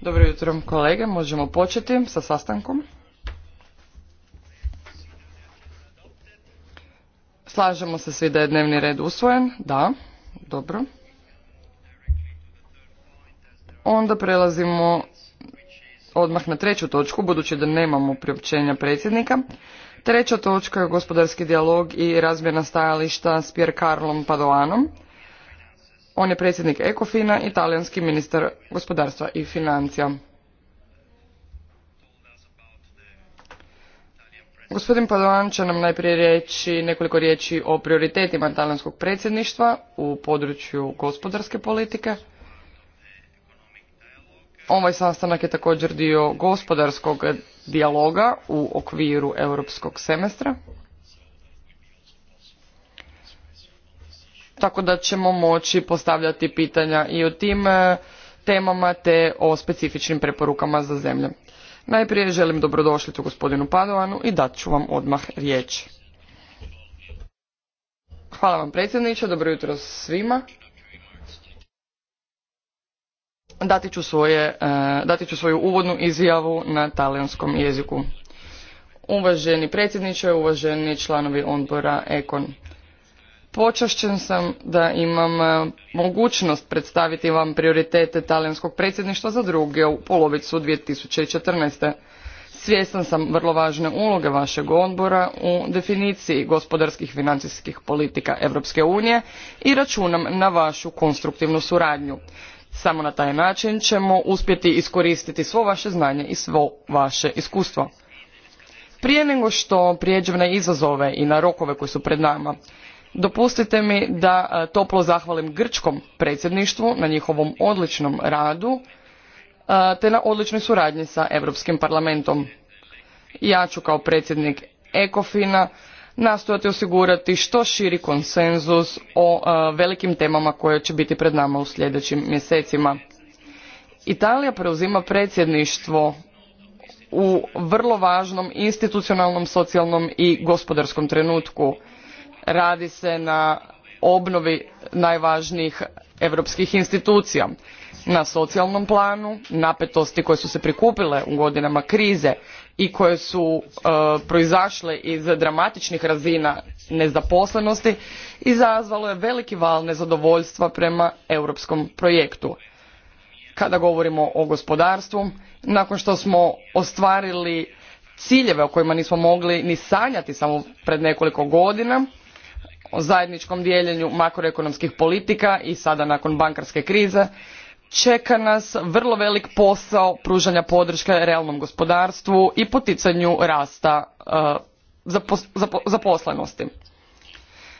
Dobro jutro kolege, možemo početi sa sastankom. Slažemo se svi da je dnevni red usvojen? Da, dobro. Onda prelazimo odmah na treću točku, budući da nemamo priopćenja predsjednika. Treća točka je gospodarski dijalog i razmjena stajališta s Pierre Carlom Padoanom, on je predsjednik Ekofina i talijanski ministar gospodarstva i financija. Gospodin Padovan nam najprije reći nekoliko riječi o prioritetima talijanskog predsjedništva u području gospodarske politike. Ovaj sastanak je također dio gospodarskog dijaloga u okviru europskog semestra. tako da ćemo moći postavljati pitanja i o tim e, temama te o specifičnim preporukama za zemlje. Najprije želim dobrodošlicu gospodinu Padovanu i dat ću vam odmah riječ. Hvala vam predsjedniče, dobro jutro svima. Dati ću, svoje, e, dati ću svoju uvodnu izjavu na talijanskom jeziku. Uvaženi predsjedniče, uvaženi članovi odbora Ekon. Počašćen sam da imam e, mogućnost predstaviti vam prioritete talijanskog predsjedništva za druge u polovicu 2014. Svjestan sam vrlo važne uloge vašeg odbora u definiciji gospodarskih financijskih politika Europske unije i računam na vašu konstruktivnu suradnju. Samo na taj način ćemo uspjeti iskoristiti svo vaše znanje i svo vaše iskustvo. Prije nego što prijeđem na izazove i na rokove koji su pred nama, Dopustite mi da e, toplo zahvalim grčkom predsjedništvu na njihovom odličnom radu e, te na odličnoj suradnji sa Europskim parlamentom. Ja ću kao predsjednik Ekofina nastojati osigurati što širi konsenzus o e, velikim temama koje će biti pred nama u sljedećim mjesecima. Italija preuzima predsjedništvo u vrlo važnom institucionalnom, socijalnom i gospodarskom trenutku radi se na obnovi najvažnijih europskih institucija na socijalnom planu napetosti koje su se prikupile u godinama krize i koje su e, proizašle iz dramatičnih razina nezaposlenosti izazvalo je veliki val nezadovoljstva prema europskom projektu kada govorimo o gospodarstvu nakon što smo ostvarili ciljeve o kojima nismo mogli ni sanjati samo pred nekoliko godina o zajedničkom dijeljenju makroekonomskih politika i sada nakon bankarske krize čeka nas vrlo velik posao pružanja podrške realnom gospodarstvu i poticanju rasta e, zaposlenosti.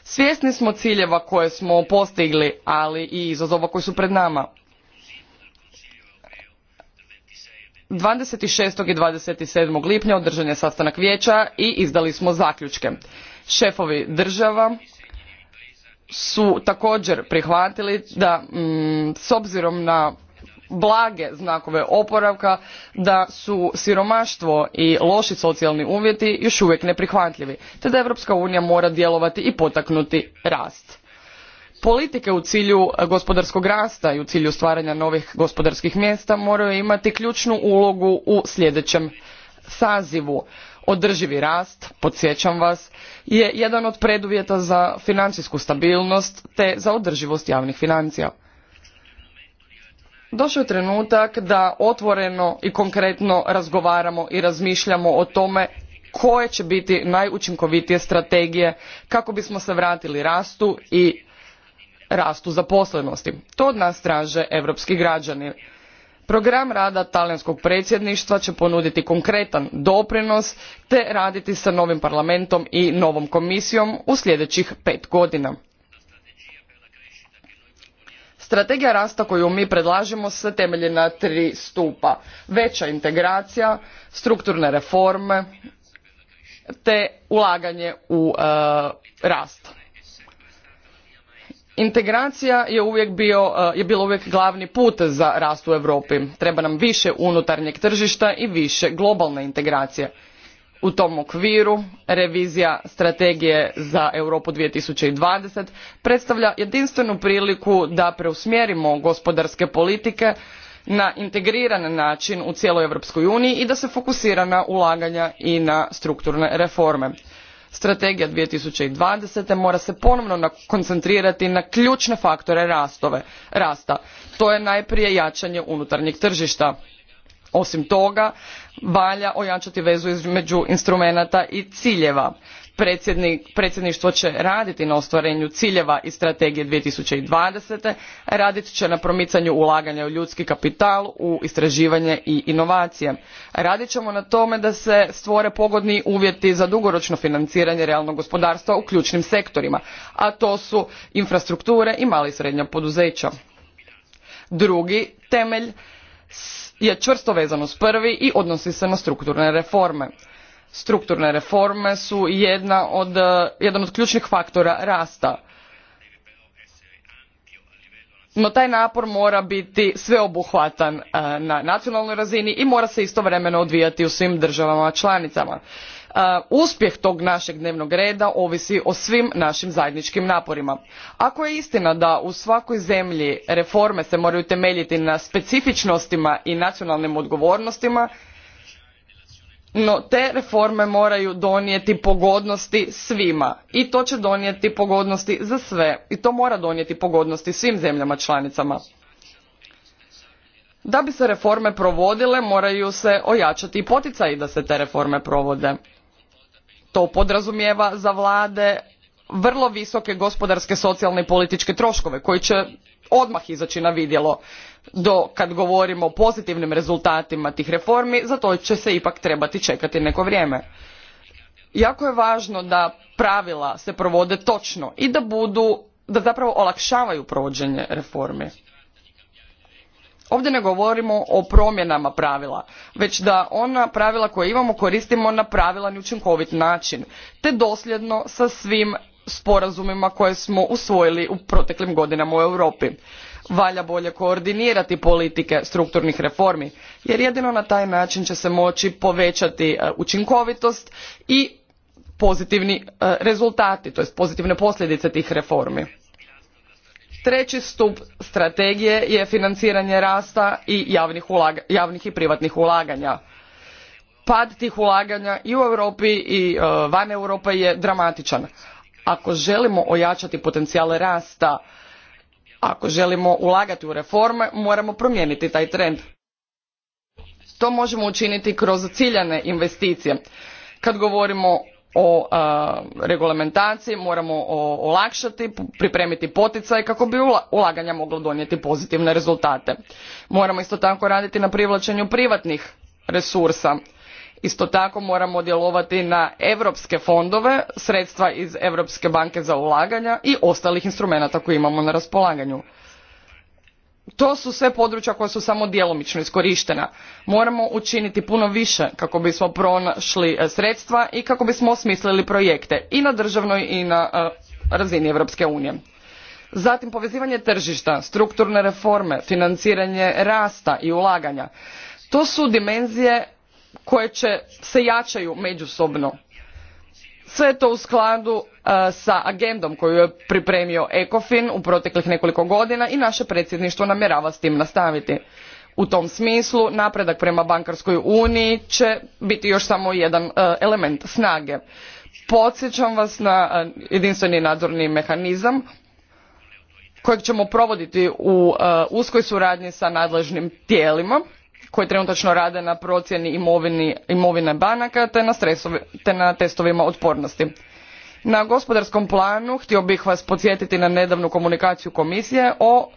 Svjesni smo ciljeva koje smo postigli, ali i izazova koji su pred nama. 26. i 27. lipnja održan je sastanak vijeća i izdali smo zaključke. Šefovi država, su također prihvatili da mm, s obzirom na blage znakove oporavka da su siromaštvo i loši socijalni uvjeti još uvijek neprihvatljivi te da europska unija mora djelovati i potaknuti rast politike u cilju gospodarskog rasta i u cilju stvaranja novih gospodarskih mjesta moraju imati ključnu ulogu u sljedećem sazivu Održivi rast, podsjećam vas, je jedan od preduvjeta za financijsku stabilnost te za održivost javnih financija. Došao je trenutak da otvoreno i konkretno razgovaramo i razmišljamo o tome koje će biti najučinkovitije strategije kako bismo se vratili rastu i rastu zaposlenosti. To od nas traže europski građani program rada talijanskog predsjedništva će ponuditi konkretan doprinos te raditi sa novim parlamentom i novom komisijom u sljedećih pet godina strategija rasta koju mi predlažemo se temelji na tri stupa veća integracija strukturne reforme te ulaganje u e, rast Integracija je uvijek bio, e, je bilo uvijek glavni put za rast u Europi. Treba nam više unutarnjeg tržišta i više globalne integracije. U tom okviru revizija strategije za Europu 2020 predstavlja jedinstvenu priliku da preusmjerimo gospodarske politike na integriran način u cijeloj Europskoj uniji i da se fokusira na ulaganja i na strukturne reforme. Strategija 2020. mora se ponovno koncentrirati na ključne faktore rasta. To je najprije jačanje unutarnjeg tržišta. Osim toga, valja ojačati vezu između instrumenata i ciljeva predsjedništvo će raditi na ostvarenju ciljeva i strategije 2020. radit će na promicanju ulaganja u ljudski kapital u istraživanje i inovacije radit ćemo na tome da se stvore pogodni uvjeti za dugoročno financiranje realnog gospodarstva u ključnim sektorima a to su infrastrukture i mala i srednja poduzeća drugi temelj je čvrsto vezan uz prvi i odnosi se na strukturne reforme Strukturne reforme su jedna od, e, jedan od ključnih faktora rasta. No taj napor mora biti sveobuhvatan e, na nacionalnoj razini i mora se istovremeno odvijati u svim državama članicama. E, uspjeh tog našeg dnevnog reda ovisi o svim našim zajedničkim naporima. Ako je istina da u svakoj zemlji reforme se moraju temeljiti na specifičnostima i nacionalnim odgovornostima, no te reforme moraju donijeti pogodnosti svima i to će donijeti pogodnosti za sve i to mora donijeti pogodnosti svim zemljama članicama. Da bi se reforme provodile moraju se ojačati i poticaji da se te reforme provode. To podrazumijeva za vlade vrlo visoke gospodarske, socijalne i političke troškove koji će odmah izaći na vidjelo do kad govorimo o pozitivnim rezultatima tih reformi za to će se ipak trebati čekati neko vrijeme jako je važno da pravila se provode točno i da budu da zapravo olakšavaju provođenje reformi ovdje ne govorimo o promjenama pravila već da ona pravila koja imamo koristimo na pravilan i učinkovit način te dosljedno sa svim sporazumima koje smo usvojili u proteklim godinama u Europi. Valja bolje koordinirati politike strukturnih reformi jer jedino na taj način će se moći povećati e, učinkovitost i pozitivni e, rezultati, to pozitivne posljedice tih reformi. Treći stup strategije je financiranje rasta i javnih, javnih i privatnih ulaganja. Pad tih ulaganja i u Europi i e, van Europe je dramatičan ako želimo ojačati potencijale rasta ako želimo ulagati u reforme moramo promijeniti taj trend to možemo učiniti kroz ciljane investicije kad govorimo o regulamentaciji, moramo olakšati pripremiti poticaj kako bi ulaganja mogla donijeti pozitivne rezultate moramo isto tako raditi na privlačenju privatnih resursa Isto tako moramo djelovati na europske fondove, sredstva iz Europske banke za ulaganja i ostalih instrumenata koje imamo na raspolaganju. To su sve područja koja su samo djelomično iskorištena. Moramo učiniti puno više kako bismo pronašli e, sredstva i kako bismo osmislili projekte i na državnoj i na e, razini Europske unije. Zatim povezivanje tržišta, strukturne reforme, financiranje rasta i ulaganja. To su dimenzije koje će, se jačaju međusobno. Sve je to u skladu uh, sa agendom koju je pripremio ECOFIN u proteklih nekoliko godina i naše predsjedništvo namjerava s tim nastaviti. U tom smislu napredak prema bankarskoj uniji će biti još samo jedan uh, element snage. Podsjećam vas na uh, jedinstveni nadzorni mehanizam kojeg ćemo provoditi u uskoj suradnji sa nadležnim tijelima koji trenutačno rade na procjeni imovine banaka te na, te na testovima otpornosti. Na gospodarskom planu htio bih vas podsjetiti na nedavnu komunikaciju komisije o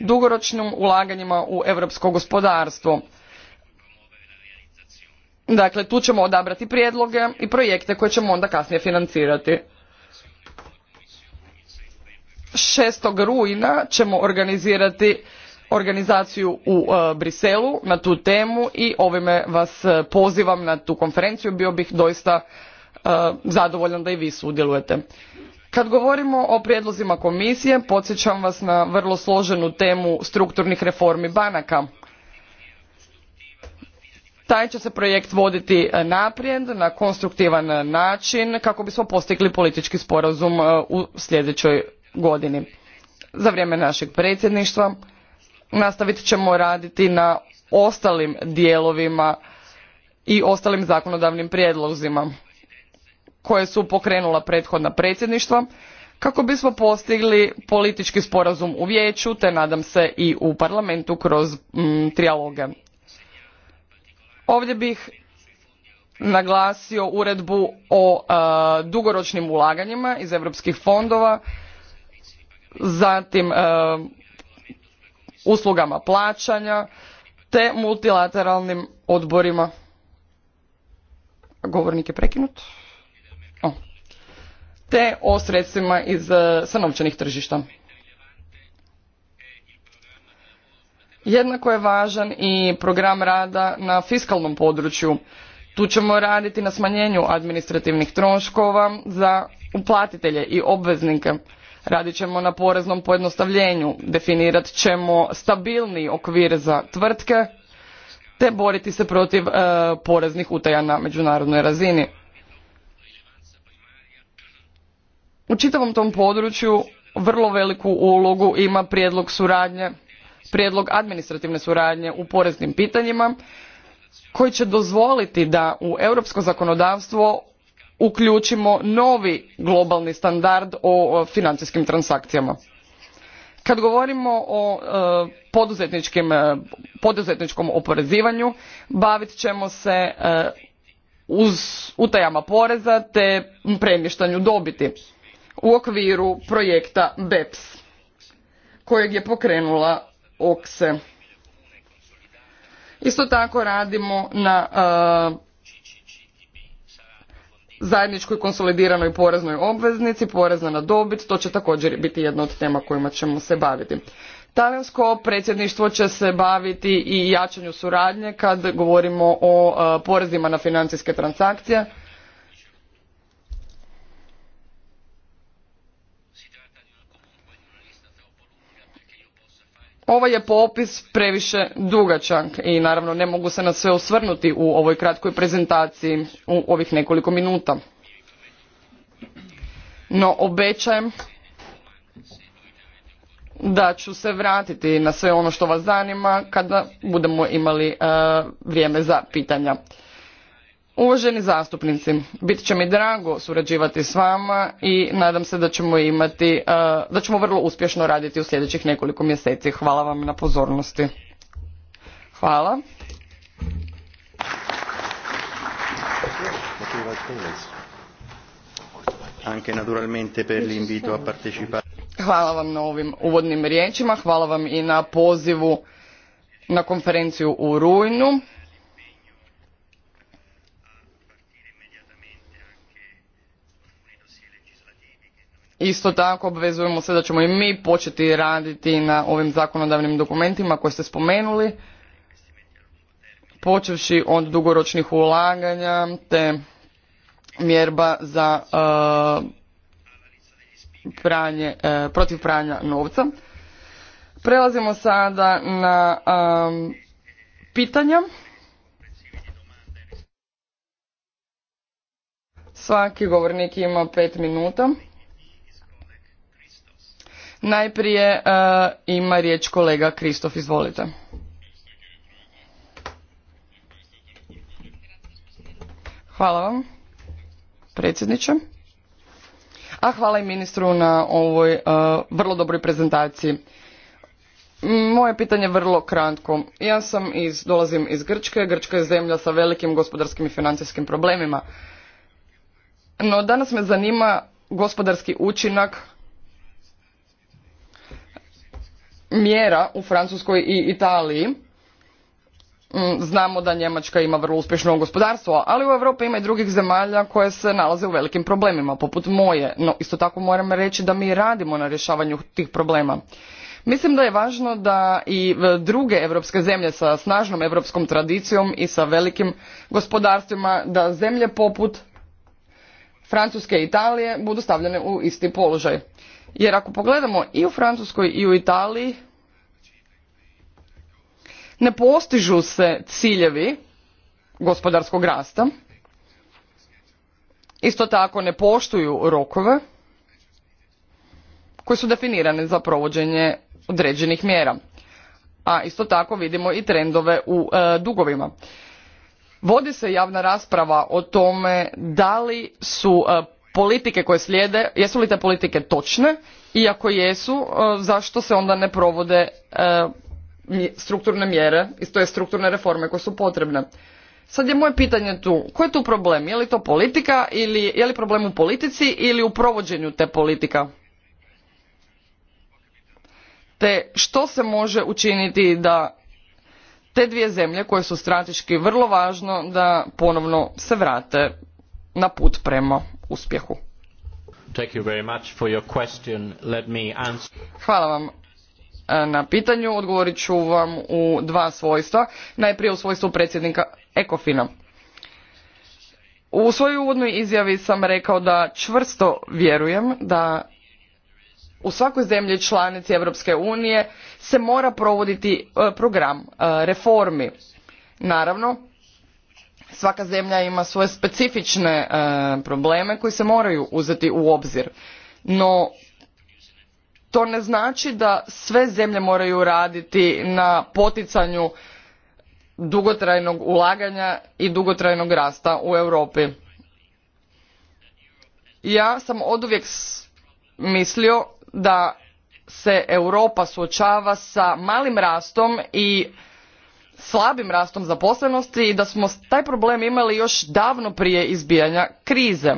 dugoročnim ulaganjima u europsko gospodarstvo. Dakle, tu ćemo odabrati prijedloge i projekte koje ćemo onda kasnije financirati. 6. rujna ćemo organizirati organizaciju u e, Briselu na tu temu i ovime vas e, pozivam na tu konferenciju. Bio bih doista e, zadovoljan da i vi sudjelujete. Kad govorimo o prijedlozima komisije, podsjećam vas na vrlo složenu temu strukturnih reformi banaka. Taj će se projekt voditi naprijed na konstruktivan način kako bismo postigli politički sporazum u sljedećoj godini. Za vrijeme našeg predsjedništva nastavit ćemo raditi na ostalim dijelovima i ostalim zakonodavnim prijedlozima koje su pokrenula prethodna predsjedništva kako bismo postigli politički sporazum u vijeću te nadam se i u parlamentu kroz mm, trijaloga. Ovdje bih naglasio uredbu o e, dugoročnim ulaganjima iz europskih fondova, zatim e, uslugama plaćanja te multilateralnim odborima. Govornik je prekinut. Te o sredstvima iz, e, sa tržišta. Jednako je važan i program rada na fiskalnom području. Tu ćemo raditi na smanjenju administrativnih troškova za uplatitelje i obveznike radit ćemo na poreznom pojednostavljenju, definirat ćemo stabilni okvir za tvrtke te boriti se protiv e, poreznih utaja na međunarodnoj razini. U čitavom tom području vrlo veliku ulogu ima prijedlog suradnje, prijedlog administrativne suradnje u poreznim pitanjima koji će dozvoliti da u europsko zakonodavstvo uključimo novi globalni standard o financijskim transakcijama. Kad govorimo o e, poduzetničkim, e, poduzetničkom oporezivanju, bavit ćemo se e, uz utajama poreza te premještanju dobiti u okviru projekta BEPS kojeg je pokrenula OKSE. Isto tako radimo na zajedničkoj konsolidiranoj poreznoj obveznici, porezna na dobit, to će također biti jedna od tema kojima ćemo se baviti. Talijansko predsjedništvo će se baviti i jačanju suradnje kad govorimo o e, porezima na financijske transakcije Ovaj je popis previše dugačak i naravno ne mogu se na sve osvrnuti u ovoj kratkoj prezentaciji u ovih nekoliko minuta. No obećajem da ću se vratiti na sve ono što vas zanima kada budemo imali e, vrijeme za pitanja. Uvaženi zastupnici, bit će mi drago surađivati s vama i nadam se da ćemo imati, e, da ćemo vrlo uspješno raditi u sljedećih nekoliko mjeseci. Hvala vam na pozornosti. Hvala. Hvala vam na ovim uvodnim riječima, hvala vam i na pozivu na konferenciju u Rujnu. Isto tako obvezujemo se da ćemo i mi početi raditi na ovim zakonodavnim dokumentima koje ste spomenuli, počevši od dugoročnih ulaganja te mjerba za e, pranje, e, protiv pranja novca. Prelazimo sada na e, pitanja. Svaki govornik ima pet minuta. Najprije e, ima riječ kolega Kristof, izvolite. Hvala vam, predsjedniče. A hvala i ministru na ovoj e, vrlo dobroj prezentaciji. Moje pitanje je vrlo kratko. Ja sam iz, dolazim iz Grčke. Grčka je zemlja sa velikim gospodarskim i financijskim problemima. No danas me zanima gospodarski učinak mjera u Francuskoj i Italiji. Mm, znamo da Njemačka ima vrlo uspješno gospodarstvo, ali u Europi ima i drugih zemalja koje se nalaze u velikim problemima, poput moje. No, isto tako moram reći da mi radimo na rješavanju tih problema. Mislim da je važno da i e, druge europske zemlje sa snažnom europskom tradicijom i sa velikim gospodarstvima, da zemlje poput Francuske i Italije budu stavljene u isti položaj. Jer ako pogledamo i u Francuskoj i u Italiji, ne postižu se ciljevi gospodarskog rasta, isto tako ne poštuju rokove koji su definirane za provođenje određenih mjera. A isto tako vidimo i trendove u e, dugovima. Vodi se javna rasprava o tome da li su e, politike koje slijede, jesu li te politike točne i ako jesu, e, zašto se onda ne provode e, strukturne mjere i to je strukturne reforme koje su potrebne. Sad je moje pitanje tu, koji je tu problem? Je li to politika ili je li problem u politici ili u provođenju te politika? Te što se može učiniti da te dvije zemlje koje su strateški vrlo važno da ponovno se vrate na put prema uspjehu. Hvala vam e, na pitanju. Odgovorit ću vam u dva svojstva. Najprije u svojstvu predsjednika Ekofina. U svojoj uvodnoj izjavi sam rekao da čvrsto vjerujem da u svakoj zemlji članici Europske unije se mora provoditi e, program e, reformi. Naravno, svaka zemlja ima svoje specifične e, probleme koji se moraju uzeti u obzir no to ne znači da sve zemlje moraju raditi na poticanju dugotrajnog ulaganja i dugotrajnog rasta u europi ja sam oduvijek mislio da se europa suočava sa malim rastom i slabim rastom zaposlenosti i da smo taj problem imali još davno prije izbijanja krize.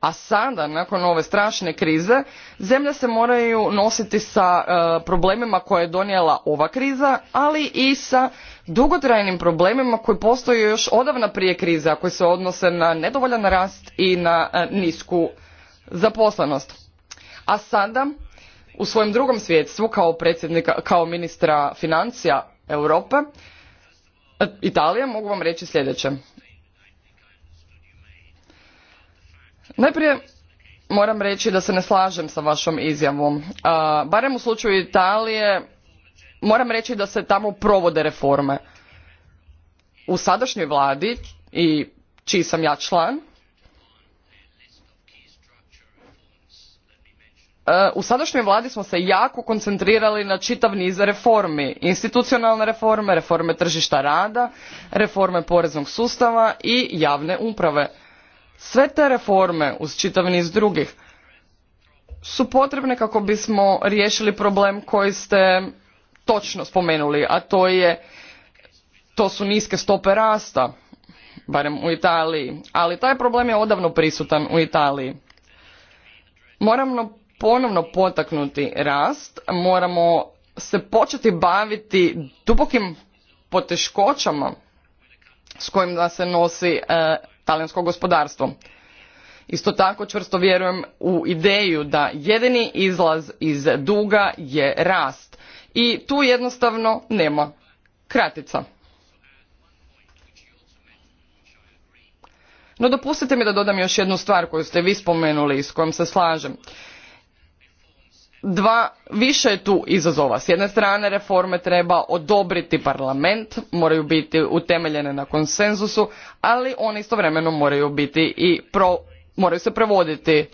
A sada, nakon ove strašne krize, zemlje se moraju nositi sa e, problemima koje je donijela ova kriza, ali i sa dugotrajnim problemima koji postoje još odavna prije krize, a koji se odnose na nedovoljan rast i na e, nisku zaposlenost. A sada, u svojem drugom svjetstvu, kao, predsjednika, kao ministra financija Europe, Italija, mogu vam reći sljedeće. Najprije moram reći da se ne slažem sa vašom izjavom. E, barem u slučaju Italije moram reći da se tamo provode reforme. U sadašnjoj vladi i čiji sam ja član, u sadašnjoj vladi smo se jako koncentrirali na čitav niz reformi institucionalne reforme reforme tržišta rada reforme poreznog sustava i javne uprave sve te reforme uz čitav niz drugih su potrebne kako bismo riješili problem koji ste točno spomenuli a to je to su niske stope rasta barem u Italiji ali taj problem je odavno prisutan u Italiji moramo ponovno potaknuti rast, moramo se početi baviti dubokim poteškoćama s kojima se nosi e, talijansko gospodarstvo. Isto tako čvrsto vjerujem u ideju da jedini izlaz iz duga je rast i tu jednostavno nema kratica. No dopustite mi da dodam još jednu stvar koju ste vi spomenuli i s kojom se slažem dva, više je tu izazova. S jedne strane reforme treba odobriti parlament, moraju biti utemeljene na konsenzusu, ali one istovremeno moraju biti i moraju se prevoditi.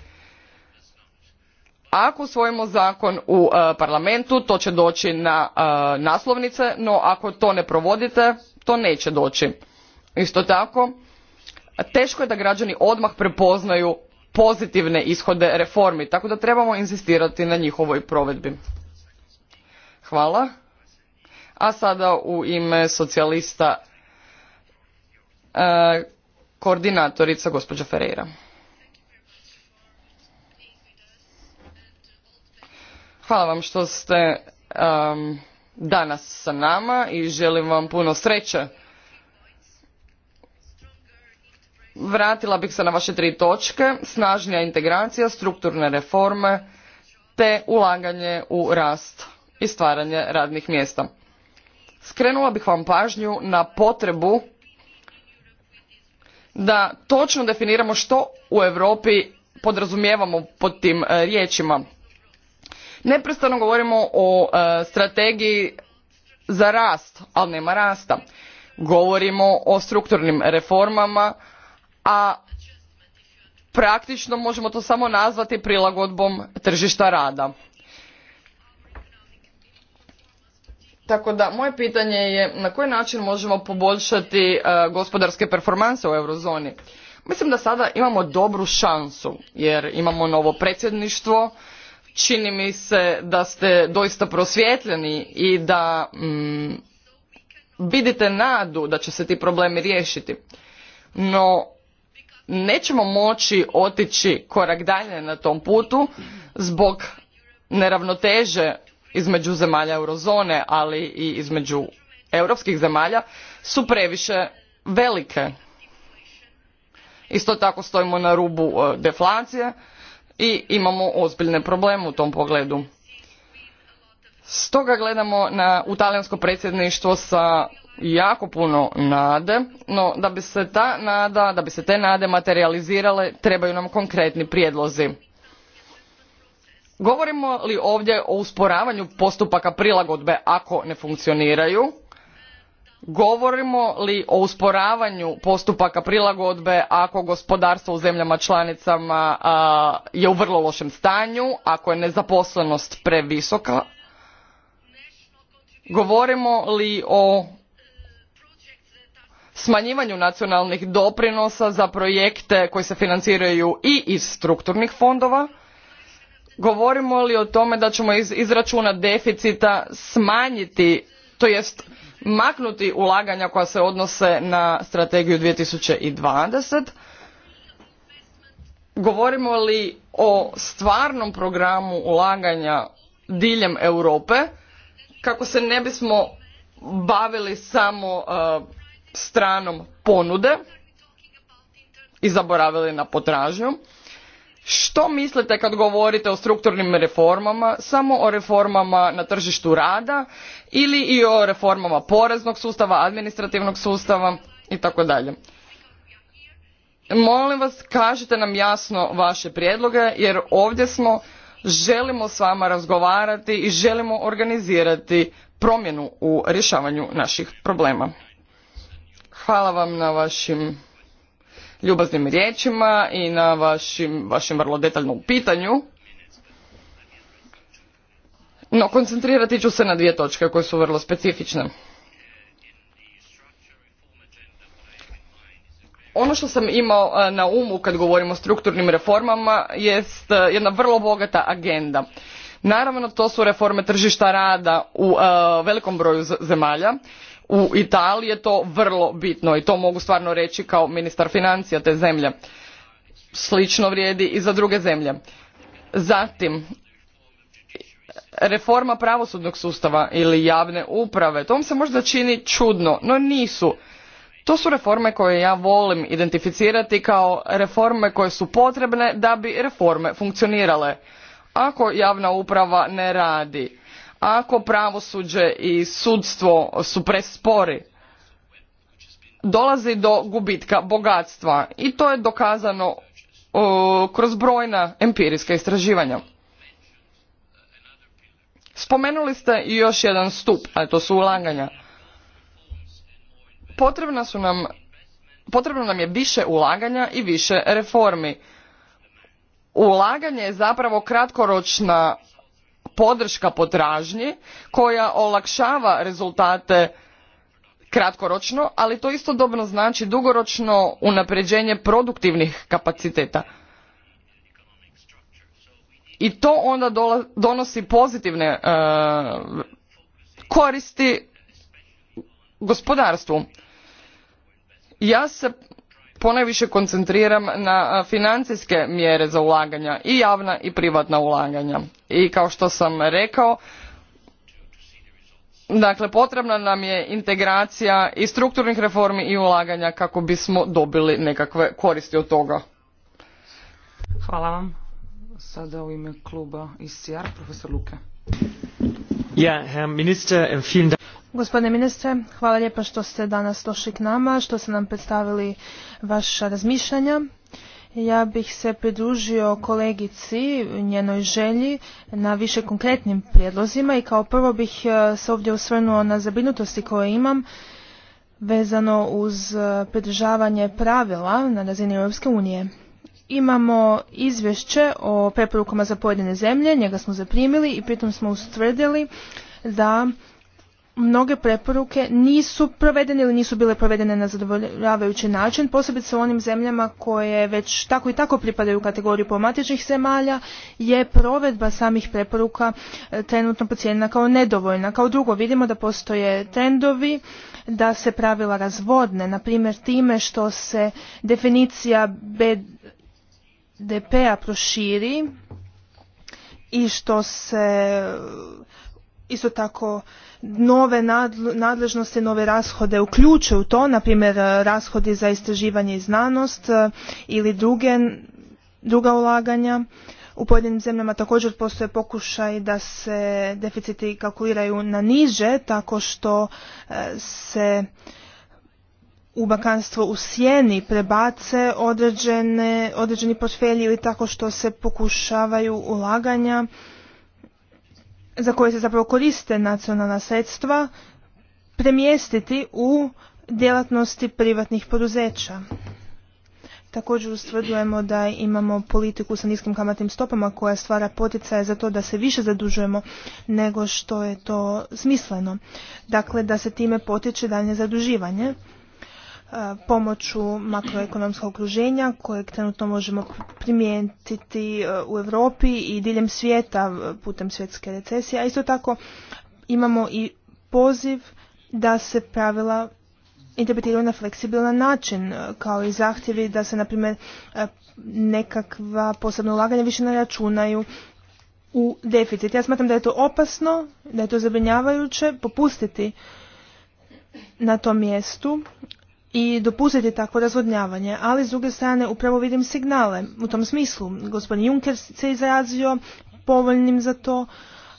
Ako usvojimo zakon u e, parlamentu, to će doći na e, naslovnice, no ako to ne provodite, to neće doći. Isto tako, teško je da građani odmah prepoznaju pozitivne ishode reformi, tako da trebamo inzistirati na njihovoj provedbi. Hvala. A sada u ime socijalista e, koordinatorica gospođa Ferreira. Hvala vam što ste danas sa nama i želim vam puno sreće vratila bih se na vaše tri točke, snažnija integracija, strukturne reforme te ulaganje u rast i stvaranje radnih mjesta. Skrenula bih vam pažnju na potrebu da točno definiramo što u Europi podrazumijevamo pod tim e, riječima. Neprestano govorimo o e, strategiji za rast, ali nema rasta. Govorimo o strukturnim reformama, a praktično možemo to samo nazvati prilagodbom tržišta rada. Tako da moje pitanje je na koji način možemo poboljšati e, gospodarske performanse u eurozoni. Mislim da sada imamo dobru šansu jer imamo novo predsjedništvo, čini mi se da ste doista prosvjetljeni i da mm, vidite nadu da će se ti problemi riješiti. No, nećemo moći otići korak dalje na tom putu zbog neravnoteže između zemalja eurozone ali i između europskih zemalja su previše velike isto tako stojimo na rubu e, deflacije i imamo ozbiljne probleme u tom pogledu stoga gledamo na u talijansko predsjedništvo sa jako puno nade, no da bi se ta nada, da bi se te nade materializirale, trebaju nam konkretni prijedlozi. Govorimo li ovdje o usporavanju postupaka prilagodbe ako ne funkcioniraju? Govorimo li o usporavanju postupaka prilagodbe ako gospodarstvo u zemljama članicama je u vrlo lošem stanju, ako je nezaposlenost previsoka? Govorimo li o smanjivanju nacionalnih doprinosa za projekte koji se financiraju i iz strukturnih fondova govorimo li o tome da ćemo iz izračuna deficita smanjiti to jest maknuti ulaganja koja se odnose na strategiju 2020 govorimo li o stvarnom programu ulaganja diljem Europe kako se ne bismo bavili samo eh, stranom ponude i zaboravili na potražnju. Što mislite kad govorite o strukturnim reformama, samo o reformama na tržištu rada ili i o reformama poreznog sustava, administrativnog sustava i tako dalje? Molim vas, kažite nam jasno vaše prijedloge jer ovdje smo, želimo s vama razgovarati i želimo organizirati promjenu u rješavanju naših problema. Hvala vam na vašim ljubaznim riječima i na vašim, vašim vrlo detaljnom pitanju. No, koncentrirati ću se na dvije točke koje su vrlo specifične. Ono što sam imao e, na umu kad govorimo o strukturnim reformama jest e, jedna vrlo bogata agenda. Naravno, to su reforme tržišta rada u e, velikom broju zemalja u Italiji je to vrlo bitno i to mogu stvarno reći kao ministar financija te zemlje. Slično vrijedi i za druge zemlje. Zatim, reforma pravosudnog sustava ili javne uprave, to vam se možda čini čudno, no nisu. To su reforme koje ja volim identificirati kao reforme koje su potrebne da bi reforme funkcionirale. Ako javna uprava ne radi, ako pravosuđe i sudstvo su prespori dolazi do gubitka bogatstva i to je dokazano e, kroz brojna empirijska istraživanja spomenuli ste i još jedan stup a to su ulaganja potrebna su nam potrebno nam je više ulaganja i više reformi ulaganje je zapravo kratkoročna podrška potražnji koja olakšava rezultate kratkoročno, ali to istodobno znači dugoročno unapređenje produktivnih kapaciteta. I to onda donosi pozitivne e, koristi gospodarstvu. Ja se ponajviše koncentriram na financijske mjere za ulaganja i javna i privatna ulaganja. I kao što sam rekao, dakle potrebna nam je integracija i strukturnih reformi i ulaganja kako bismo dobili nekakve koristi od toga. Hvala vam. Sada u ime kluba profesor Luke. Eh, Gospodine ministre, hvala lijepa što ste danas došli k nama, što ste nam predstavili vaša razmišljanja. Ja bih se pridružio kolegici, njenoj želji, na više konkretnim prijedlozima i kao prvo bih eh, se ovdje osvrnuo na zabrinutosti koje imam vezano uz eh, pridržavanje pravila na razini Europske unije imamo izvješće o preporukama za pojedine zemlje, njega smo zaprimili i pritom smo ustvrdili da mnoge preporuke nisu provedene ili nisu bile provedene na zadovoljavajući način, posebice u onim zemljama koje već tako i tako pripadaju u kategoriju pomatičnih zemalja, je provedba samih preporuka e, trenutno pocijenjena kao nedovoljna. Kao drugo, vidimo da postoje trendovi da se pravila razvodne, na primjer time što se definicija DP-a proširi i što se isto tako nove nadležnosti, nove rashode uključuju u to, na primjer rashodi za istraživanje i znanost eh, ili druga ulaganja. U pojedinim zemljama također postoje pokušaj da se deficiti kalkuliraju na niže tako što eh, se u bakanstvo u sjeni prebace određene, određeni portfelji ili tako što se pokušavaju ulaganja za koje se zapravo koriste nacionalna sredstva premjestiti u djelatnosti privatnih poduzeća. Također ustvrdujemo da imamo politiku sa niskim kamatnim stopama koja stvara poticaje za to da se više zadužujemo nego što je to smisleno. Dakle, da se time potiče daljnje zaduživanje E, pomoću makroekonomskog okruženja kojeg trenutno možemo primijetiti e, u Europi i diljem svijeta e, putem svjetske recesije, a isto tako imamo i poziv da se pravila interpretiraju na fleksibilan način, kao i zahtjevi da se, na primjer, nekakva posebna ulaganja više ne računaju u deficit. Ja smatram da je to opasno, da je to zabrinjavajuće, popustiti na tom mjestu, i dopustiti takvo razvodnjavanje, ali s druge strane upravo vidim signale u tom smislu. Gospodin Juncker se izrazio povoljnim za to,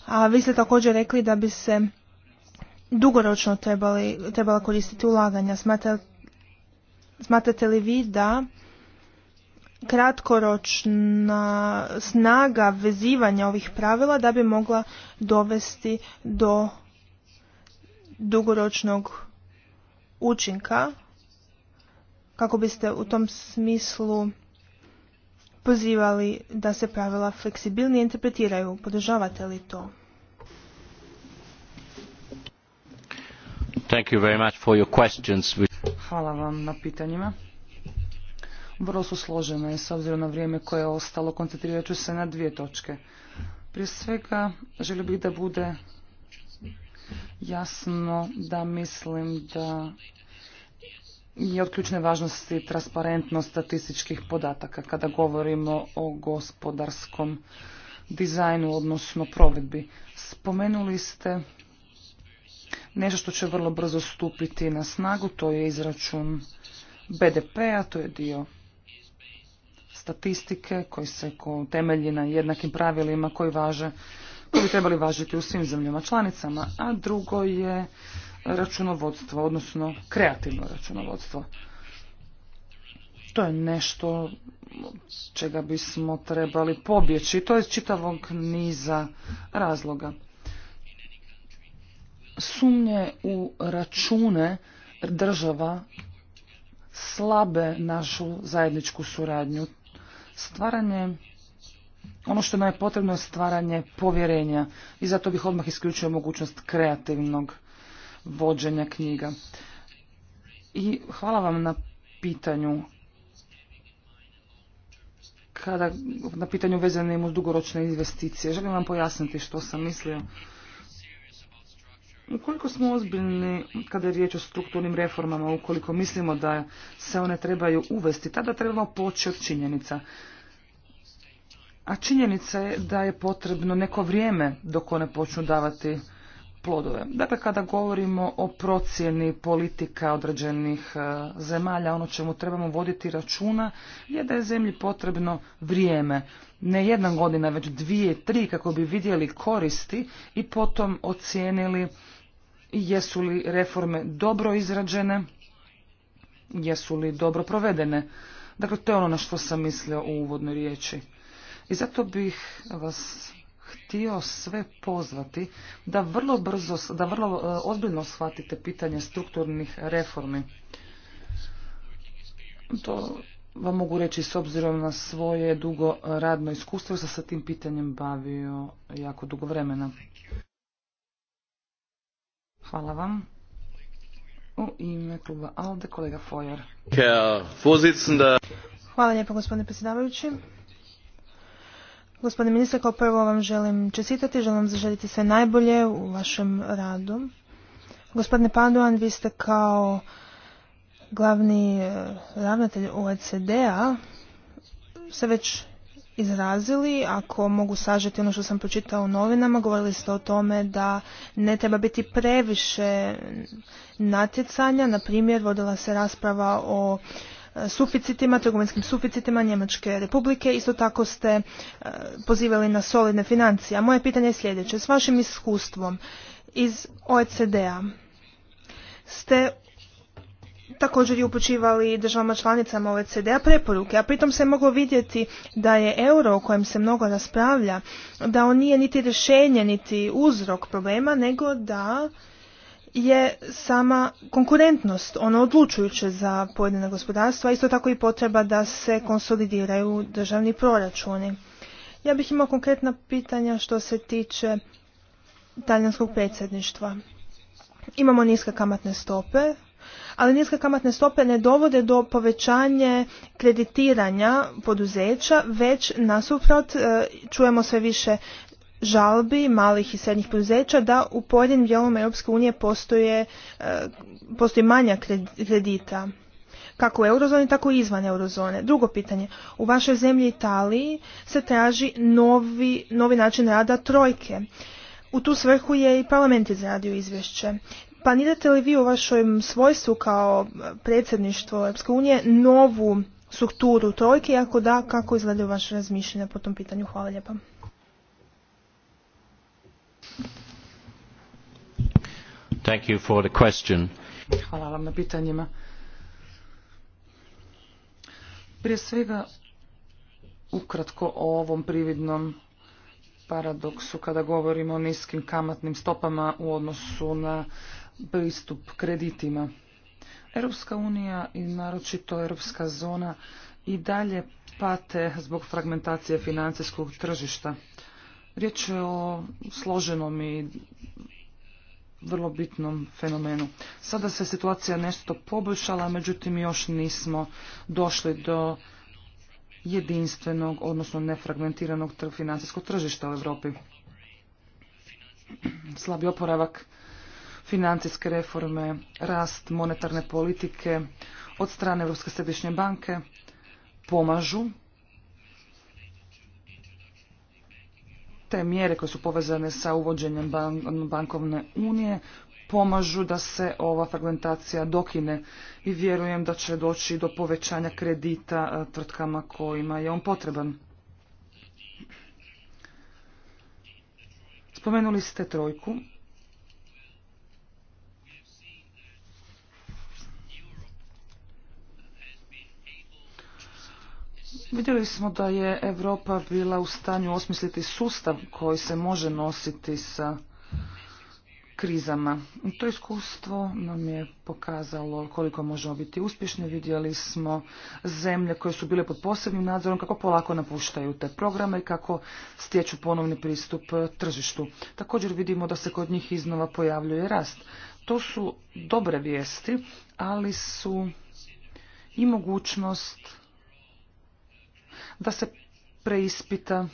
a vi ste također rekli da bi se dugoročno trebali, trebala koristiti ulaganja. Smatrate, smatrate li vi da kratkoročna snaga vezivanja ovih pravila da bi mogla dovesti do dugoročnog učinka kako biste u tom smislu pozivali da se pravila fleksibilnije interpretiraju. Podržavate li to? Thank you very much for your questions. Hvala vam na pitanjima. Vrlo su složene, s obzirom na vrijeme koje je ostalo koncentrirat ću se na dvije točke. Prije svega želio bih da bude jasno da mislim da je od ključne važnosti transparentnost statističkih podataka kada govorimo o gospodarskom dizajnu, odnosno provedbi. Spomenuli ste nešto što će vrlo brzo stupiti na snagu, to je izračun BDP-a, to je dio statistike koji se temelji na jednakim pravilima koji važe koji bi trebali važiti u svim zemljama članicama, a drugo je računovodstvo, odnosno kreativno računovodstvo. To je nešto čega bismo trebali pobjeći. To je iz čitavog niza razloga. Sumnje u račune država slabe našu zajedničku suradnju. Stvaranje ono što nam je potrebno je stvaranje povjerenja i zato bih odmah isključio mogućnost kreativnog vođenja knjiga. I hvala vam na pitanju kada na pitanju vezanim uz dugoročne investicije. Želim vam pojasniti što sam mislio. Ukoliko smo ozbiljni kada je riječ o strukturnim reformama, ukoliko mislimo da se one trebaju uvesti, tada trebamo poći od činjenica. A činjenica je da je potrebno neko vrijeme dok one počnu davati plodove. Dakle, kada govorimo o procjeni politika određenih e, zemalja, ono čemu trebamo voditi računa je da je zemlji potrebno vrijeme. Ne jedna godina, već dvije, tri, kako bi vidjeli koristi i potom ocijenili jesu li reforme dobro izrađene, jesu li dobro provedene. Dakle, to je ono na što sam mislio u uvodnoj riječi. I zato bih vas htio sve pozvati da vrlo brzo, da vrlo e, ozbiljno shvatite pitanje strukturnih reformi. To vam mogu reći s obzirom na svoje dugo radno iskustvo, sam se tim pitanjem bavio jako dugo vremena. Hvala vam. U ime kluba ALDE kolega Fojer. Hvala lijepo gospodine predsjedavajući. Gospodine ministre, kao prvo vam želim čestitati, želim vam sve najbolje u vašem radu. Gospodine Paduan, vi ste kao glavni e, ravnatelj OECD-a se već izrazili, ako mogu sažeti ono što sam pročitao u novinama, govorili ste o tome da ne treba biti previše natjecanja, na primjer vodila se rasprava o suficitima, trgovinskim suficitima Njemačke republike. Isto tako ste e, pozivali na solidne financije. A moje pitanje je sljedeće. S vašim iskustvom iz OECD-a ste također i državama članicama OECD-a preporuke, a pritom se moglo vidjeti da je euro o kojem se mnogo raspravlja, da on nije niti rješenje, niti uzrok problema, nego da je sama konkurentnost, ono odlučujuće za pojedina gospodarstva, isto tako i potreba da se konsolidiraju državni proračuni. Ja bih imao konkretna pitanja što se tiče talijanskog predsjedništva. Imamo niske kamatne stope, ali niske kamatne stope ne dovode do povećanje kreditiranja poduzeća, već nasuprot e, čujemo sve više žalbi malih i srednjih poduzeća da u pojedinim dijelom Europske unije postoje, e, postoji manja kredita kako u eurozoni, tako i izvan eurozone. Drugo pitanje, u vašoj zemlji Italiji se traži novi, način rada trojke. U tu svrhu je i parlament izradio izvješće. Planirate li vi u vašem svojstvu kao predsjedništvo Europske unije novu strukturu trojke, ako da, kako izgledaju vaše razmišljanja po tom pitanju? Hvala lijepa. Thank you Hvala pitanjima. Prije svega, ukratko o ovom prividnom paradoksu kada govorimo o niskim kamatnim stopama u odnosu na pristup kreditima. Europska unija i naročito Europska zona i dalje pate zbog fragmentacije financijskog tržišta. Riječ je o složenom i vrlo bitnom fenomenu. Sada se situacija nešto poboljšala, međutim još nismo došli do jedinstvenog, odnosno nefragmentiranog financijskog tržišta u Europi. Slabi oporavak financijske reforme, rast monetarne politike od strane Europske središnje banke pomažu te mjere koje su povezane sa uvođenjem bankovne unije pomažu da se ova fragmentacija dokine i vjerujem da će doći do povećanja kredita e, tvrtkama kojima je on potreban. Spomenuli ste trojku. Vidjeli smo da je Europa bila u stanju osmisliti sustav koji se može nositi sa krizama. To iskustvo nam je pokazalo koliko možemo biti uspješni. Vidjeli smo zemlje koje su bile pod posebnim nadzorom, kako polako napuštaju te programe i kako stječu ponovni pristup tržištu. Također vidimo da se kod njih iznova pojavljuje rast. To su dobre vijesti, ali su i mogućnost da se preispita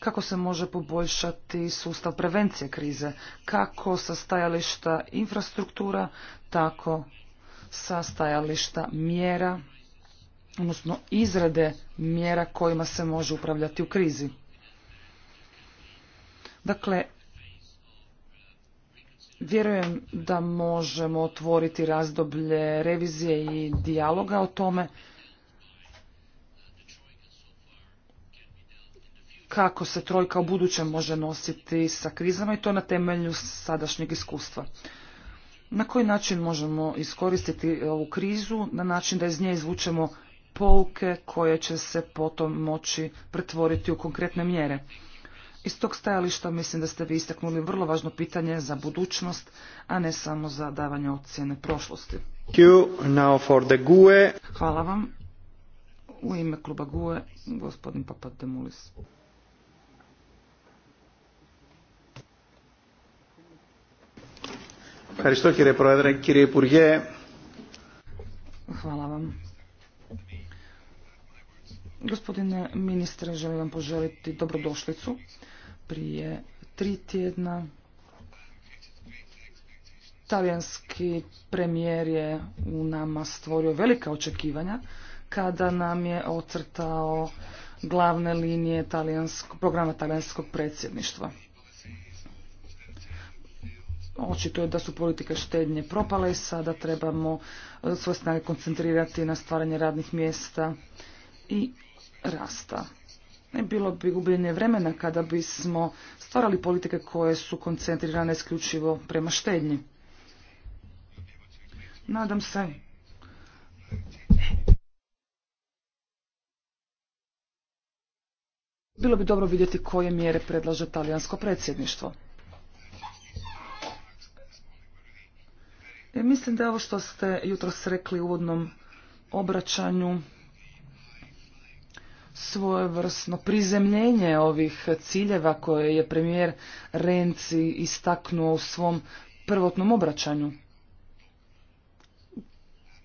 kako se može poboljšati sustav prevencije krize, kako sa stajališta infrastruktura, tako sa stajališta mjera, odnosno izrade mjera kojima se može upravljati u krizi. Dakle, Vjerujem da možemo otvoriti razdoblje revizije i dijaloga o tome kako se trojka u budućem može nositi sa krizama i to na temelju sadašnjeg iskustva. Na koji način možemo iskoristiti ovu krizu na način da iz nje izvučemo pouke koje će se potom moći pretvoriti u konkretne mjere. Iz tog stajališta mislim da ste vi istaknuli vrlo važno pitanje za budućnost, a ne samo za davanje ocjene prošlosti. Hvala vam. U ime kluba GUE, gospodin Papademulis. Hvala vam. Gospodine ministre, želim vam poželiti dobrodošlicu. Prije tri tjedna talijanski premijer je u nama stvorio velika očekivanja kada nam je ocrtao glavne linije programa talijanskog predsjedništva. Očito je da su politike štednje propale i sada trebamo e, svoje snage koncentrirati na stvaranje radnih mjesta i rasta. Ne bilo bi gubljenje vremena kada bismo stvarali politike koje su koncentrirane isključivo prema štednji. Nadam se Bilo bi dobro vidjeti koje mjere predlaže talijansko predsjedništvo. E, mislim da ovo što ste jutros rekli u uvodnom obraćanju svojevrsno prizemljenje ovih ciljeva koje je premijer Renci istaknuo u svom prvotnom obraćanju.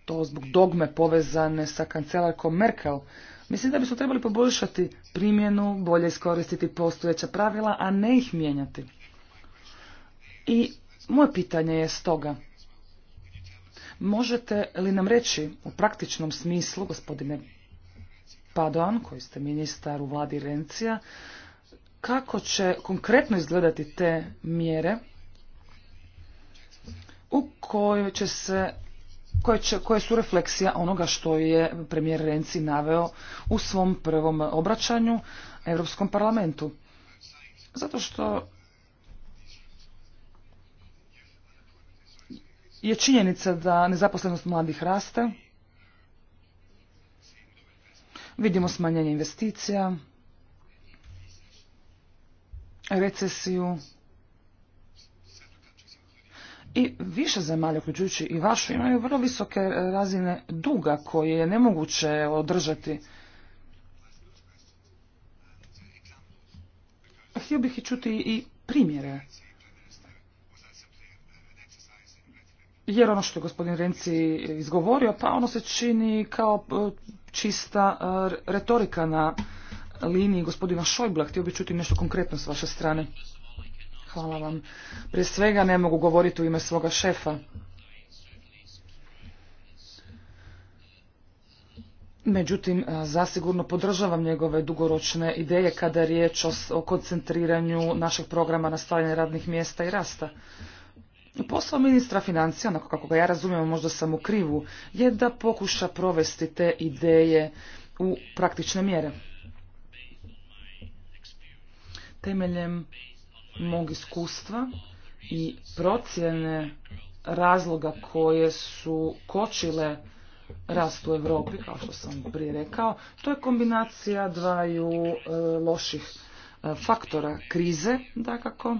To zbog dogme povezane sa kancelarkom Merkel. Mislim da bi su trebali poboljšati primjenu, bolje iskoristiti postojeća pravila, a ne ih mijenjati. I moje pitanje je stoga. Možete li nam reći u praktičnom smislu, gospodine Padoan, koji ste ministar u vladi Rencija, kako će konkretno izgledati te mjere u kojoj će se koje, koje su refleksija onoga što je premijer Renci naveo u svom prvom obraćanju Europskom parlamentu. Zato što je činjenica da nezaposlenost mladih raste, Vidimo smanjenje investicija, recesiju i više zemalja, uključujući i vašu, imaju vrlo visoke razine duga koje je nemoguće održati. Htio bih i čuti i primjere jer ono što je gospodin Renci izgovorio, pa ono se čini kao e, čista e, retorika na liniji gospodina Šojbla. Htio bi čuti nešto konkretno s vaše strane. Hvala vam. Prije svega ne mogu govoriti u ime svoga šefa. Međutim, e, zasigurno podržavam njegove dugoročne ideje kada je riječ o koncentriranju našeg programa na radnih mjesta i rasta. Posao ministra financija, onako kako ga ja razumijem, možda sam u krivu, je da pokuša provesti te ideje u praktične mjere. Temeljem mog iskustva i procjene razloga koje su kočile rast u Europi, kao što sam prije rekao, to je kombinacija dvaju e, loših e, faktora krize, dakako,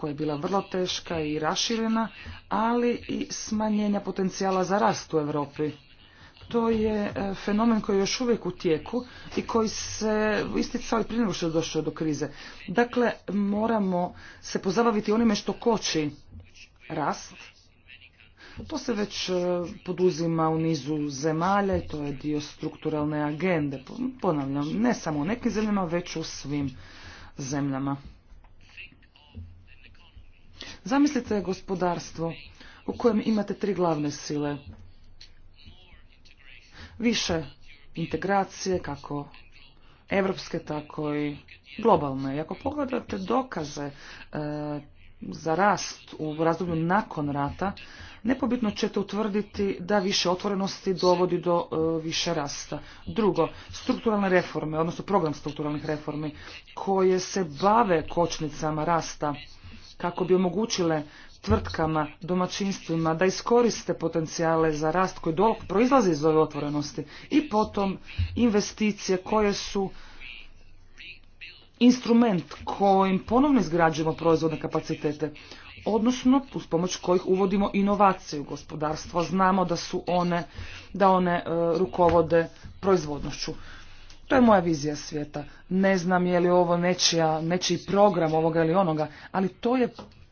koja je bila vrlo teška i raširena, ali i smanjenja potencijala za rast u Europi. To je e, fenomen koji je još uvijek u tijeku i koji se isticao i prije nego što je došlo do krize. Dakle, moramo se pozabaviti onime što koči rast. To se već e, poduzima u nizu zemalja i to je dio strukturalne agende. Ponavljam, ne samo u nekim zemljama, već u svim zemljama. Zamislite gospodarstvo u kojem imate tri glavne sile. Više integracije, kako evropske, tako i globalne. I ako pogledate dokaze e, za rast u razdoblju nakon rata, nepobitno ćete utvrditi da više otvorenosti dovodi do e, više rasta. Drugo, strukturalne reforme, odnosno program strukturalnih reformi, koje se bave kočnicama rasta kako bi omogućile tvrtkama, domaćinstvima da iskoriste potencijale za rast koji dolog proizlazi iz ove otvorenosti i potom investicije koje su instrument kojim ponovno izgrađujemo proizvodne kapacitete, odnosno uz pomoć kojih uvodimo inovaciju gospodarstva. Znamo da su one, da one e, rukovode proizvodnošću. To je moja vizija svijeta. Ne znam je li ovo nečija, nečiji program ovoga ili onoga, ali to je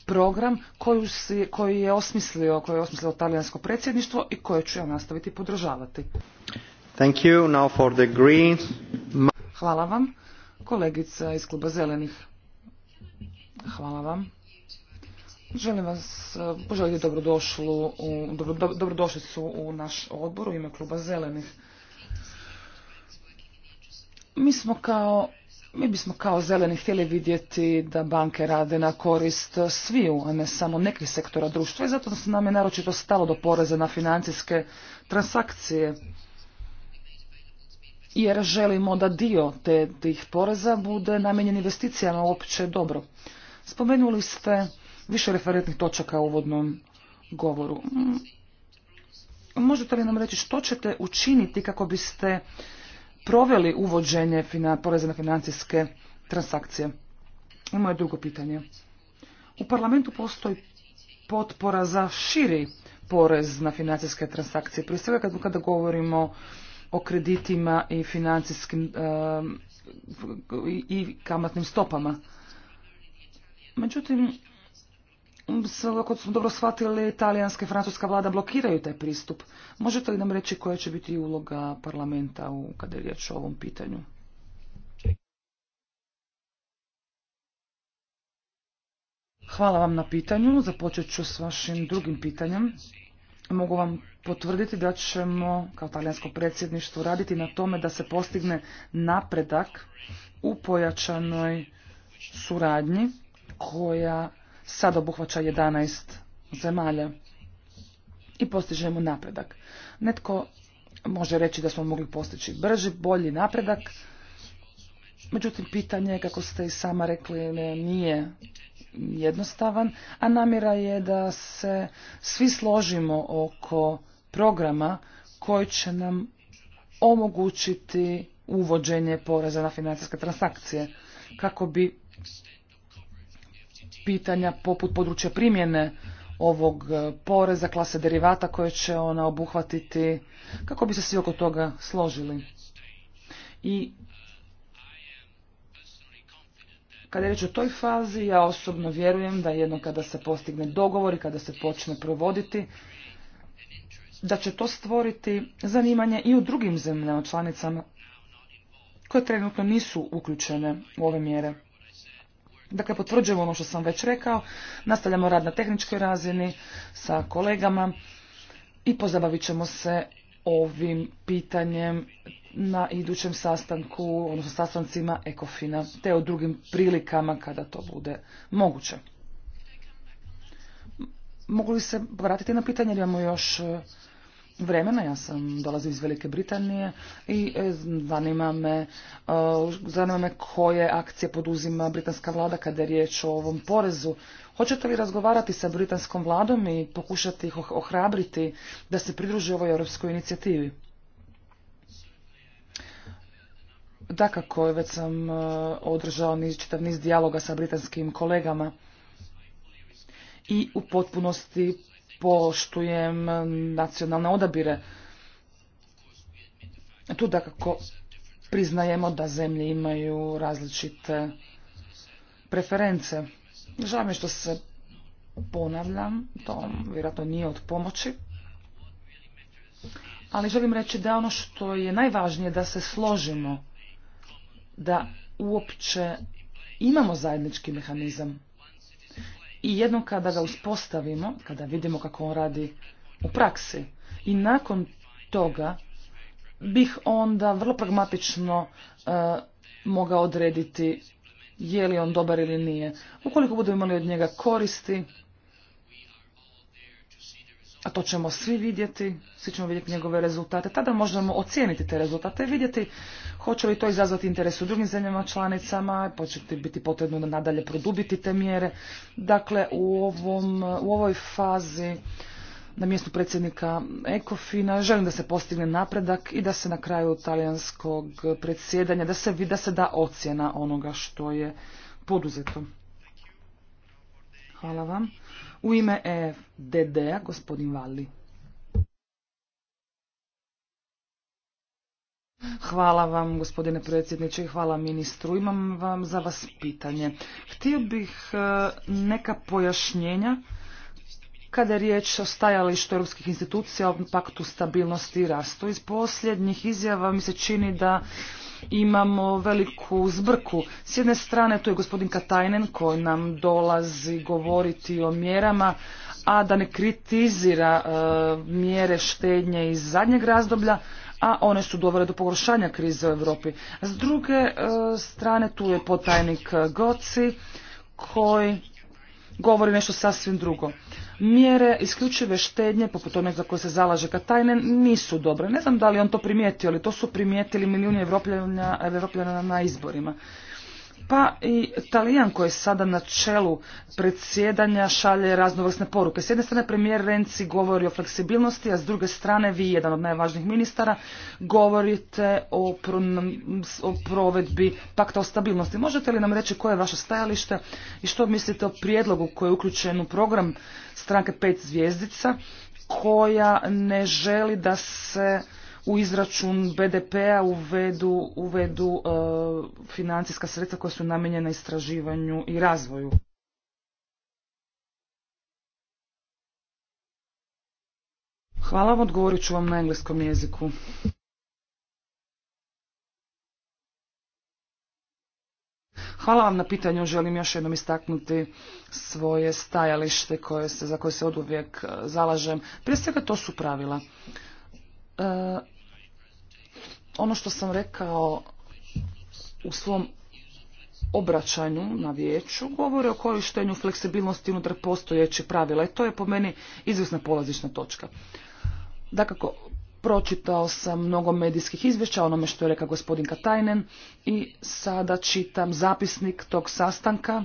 program koju koji je osmislio, koji je osmislilo talijansko predsjedništvo i koje ću ja nastaviti podržavati. Thank you. Now for the Hvala vam. Kolegica iz kluba zelenih. Hvala vam. Želim vas poželjiti dobrodošlu, u, dobro, dobrodošli su u naš odbor u ime kluba zelenih. Mi smo kao mi bismo kao zeleni htjeli vidjeti da banke rade na korist sviju, a ne samo nekih sektora društva i zato se nam je naročito stalo do poreza na financijske transakcije. Jer želimo da dio te, tih poreza bude namijenjen investicijama uopće dobro. Spomenuli ste više referentnih točaka u uvodnom govoru. Možete li nam reći što ćete učiniti kako biste proveli uvođenje poreza na financijske transakcije? I moje drugo pitanje. U parlamentu postoji potpora za širi porez na financijske transakcije. Prije svega kada govorimo o kreditima i financijskim ehm, i kamatnim stopama. Međutim, ako smo dobro shvatili, talijanska i francuska vlada blokiraju taj pristup. Možete li nam reći koja će biti uloga parlamenta u, kada je riječ o ovom pitanju? Hvala vam na pitanju. Započet ću s vašim drugim pitanjem. Mogu vam potvrditi da ćemo kao talijansko predsjedništvo raditi na tome da se postigne napredak u pojačanoj suradnji koja sad obuhvaća 11 zemalja i postižemo napredak. Netko može reći da smo mogli postići brži, bolji napredak, međutim pitanje, kako ste i sama rekli, nije jednostavan, a namjera je da se svi složimo oko programa koji će nam omogućiti uvođenje poreza na financijske transakcije kako bi pitanja poput područja primjene ovog e, poreza, klase derivata koje će ona obuhvatiti, kako bi se svi oko toga složili. I kada je reč o toj fazi, ja osobno vjerujem da jedno kada se postigne dogovor i kada se počne provoditi, da će to stvoriti zanimanje i u drugim zemljama članicama koje trenutno nisu uključene u ove mjere. Dakle, potvrđujemo ono što sam već rekao, nastavljamo rad na tehničkoj razini sa kolegama i pozabavit ćemo se ovim pitanjem na idućem sastanku, odnosno sastancima Ekofina, te o drugim prilikama kada to bude moguće. Mogu li se vratiti na pitanje, imamo još vremena, ja sam dolazim iz Velike Britanije i e, zanima me, e, zanima me koje akcije poduzima britanska vlada kada je riječ o ovom porezu. Hoćete li razgovarati sa britanskom vladom i pokušati ih oh- ohrabriti da se pridruži ovoj europskoj inicijativi? Dakako, već sam e, održao niz, čitav niz dijaloga sa britanskim kolegama i u potpunosti poštujem nacionalne odabire. Tu kako priznajemo da zemlje imaju različite preference. Žao mi što se ponavljam, to vjerojatno nije od pomoći. Ali želim reći da ono što je najvažnije da se složimo da uopće imamo zajednički mehanizam i jednom kada ga uspostavimo, kada vidimo kako on radi u praksi i nakon toga bih onda vrlo pragmatično e, mogao odrediti je li on dobar ili nije. Ukoliko budemo imali od njega koristi, a to ćemo svi vidjeti, svi ćemo vidjeti njegove rezultate, tada možemo ocijeniti te rezultate i vidjeti hoće li to izazvati interes u drugim zemljama članicama, početi pa biti potrebno nadalje produbiti te mjere. Dakle, u, ovom, u ovoj fazi na mjestu predsjednika Ekofina želim da se postigne napredak i da se na kraju talijanskog predsjedanja, da se, da se da ocjena onoga što je poduzeto. Hvala vam. U ime EFDD-a, gospodin Valli. Hvala vam, gospodine predsjedniče, i hvala ministru. Imam vam za vas pitanje. Htio bih e, neka pojašnjenja kada je riječ o stajalištu europskih institucija o paktu stabilnosti i rastu. Iz posljednjih izjava mi se čini da imamo veliku zbrku. S jedne strane tu je gospodin Katajnen koji nam dolazi govoriti o mjerama, a da ne kritizira e, mjere štednje iz zadnjeg razdoblja, a one su dovele do pogoršanja krize u Europi. S druge e, strane tu je potajnik Goci koji govori nešto sasvim drugo. Mjere isključive štednje, poput one za koje se zalaže tajne nisu dobre. Ne znam da li on to primijetio, ali to su primijetili milijuni evropljana na izborima pa i Talijan koji je sada na čelu predsjedanja šalje raznovrsne poruke. S jedne strane premijer Renci govori o fleksibilnosti, a s druge strane vi, jedan od najvažnijih ministara, govorite o, o provedbi pakta o stabilnosti. Možete li nam reći koje je vaše stajalište i što mislite o prijedlogu koji je uključen u program stranke pet zvijezdica koja ne želi da se u izračun BDP-a uvedu, uvedu e, financijska sredstva koja su namijenjena istraživanju i razvoju. Hvala vam, odgovorit ću vam na engleskom jeziku. Hvala vam na pitanju, želim još jednom istaknuti svoje stajalište koje se, za koje se oduvijek e, zalažem. Prije svega to su pravila. E, ono što sam rekao u svom obraćanju na vijeću govori o korištenju fleksibilnosti unutar postojećih pravila i to je po meni izvjesna polazična točka. Dakako, pročitao sam mnogo medijskih izvješća, onome što je rekao gospodin Katajnen i sada čitam zapisnik tog sastanka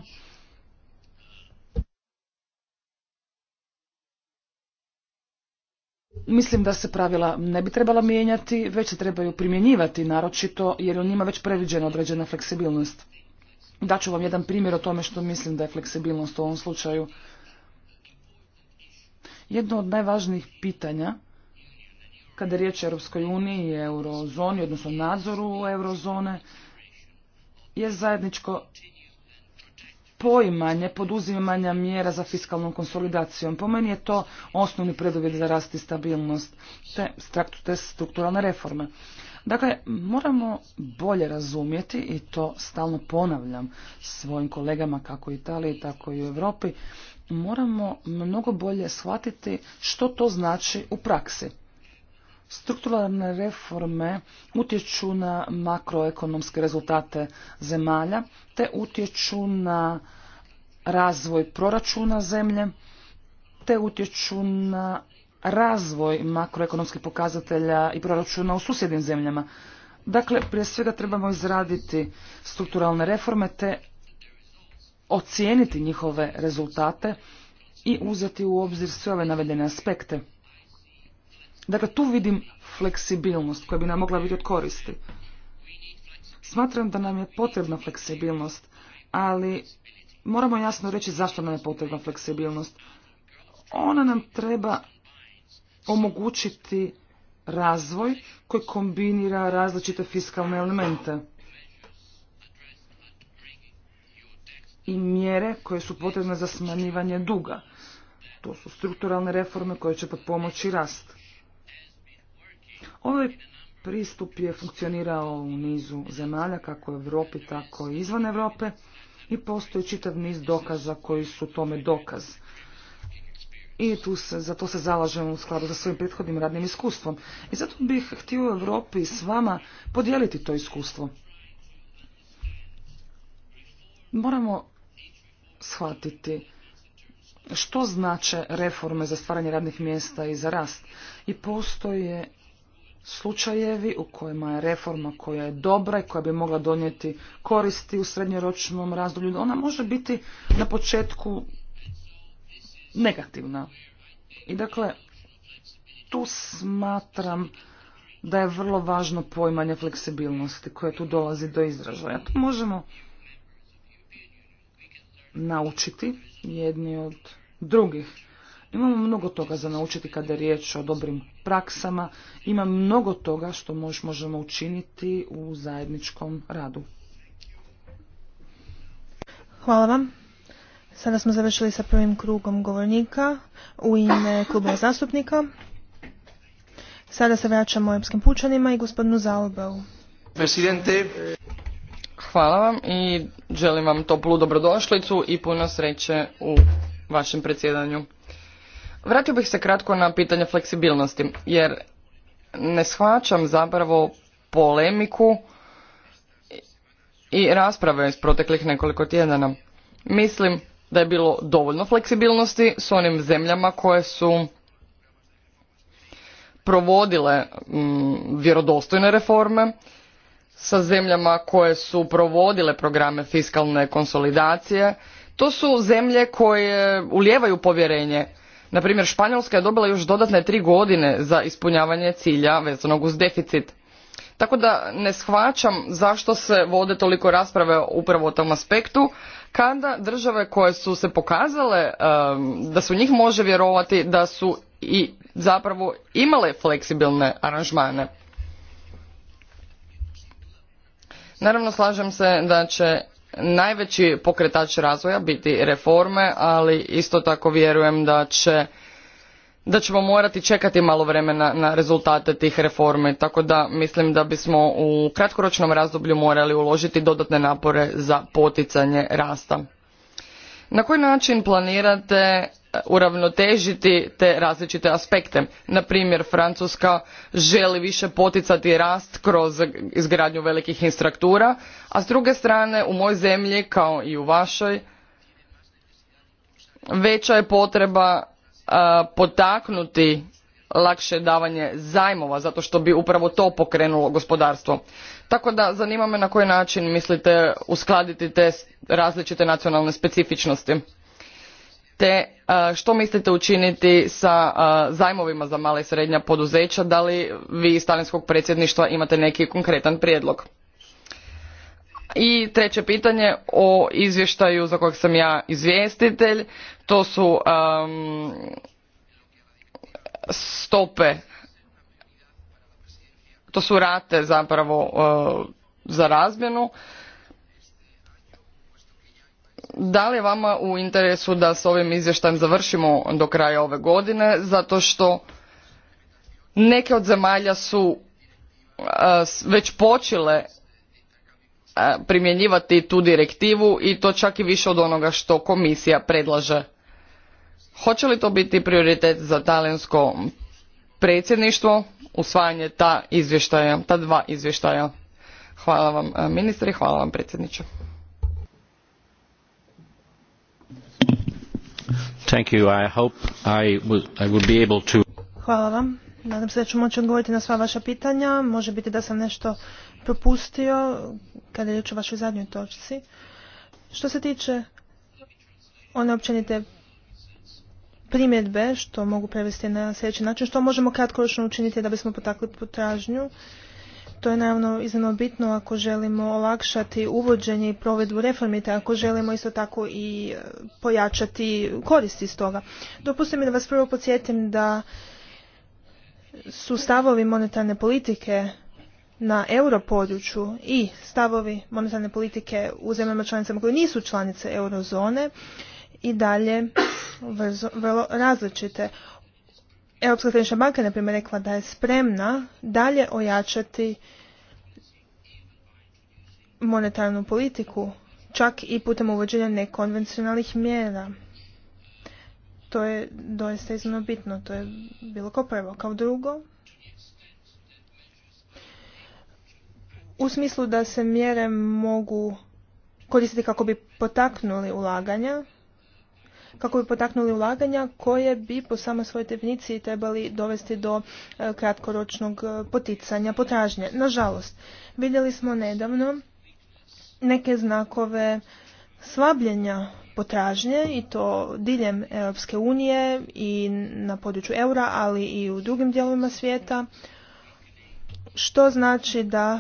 Mislim da se pravila ne bi trebala mijenjati, već se trebaju primjenjivati naročito jer u njima već predviđena određena fleksibilnost. Daću vam jedan primjer o tome što mislim da je fleksibilnost u ovom slučaju. Jedno od najvažnijih pitanja kada je riječ o Europskoj uniji i eurozoni, odnosno nadzoru eurozone, je zajedničko poimanje poduzimanja mjera za fiskalnom konsolidacijom. Po meni je to osnovni preduvjet za rast i stabilnost te strukturalne reforme. Dakle, moramo bolje razumjeti i to stalno ponavljam svojim kolegama kako u Italiji, tako i u Europi, moramo mnogo bolje shvatiti što to znači u praksi. Strukturalne reforme utječu na makroekonomske rezultate zemalja te utječu na razvoj proračuna zemlje te utječu na razvoj makroekonomskih pokazatelja i proračuna u susjednim zemljama. Dakle, prije svega trebamo izraditi strukturalne reforme te ocijeniti njihove rezultate i uzeti u obzir sve ove navedene aspekte. Dakle, tu vidim fleksibilnost koja bi nam mogla biti od koristi. Smatram da nam je potrebna fleksibilnost, ali moramo jasno reći zašto nam je potrebna fleksibilnost. Ona nam treba omogućiti razvoj koji kombinira različite fiskalne elemente i mjere koje su potrebne za smanjivanje duga. To su strukturalne reforme koje će pomoći rast. Ovaj pristup je funkcionirao u nizu zemalja, kako u Europi, tako i izvan Europe i postoji čitav niz dokaza koji su tome dokaz. I tu se, za to se zalažem u skladu sa svojim prethodnim radnim iskustvom. I zato bih htio u Europi s vama podijeliti to iskustvo. Moramo shvatiti što znače reforme za stvaranje radnih mjesta i za rast. I postoje slučajevi u kojima je reforma koja je dobra i koja bi mogla donijeti koristi u srednjeročnom razdoblju, ona može biti na početku negativna. I dakle, tu smatram da je vrlo važno poimanje fleksibilnosti koje tu dolazi do izražaja. To možemo naučiti jedni od drugih. Imamo mnogo toga za naučiti kada je riječ o dobrim praksama. Ima mnogo toga što mož, možemo učiniti u zajedničkom radu. Hvala vam. Sada smo završili sa prvim krugom govornika u ime kluba zastupnika. Sada se vraćamo europskim pučanima i gospodinu Zalbeu. Presidente. Hvala vam i želim vam toplu dobrodošlicu i puno sreće u vašem predsjedanju. Vratio bih se kratko na pitanje fleksibilnosti, jer ne shvaćam zapravo polemiku i rasprave iz proteklih nekoliko tjedana. Mislim da je bilo dovoljno fleksibilnosti s onim zemljama koje su provodile mm, vjerodostojne reforme, sa zemljama koje su provodile programe fiskalne konsolidacije. To su zemlje koje ulijevaju povjerenje na primjer, Španjolska je dobila još dodatne tri godine za ispunjavanje cilja vezanog uz deficit. Tako da ne shvaćam zašto se vode toliko rasprave upravo o tom aspektu, kada države koje su se pokazale da su njih može vjerovati da su i zapravo imale fleksibilne aranžmane. Naravno slažem se da će najveći pokretač razvoja biti reforme, ali isto tako vjerujem da da ćemo morati čekati malo vremena na rezultate tih reformi, tako da mislim da bismo u kratkoročnom razdoblju morali uložiti dodatne napore za poticanje rasta. Na koji način planirate e, uravnotežiti te različite aspekte? Na primjer, Francuska želi više poticati rast kroz izgradnju velikih infrastruktura, a s druge strane u mojoj zemlji kao i u vašoj veća je potreba e, potaknuti lakše davanje zajmova zato što bi upravo to pokrenulo gospodarstvo tako da zanima me na koji način mislite uskladiti te različite nacionalne specifičnosti te što mislite učiniti sa zajmovima za mala i srednja poduzeća da li vi iz talijanskog predsjedništva imate neki konkretan prijedlog i treće pitanje o izvještaju za kojeg sam ja izvjestitelj to su stope to su rate zapravo e, za razmjenu. Da li je vama u interesu da s ovim izvještajem završimo do kraja ove godine, zato što neke od zemalja su e, već počele e, primjenjivati tu direktivu i to čak i više od onoga što komisija predlaže. Hoće li to biti prioritet za talijansko predsjedništvo? usvajanje ta izvještaja, ta dva izvještaja. Hvala vam e, ministri, hvala vam predsjedniče. I Hvala vam. Nadam se da ću moći odgovoriti na sva vaša pitanja. Može biti da sam nešto propustio kada je riječ o vašoj zadnjoj točci. Što se tiče one općenite primjedbe što mogu prevesti na sljedeći način, što možemo kratkoročno učiniti da bismo potakli potražnju. To je naravno iznimno bitno ako želimo olakšati uvođenje i provedbu reformi, te ako želimo isto tako i e, pojačati koristi iz toga. Dopustite mi da vas prvo podsjetim da su stavovi monetarne politike na europodručju i stavovi monetarne politike u zemljama članicama koje nisu članice eurozone i dalje vrlo različite. Europska središnja banka je primjer rekla da je spremna dalje ojačati monetarnu politiku, čak i putem uvođenja nekonvencionalnih mjera. To je doista iznimno bitno, to je bilo kao prvo. Kao drugo, u smislu da se mjere mogu koristiti kako bi potaknuli ulaganja, kako bi potaknuli ulaganja koje bi po samoj svojoj definiciji trebali dovesti do e, kratkoročnog e, poticanja potražnje. Nažalost, vidjeli smo nedavno neke znakove slabljenja potražnje i to diljem Europske unije i na području eura, ali i u drugim dijelovima svijeta, što znači da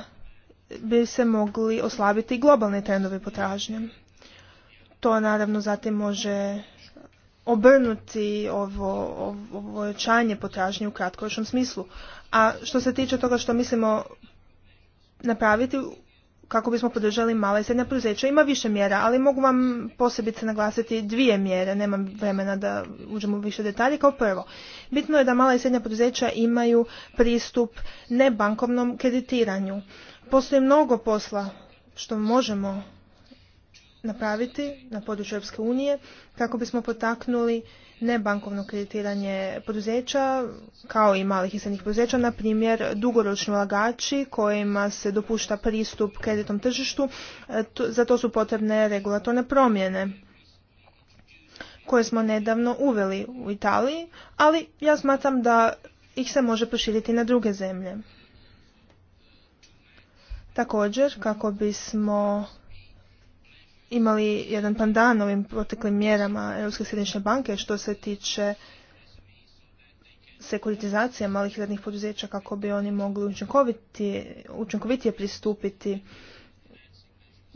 bi se mogli oslabiti globalni trendove potražnje. To naravno zatim može obrnuti ovo ojačanje potražnje u kratkoročnom smislu. A što se tiče toga što mislimo napraviti kako bismo podržali mala i srednja poduzeća. Ima više mjera, ali mogu vam posebice naglasiti dvije mjere, nemam vremena da uđemo u više detalje. Kao prvo, bitno je da mala i srednja poduzeća imaju pristup nebankovnom kreditiranju. Postoji mnogo posla što možemo napraviti na području Europske unije kako bismo potaknuli nebankovno kreditiranje poduzeća kao i malih i srednjih poduzeća, na primjer dugoročni ulagači kojima se dopušta pristup kreditnom tržištu, e, za to su potrebne regulatorne promjene koje smo nedavno uveli u Italiji, ali ja smatram da ih se može proširiti na druge zemlje. Također, kako bismo imali jedan pandan ovim proteklim mjerama Europske središnje banke što se tiče sekuritizacije malih i radnih poduzeća kako bi oni mogli učinkovitije, pristupiti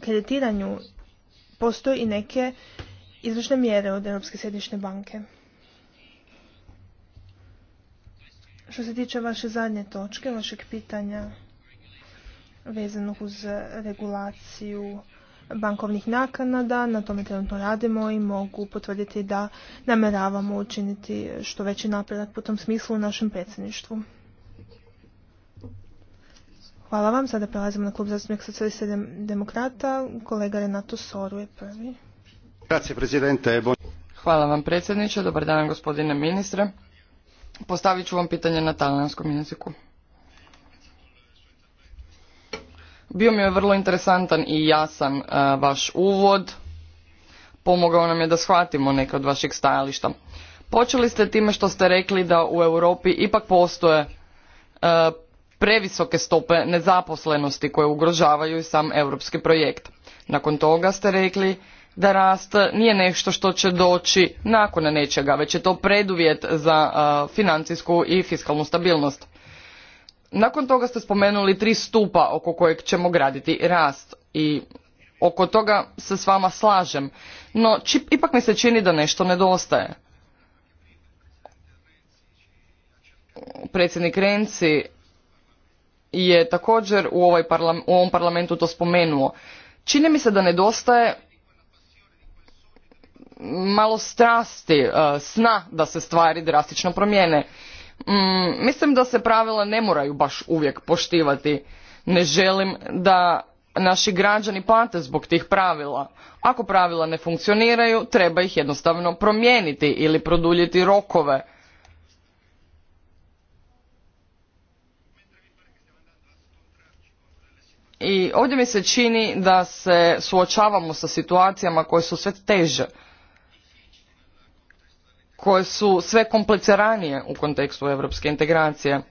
kreditiranju. Postoje i neke izvršne mjere od Europske središnje banke. Što se tiče vaše zadnje točke, vašeg pitanja vezanog uz regulaciju bankovnih naknada, na tome trenutno radimo i mogu potvrditi da namjeravamo učiniti što veći napredak po tom smislu u našem predsjedništvu. Hvala vam. Sada prelazimo na klub zastupnika socijalista demokrata. Kolega Renato Soru je prvi. Hvala vam predsjedniče. Dobar dan gospodine ministre. Postavit ću vam pitanje na talijanskom jeziku. Bio mi je vrlo interesantan i jasan e, vaš uvod. Pomogao nam je da shvatimo neke od vaših stajališta. Počeli ste time što ste rekli da u Europi ipak postoje e, previsoke stope nezaposlenosti koje ugrožavaju i sam europski projekt. Nakon toga ste rekli da rast nije nešto što će doći nakon nečega, već je to preduvjet za e, financijsku i fiskalnu stabilnost. Nakon toga ste spomenuli tri stupa oko kojeg ćemo graditi rast i oko toga se s vama slažem, no ipak mi se čini da nešto nedostaje. Predsjednik Renci je također u, ovaj u ovom parlamentu to spomenuo. Čini mi se da nedostaje malo strasti, eh, sna da se stvari drastično promijene. Mm, mislim da se pravila ne moraju baš uvijek poštivati. Ne želim da naši građani pate zbog tih pravila. Ako pravila ne funkcioniraju, treba ih jednostavno promijeniti ili produljiti rokove. I ovdje mi se čini da se suočavamo sa situacijama koje su sve teže koje su sve kompliciranije u kontekstu europske integracije.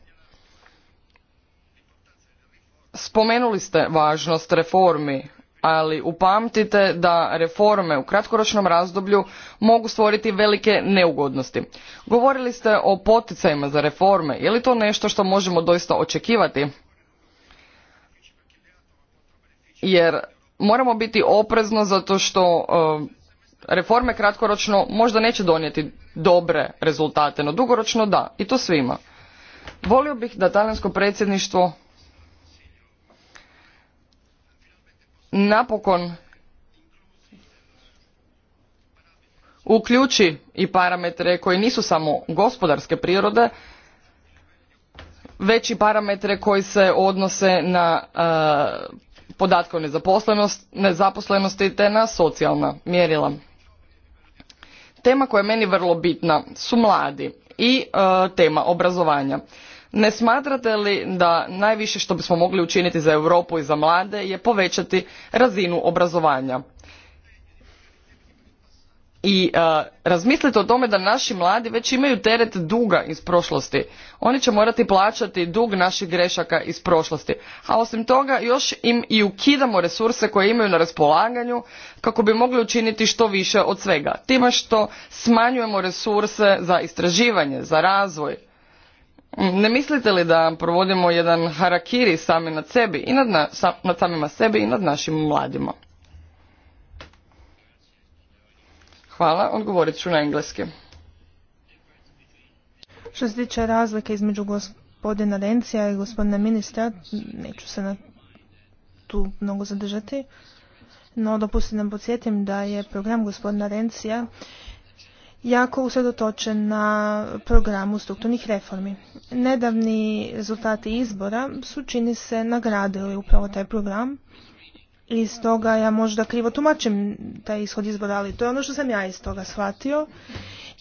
Spomenuli ste važnost reformi, ali upamtite da reforme u kratkoročnom razdoblju mogu stvoriti velike neugodnosti. Govorili ste o poticajima za reforme, je li to nešto što možemo doista očekivati? Jer moramo biti oprezno zato što reforme kratkoročno možda neće donijeti dobre rezultate, no dugoročno da, i to svima. Volio bih da talijansko predsjedništvo napokon uključi i parametre koji nisu samo gospodarske prirode, već i parametre koji se odnose na e, podatke o nezaposlenosti te na socijalna mjerila. Tema koja je meni vrlo bitna su mladi i e, tema obrazovanja. Ne smatrate li da najviše što bismo mogli učiniti za Europu i za mlade je povećati razinu obrazovanja? i e, razmislite o tome da naši mladi već imaju teret duga iz prošlosti. Oni će morati plaćati dug naših grešaka iz prošlosti. A osim toga još im i ukidamo resurse koje imaju na raspolaganju kako bi mogli učiniti što više od svega. Time što smanjujemo resurse za istraživanje, za razvoj. Ne mislite li da provodimo jedan harakiri sami nad sebi i nad, na, nad samima sebi i nad našim mladima? Hvala, odgovorit ću na engleski. Što se tiče razlike između gospodina Rencija i gospodina ministra, neću se na tu mnogo zadržati, no dopustite nam podsjetim da je program gospodina Rencija jako usredotočen na programu strukturnih reformi. Nedavni rezultati izbora su čini se nagradili upravo taj program i stoga ja možda krivo tumačim taj ishod izbora, ali to je ono što sam ja iz toga shvatio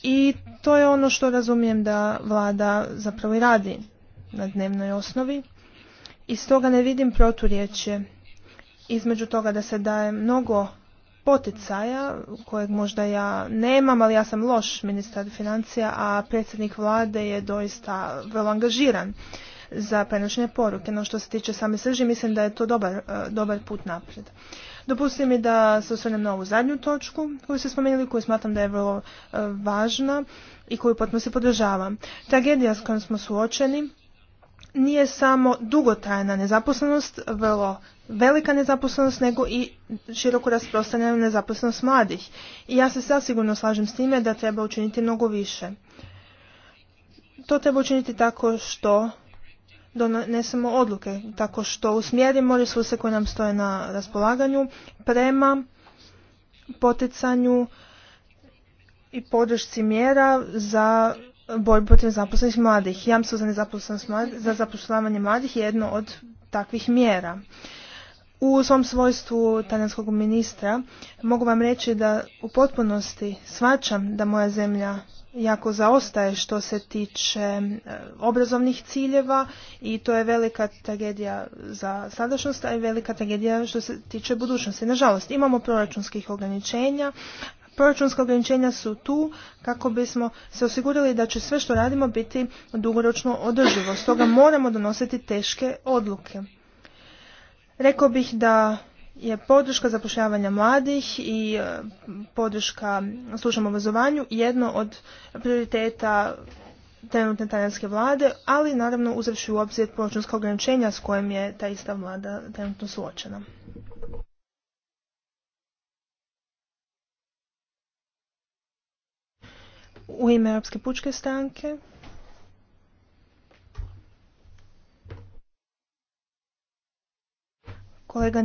i to je ono što razumijem da vlada zapravo i radi na dnevnoj osnovi i stoga ne vidim proturječje između toga da se daje mnogo poticaja kojeg možda ja nemam, ali ja sam loš ministar financija, a predsjednik vlade je doista vrlo angažiran za prenošenje poruke. No što se tiče same srži, mislim da je to e, dobar, put naprijed. Dopustite mi da se osvrnem na ovu zadnju točku koju ste spomenuli, koju smatram da je vrlo e, važna i koju potpuno se podržavam. Tragedija s kojom smo suočeni nije samo dugotrajna nezaposlenost, vrlo velika nezaposlenost, nego i široko rasprostranjena nezaposlenost mladih. I ja se sasigurno sigurno slažem s time da treba učiniti mnogo više. To treba učiniti tako što donesemo odluke, tako što usmjerimo resurse koje nam stoje na raspolaganju prema poticanju i podršci mjera za borbu protiv zaposlenih mladih. Jamstvo za nezaposlenost mladih, za zapošljavanje mladih je jedno od takvih mjera. U svom svojstvu talijanskog ministra mogu vam reći da u potpunosti svačam da moja zemlja jako zaostaje što se tiče e, obrazovnih ciljeva i to je velika tragedija za sadašnjost, a i velika tragedija što se tiče budućnosti. Nažalost, imamo proračunskih ograničenja, Proračunska ograničenja su tu kako bismo se osigurali da će sve što radimo biti dugoročno održivo. Stoga moramo donositi teške odluke. Rekao bih da je podrška zapošljavanja mladih i e, podrška slušnom obrazovanju jedno od prioriteta trenutne talijanske vlade, ali naravno uzevši u obzir proračunska ograničenja s kojim je ta ista vlada trenutno suočena. U ime Europske pučke stranke Kolega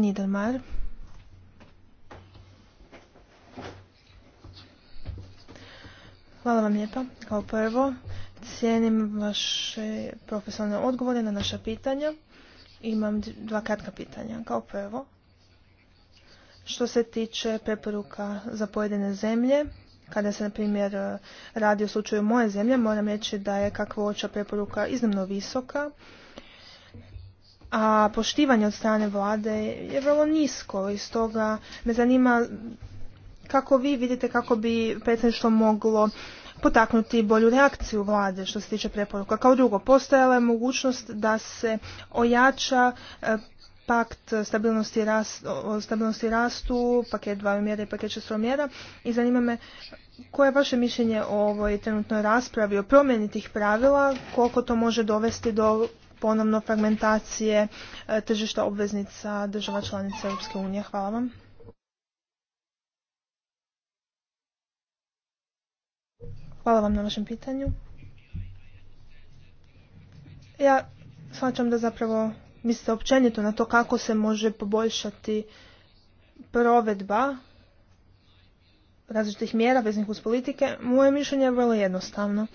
Hvala vam lijepa. Kao prvo, cijenim vaše profesionalne odgovore na naša pitanja. Imam dva kratka pitanja. Kao prvo, što se tiče preporuka za pojedine zemlje, kada se, na primjer, radi o slučaju moje zemlje, moram reći da je kakvoća preporuka iznimno visoka a poštivanje od strane vlade je vrlo nisko i stoga me zanima kako vi vidite kako bi predsjedništvo moglo potaknuti bolju reakciju vlade što se tiče preporuka. Kao drugo, postojala je mogućnost da se ojača e, pakt stabilnosti, i stabilnosti rastu, paket dva mjera i paket šestro mjera i zanima me koje je vaše mišljenje o ovoj trenutnoj raspravi o promjeni tih pravila, koliko to može dovesti do ponovno fragmentacije e, tržišta obveznica država članica Europske unije. Hvala vam. Hvala vam na vašem pitanju. Ja shvaćam da zapravo mislite općenito na to kako se može poboljšati provedba različitih mjera veznih uz politike. Moje mišljenje je vrlo jednostavno.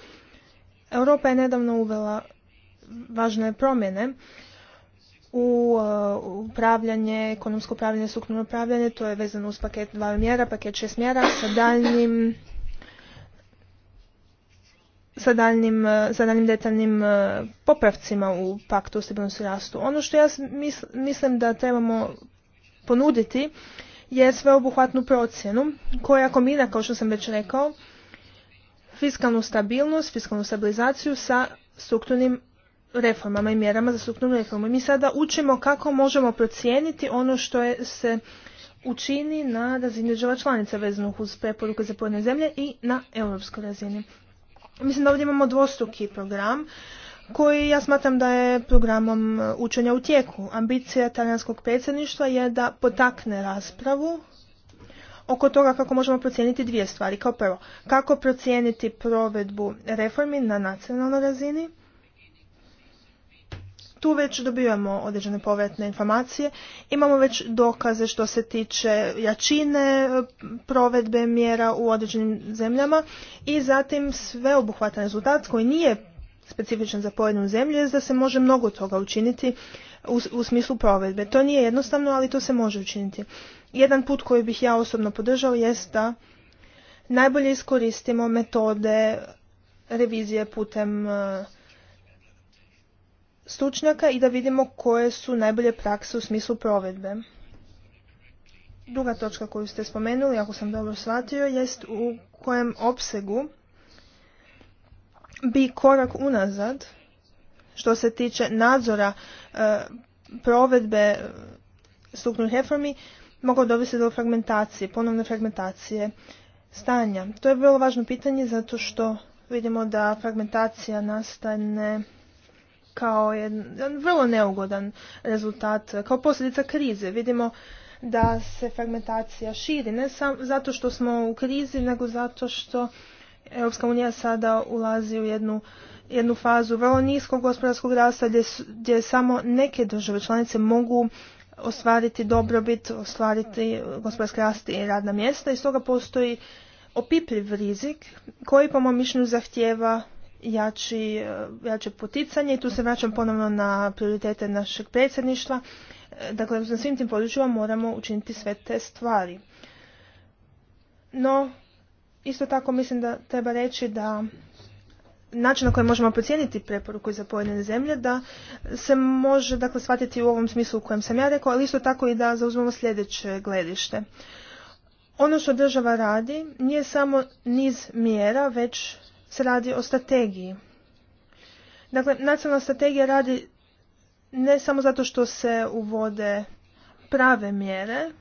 Europa je nedavno uvela važne promjene uh, u upravljanje, ekonomsko upravljanje, strukturno upravljanje, to je vezano uz paket dva mjera, paket šest mjera sa daljnim sa daljnim, uh, sa daljnim detaljnim uh, popravcima u paktu o stabilnosti rastu. Ono što ja mislim da trebamo ponuditi je sveobuhvatnu procjenu koja kombina, kao što sam već rekao, fiskalnu stabilnost, fiskalnu stabilizaciju sa strukturnim reformama i mjerama za strukturnu reformu. Mi sada učimo kako možemo procijeniti ono što je, se učini na razini država članica vezano uz preporuke za pojedine zemlje i na europskoj razini. Mislim da ovdje imamo dvostruki program koji ja smatram da je programom e, učenja u tijeku. Ambicija talijanskog predsjedništva je da potakne raspravu oko toga kako možemo procijeniti dvije stvari. Kao prvo, kako procijeniti provedbu reformi na nacionalnoj razini – tu već dobivamo određene povratne informacije, imamo već dokaze što se tiče jačine e, provedbe mjera u određenim zemljama i zatim sveobuhvatan rezultat koji nije specifičan za pojedinu zemlju je da se može mnogo toga učiniti u, u smislu provedbe. To nije jednostavno, ali to se može učiniti. Jedan put koji bih ja osobno podržao jest da najbolje iskoristimo metode revizije putem e, stručnjaka i da vidimo koje su najbolje prakse u smislu provedbe. Druga točka koju ste spomenuli, ako sam dobro shvatio, jest u kojem opsegu bi korak unazad što se tiče nadzora e, provedbe e, strukturnih reformi mogao dovesti do fragmentacije, ponovne fragmentacije stanja. To je vrlo važno pitanje zato što vidimo da fragmentacija nastane kao jedan vrlo neugodan rezultat, kao posljedica krize. Vidimo da se fragmentacija širi, ne samo zato što smo u krizi, nego zato što Europska unija sada ulazi u jednu, jednu fazu vrlo niskog gospodarskog rasta gdje, samo neke države članice mogu ostvariti dobrobit, ostvariti gospodarski rast i radna mjesta i stoga postoji opipljiv rizik koji po mom mišljenju zahtjeva jači, e, jače poticanje i tu se vraćam ponovno na prioritete našeg predsjedništva. E, dakle, na svim tim područjima moramo učiniti sve te stvari. No, isto tako mislim da treba reći da način na koji možemo procijeniti preporuku za pojedine zemlje da se može dakle shvatiti u ovom smislu u kojem sam ja rekao, ali isto tako i da zauzmemo sljedeće gledište. Ono što država radi nije samo niz mjera, već se radi o strategiji. Dakle, nacionalna strategija radi ne samo zato što se uvode prave mjere,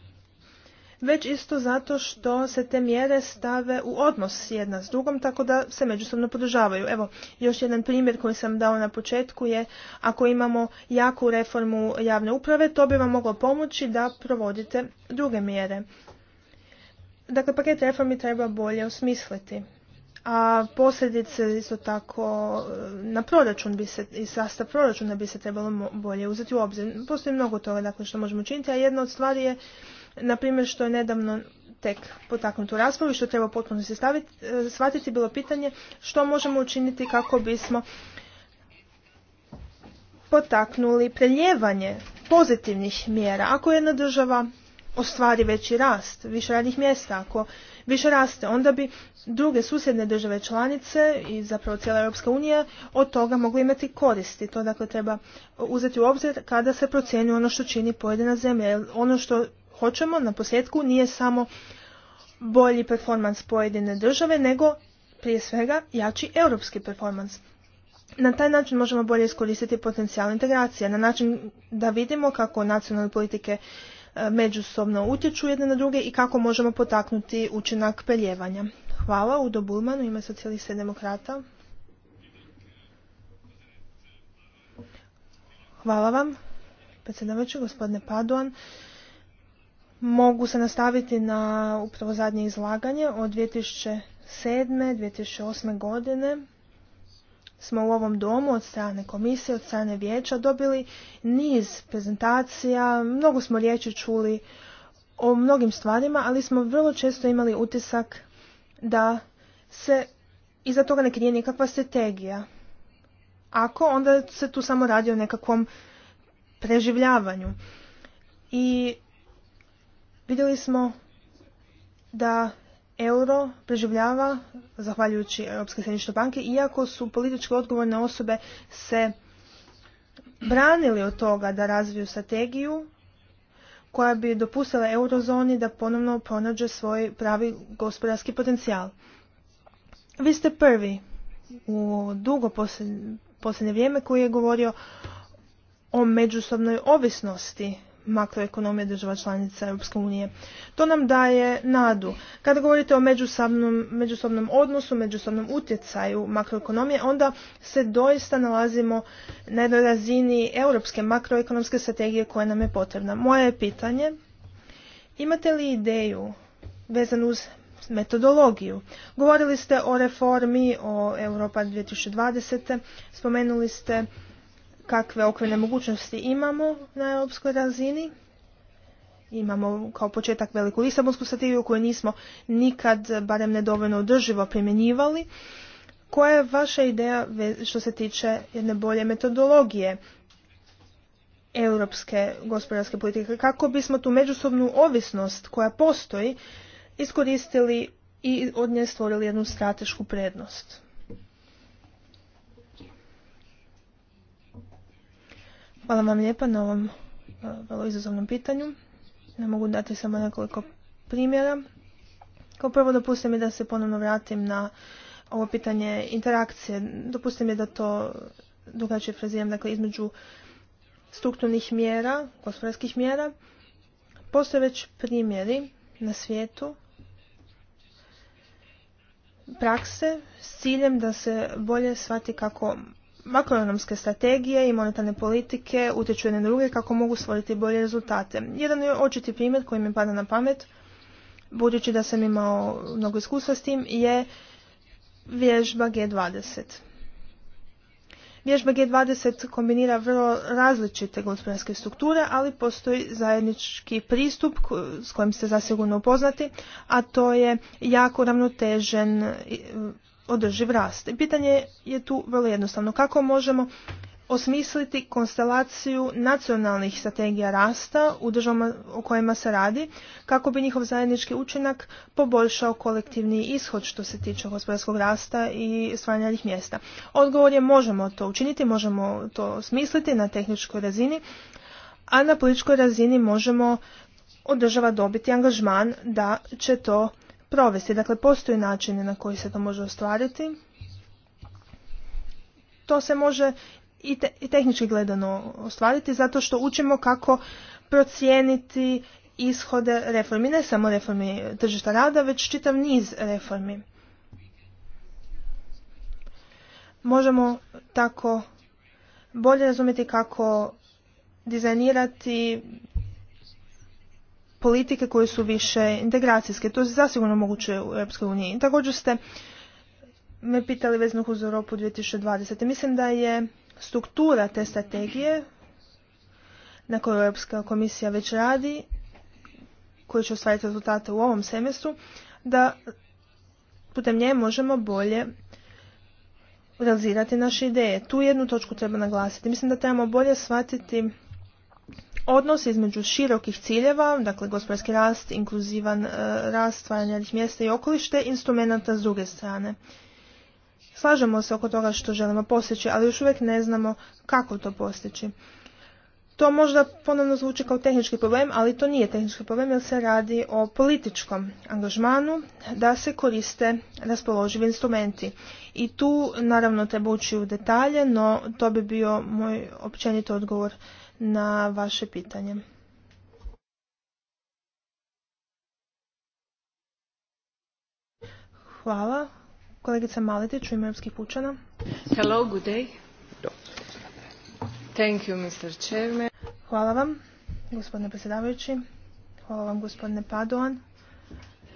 već isto zato što se te mjere stave u odnos jedna s drugom, tako da se međusobno podržavaju. Evo, još jedan primjer koji sam dao na početku je, ako imamo jaku reformu javne uprave, to bi vam moglo pomoći da provodite druge mjere. Dakle, paket reformi treba bolje osmisliti a posljedice isto tako e, na proračun bi se i sastav proračuna bi se trebalo bolje uzeti u obzir. Postoji mnogo toga dakle, što možemo učiniti, a jedna od stvari je na primjer što je nedavno tek potaknutu raspravu i što treba potpuno se staviti, e, shvatiti bilo pitanje što možemo učiniti kako bismo potaknuli preljevanje pozitivnih mjera. Ako jedna država ostvari veći rast, više radnih mjesta, ako više raste. Onda bi druge susjedne države članice i zapravo cijela Europska unija od toga mogli imati koristi. To dakle treba uzeti u obzir kada se procjenjuje ono što čini pojedina zemlja. ono što hoćemo na posljedku nije samo bolji performans pojedine države, nego prije svega jači europski performans. Na taj način možemo bolje iskoristiti potencijal integracije, na način da vidimo kako nacionalne politike E, međusobno utječu jedne na druge i kako možemo potaknuti učinak peljevanja. Hvala Udo Bulman u ime socijalista i demokrata. Hvala vam, predsjedavajući gospodine Paduan. Mogu se nastaviti na upravo zadnje izlaganje od 2007. 2008. godine smo u ovom domu od strane komisije, od strane vijeća dobili niz prezentacija, mnogo smo riječi čuli o mnogim stvarima, ali smo vrlo često imali utisak da se iza toga ne krije nikakva strategija. Ako, onda se tu samo radi o nekakvom preživljavanju. I vidjeli smo da euro preživljava zahvaljujući Europske središnje banke, iako su političke odgovorne osobe se branili od toga da razviju strategiju koja bi dopustila eurozoni da ponovno pronađe svoj pravi gospodarski potencijal. Vi ste prvi u dugo posljednje vrijeme koji je govorio o međusobnoj ovisnosti makroekonomije država članica Europske unije. To nam daje nadu. Kada govorite o međusobnom, međusobnom odnosu, međusobnom utjecaju makroekonomije, onda se doista nalazimo na jednoj razini europske makroekonomske strategije koja nam je potrebna. Moje je pitanje, imate li ideju vezanu uz metodologiju. Govorili ste o reformi, o Europa 2020. Spomenuli ste kakve okvirne mogućnosti imamo na europskoj razini. Imamo kao početak veliku Lisabonsku strategiju koju nismo nikad, barem nedovoljno održivo primjenjivali. Koja je vaša ideja što se tiče jedne bolje metodologije europske gospodarske politike? Kako bismo tu međusobnu ovisnost koja postoji iskoristili i od nje stvorili jednu stratešku prednost? Hvala vam lijepa na ovom e, vrlo izazovnom pitanju. Ne mogu dati samo nekoliko primjera. Kao prvo dopustim mi da se ponovno vratim na ovo pitanje interakcije. Dopustim mi da to drugačije fraziram, dakle između strukturnih mjera, gospodarskih mjera. Postoje već primjeri na svijetu prakse s ciljem da se bolje shvati kako makroekonomske strategije i monetarne politike utječu jedne druge kako mogu stvoriti bolje rezultate. Jedan je očiti primjer koji mi pada na pamet, budući da sam imao mnogo iskustva s tim, je vježba G20. Vježba G20 kombinira vrlo različite gospodarske strukture, ali postoji zajednički pristup s kojim ste zasigurno upoznati, a to je jako ravnotežen održiv rast. pitanje je tu vrlo jednostavno. Kako možemo osmisliti konstelaciju nacionalnih strategija rasta u državama o kojima se radi, kako bi njihov zajednički učinak poboljšao kolektivni ishod što se tiče gospodarskog rasta i stvaranja njih mjesta. Odgovor je možemo to učiniti, možemo to osmisliti na tehničkoj razini, a na političkoj razini možemo od država dobiti angažman da će to provesti. Dakle, postoje načini na koji se to može ostvariti. To se može i, i tehnički gledano ostvariti zato što učimo kako procijeniti ishode reformi, ne samo reformi tržišta rada, već čitav niz reformi. Možemo tako bolje razumjeti kako dizajnirati politike koje su više integracijske. To je zasigurno moguće u EU. uniji. Također ste me pitali vezno uz Europu 2020. Mislim da je struktura te strategije na kojoj Europska komisija već radi, koji će ostvariti rezultate u ovom semestru, da putem nje možemo bolje realizirati naše ideje. Tu jednu točku treba naglasiti. Mislim da trebamo bolje shvatiti odnos između širokih ciljeva, dakle gospodarski rast, inkluzivan e, rast, stvaranje mjesta i okolište, instrumenta s druge strane. Slažemo se oko toga što želimo postići, ali još uvijek ne znamo kako to postići. To možda ponovno zvuči kao tehnički problem, ali to nije tehnički problem jer se radi o političkom angažmanu da se koriste raspoloživi instrumenti. I tu naravno treba ući u detalje, no to bi bio moj općenito odgovor na vaše pitanje. Hvala. Kolegica Maletić u ime Europskih pučana. Hello, good day. Thank you, Mr. Chairman. Hvala vam, gospodine predsjedavajući. Hvala vam, gospodine Padoan.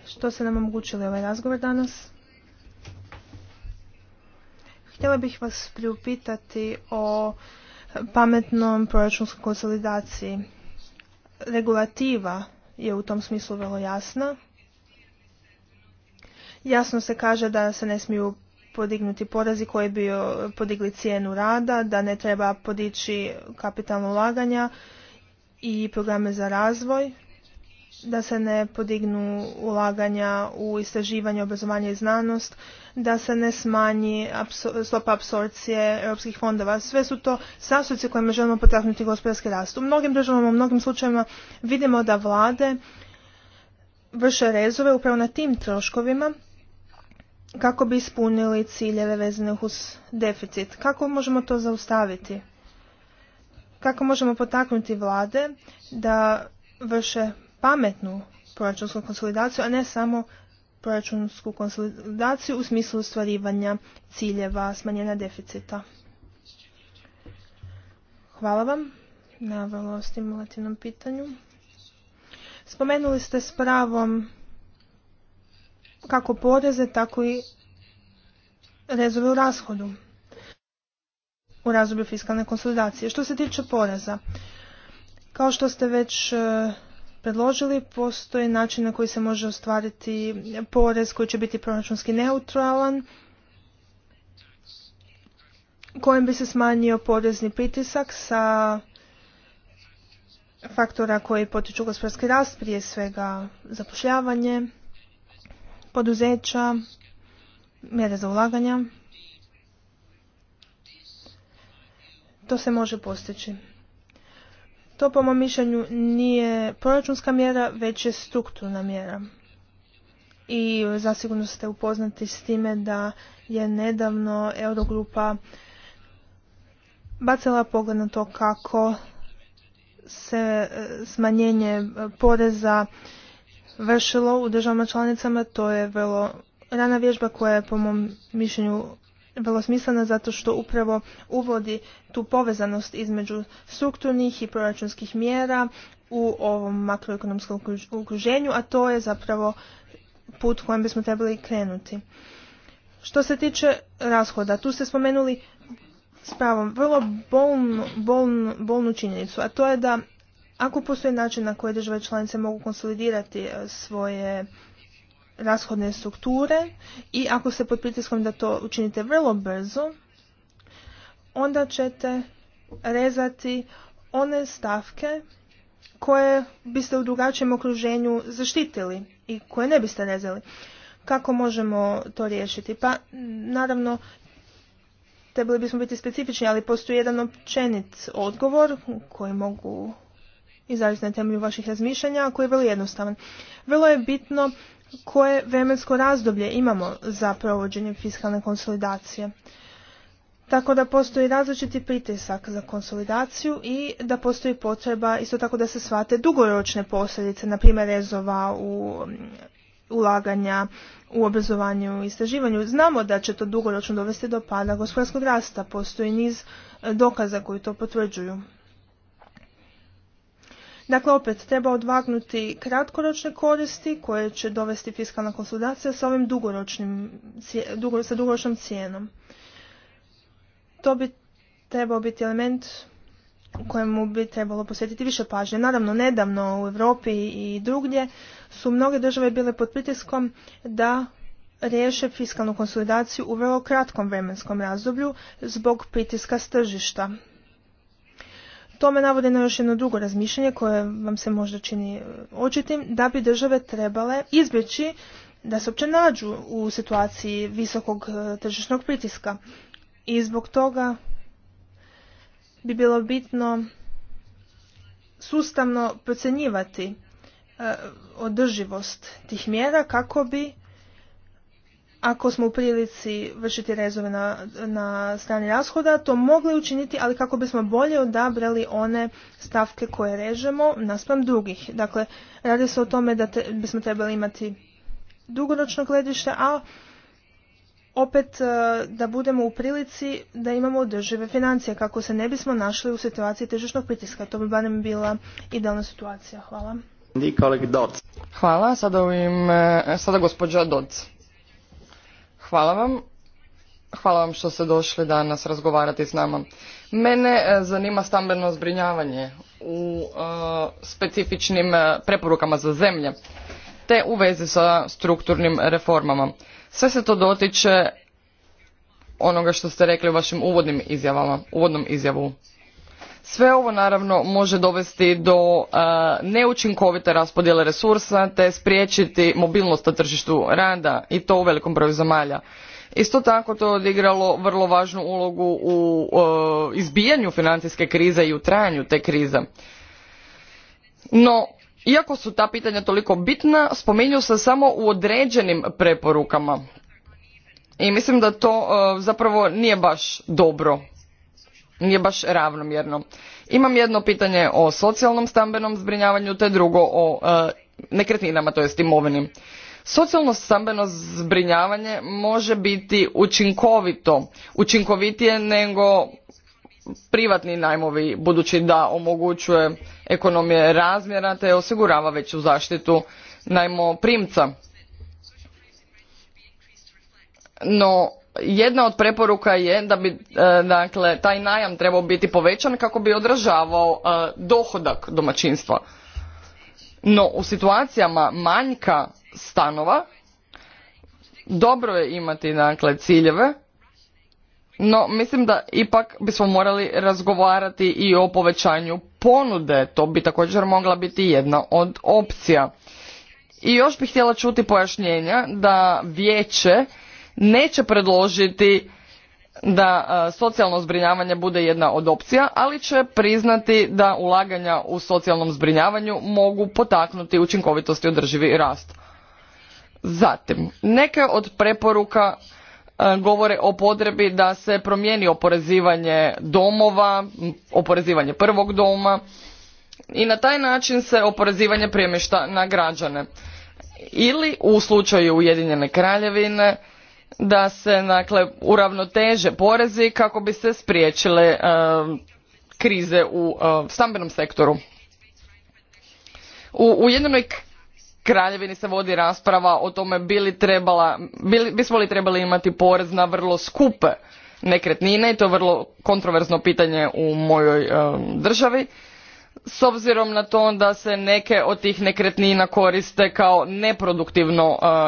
Što ste nam omogućili ovaj razgovor danas? Htjela bih vas priupitati o pametnom proračunskoj konsolidaciji. Regulativa je u tom smislu vrlo jasna. Jasno se kaže da se ne smiju podignuti porezi koji bi podigli cijenu rada, da ne treba podići kapitalno ulaganja i programe za razvoj da se ne podignu ulaganja u istraživanje, obrazovanje i znanost, da se ne smanji stopa apsorpcije europskih fondova. Sve su to sastojci kojima želimo potaknuti gospodarski rast. U mnogim državama, u mnogim slučajevima vidimo da vlade vrše rezove upravo na tim troškovima kako bi ispunili ciljeve vezane uz deficit. Kako možemo to zaustaviti? Kako možemo potaknuti vlade da vrše pametnu proračunsku konsolidaciju, a ne samo proračunsku konsolidaciju u smislu ostvarivanja ciljeva smanjenja deficita. Hvala vam na vrlo stimulativnom pitanju. Spomenuli ste s pravom kako poreze, tako i rezove u rashodu u razdoblju fiskalne konsolidacije. Što se tiče poreza, kao što ste već eh, predložili, postoji način na koji se može ostvariti porez koji će biti proračunski neutralan, kojim bi se smanjio porezni pritisak sa faktora koji potiču gospodarski rast, prije svega zapošljavanje, poduzeća, mjere za ulaganja. To se može postići. To po mom mišljenju nije proračunska mjera, već je strukturna mjera. I zasigurno ste upoznati s time da je nedavno Eurogrupa bacila pogled na to kako se e, smanjenje e, poreza vršilo u državama članicama. To je vrlo rana vježba koja je po mom mišljenju vrlo smislena zato što upravo uvodi tu povezanost između strukturnih i proračunskih mjera u ovom makroekonomskom okruženju, a to je zapravo put kojem bismo trebali krenuti. Što se tiče rashoda, tu ste spomenuli s pravom vrlo bolnu, bolnu činjenicu, a to je da ako postoji način na koji države članice mogu konsolidirati e, svoje rashodne strukture i ako ste pod pritiskom da to učinite vrlo brzo, onda ćete rezati one stavke koje biste u drugačijem okruženju zaštitili i koje ne biste rezali. Kako možemo to riješiti? Pa naravno trebali bismo biti specifični, ali postoji jedan općenit odgovor koji mogu izraziti na temelju vaših razmišljanja, koji je vrlo jednostavan. Vrlo je bitno koje vremensko razdoblje imamo za provođenje fiskalne konsolidacije. Tako da postoji različiti pritisak za konsolidaciju i da postoji potreba isto tako da se shvate dugoročne posljedice, na primjer rezova u mm, ulaganja u obrazovanju i istraživanju. Znamo da će to dugoročno dovesti do pada gospodarskog rasta. Postoji niz dokaza koji to potvrđuju. Dakle, opet treba odvagnuti kratkoročne koristi koje će dovesti fiskalna konsolidacija sa ovim dugoročnim, sa dugoročnom cijenom. To bi trebao biti element kojemu bi trebalo posvetiti više pažnje. Naravno, nedavno u Europi i drugdje su mnoge države bile pod pritiskom da riješe fiskalnu konsolidaciju u vrlo kratkom vremenskom razdoblju zbog pritiska s tržišta. To me navode na još jedno drugo razmišljanje koje vam se možda čini e, očitim, da bi države trebale izbjeći da se uopće nađu u situaciji visokog e, tržišnog pritiska. I zbog toga bi bilo bitno sustavno procjenjivati e, održivost tih mjera kako bi ako smo u prilici vršiti rezove na, na strani rashoda, to mogli učiniti, ali kako bismo bolje odabrali one stavke koje režemo naspram drugih. Dakle, radi se o tome da bismo trebali imati dugoročno gledište, a opet e, da budemo u prilici da imamo održive financije kako se ne bismo našli u situaciji tržišnog pritiska. To bi barem bila idealna situacija. Hvala. Hvala. Sada, e, sada gospođa Hvala vam. Hvala vam što ste došli danas razgovarati s nama. Mene e, zanima stambeno zbrinjavanje u e, specifičnim e, preporukama za zemlje te u vezi sa strukturnim reformama. Sve se to dotiče onoga što ste rekli u vašim uvodnim izjavama, uvodnom izjavu. Sve ovo naravno može dovesti do e, neučinkovite raspodjele resursa te spriječiti mobilnost na tržištu rada i to u velikom broju zemalja. Isto tako to je odigralo vrlo važnu ulogu u e, izbijanju financijske krize i u trajanju te krize. No, iako su ta pitanja toliko bitna, spominju se samo u određenim preporukama. I mislim da to e, zapravo nije baš dobro nije baš ravnomjerno. Imam jedno pitanje o socijalnom stambenom zbrinjavanju te drugo o e, nekretninama, to jest imovini. Socijalno stambeno zbrinjavanje može biti učinkovito, učinkovitije nego privatni najmovi budući da omogućuje ekonomije razmjera te osigurava veću zaštitu najmoprimca. No, jedna od preporuka je da bi e, dakle taj najam trebao biti povećan kako bi odražavao e, dohodak domaćinstva no u situacijama manjka stanova dobro je imati dakle ciljeve no mislim da ipak bismo morali razgovarati i o povećanju ponude to bi također mogla biti jedna od opcija i još bih htjela čuti pojašnjenja da vijeće neće predložiti da e, socijalno zbrinjavanje bude jedna od opcija, ali će priznati da ulaganja u socijalnom zbrinjavanju mogu potaknuti učinkovitost i održivi rast. Zatim, neke od preporuka e, govore o potrebi da se promijeni oporezivanje domova, oporezivanje prvog doma i na taj način se oporezivanje premješta na građane. Ili u slučaju Ujedinjene kraljevine da se dakle uravnoteže porezi kako bi se spriječile e, krize u e, stambenom sektoru. U Ujedinjenoj Kraljevini se vodi rasprava o tome bili trebala, bili, bismo li trebali imati porez na vrlo skupe nekretnine i to je vrlo kontroverzno pitanje u mojoj e, državi s obzirom na to da se neke od tih nekretnina koriste kao uh,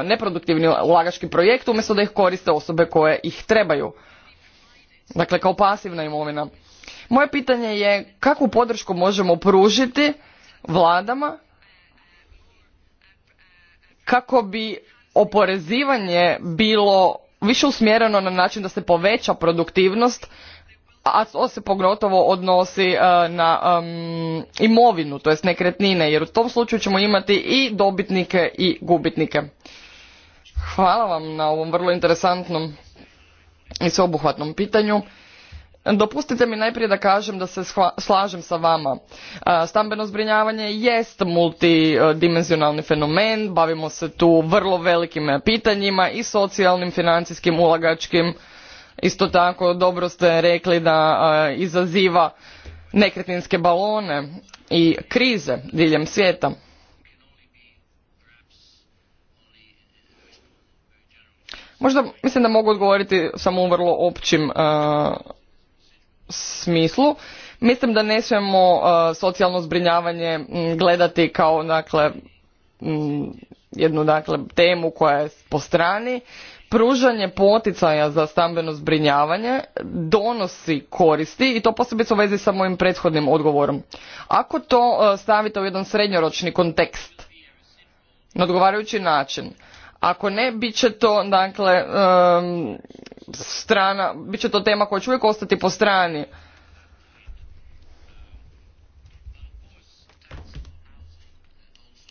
neproduktivni ulagački projekt umjesto da ih koriste osobe koje ih trebaju. Dakle, kao pasivna imovina. Moje pitanje je kakvu podršku možemo pružiti vladama kako bi oporezivanje bilo više usmjereno na način da se poveća produktivnost a to se pogotovo odnosi e, na imovinu, to jest nekretnine, jer u tom slučaju ćemo imati i dobitnike i gubitnike. Hvala vam na ovom vrlo interesantnom i sveobuhvatnom pitanju. Dopustite mi najprije da kažem da se slažem sa vama. E, stambeno zbrinjavanje jest multidimenzionalni fenomen, bavimo se tu vrlo velikim pitanjima i socijalnim, financijskim, ulagačkim, Isto tako dobro ste rekli da izaziva nekretninske balone i krize diljem svijeta. Možda mislim da mogu odgovoriti samo u vrlo općim smislu. Mislim da ne smijemo socijalno zbrinjavanje gledati kao dakle jednu dakle temu koja je po strani pružanje poticaja za stambeno zbrinjavanje donosi koristi i to posebno u vezi sa mojim prethodnim odgovorom. Ako to e, stavite u jedan srednjoročni kontekst na odgovarajući način, ako ne, bit će to dakle strana, bit će to tema koja će uvijek ostati po strani.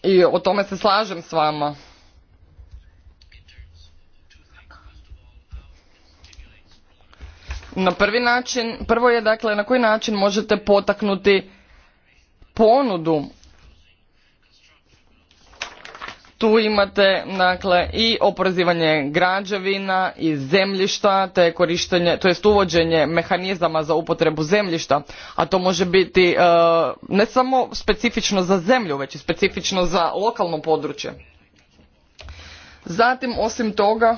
I o tome se slažem s vama. Na prvi način, prvo je dakle na koji način možete potaknuti ponudu. Tu imate dakle i oporezivanje građevina i zemljišta, te korištenje, to uvođenje mehanizama za upotrebu zemljišta, a to može biti e, ne samo specifično za zemlju, već i specifično za lokalno područje. Zatim osim toga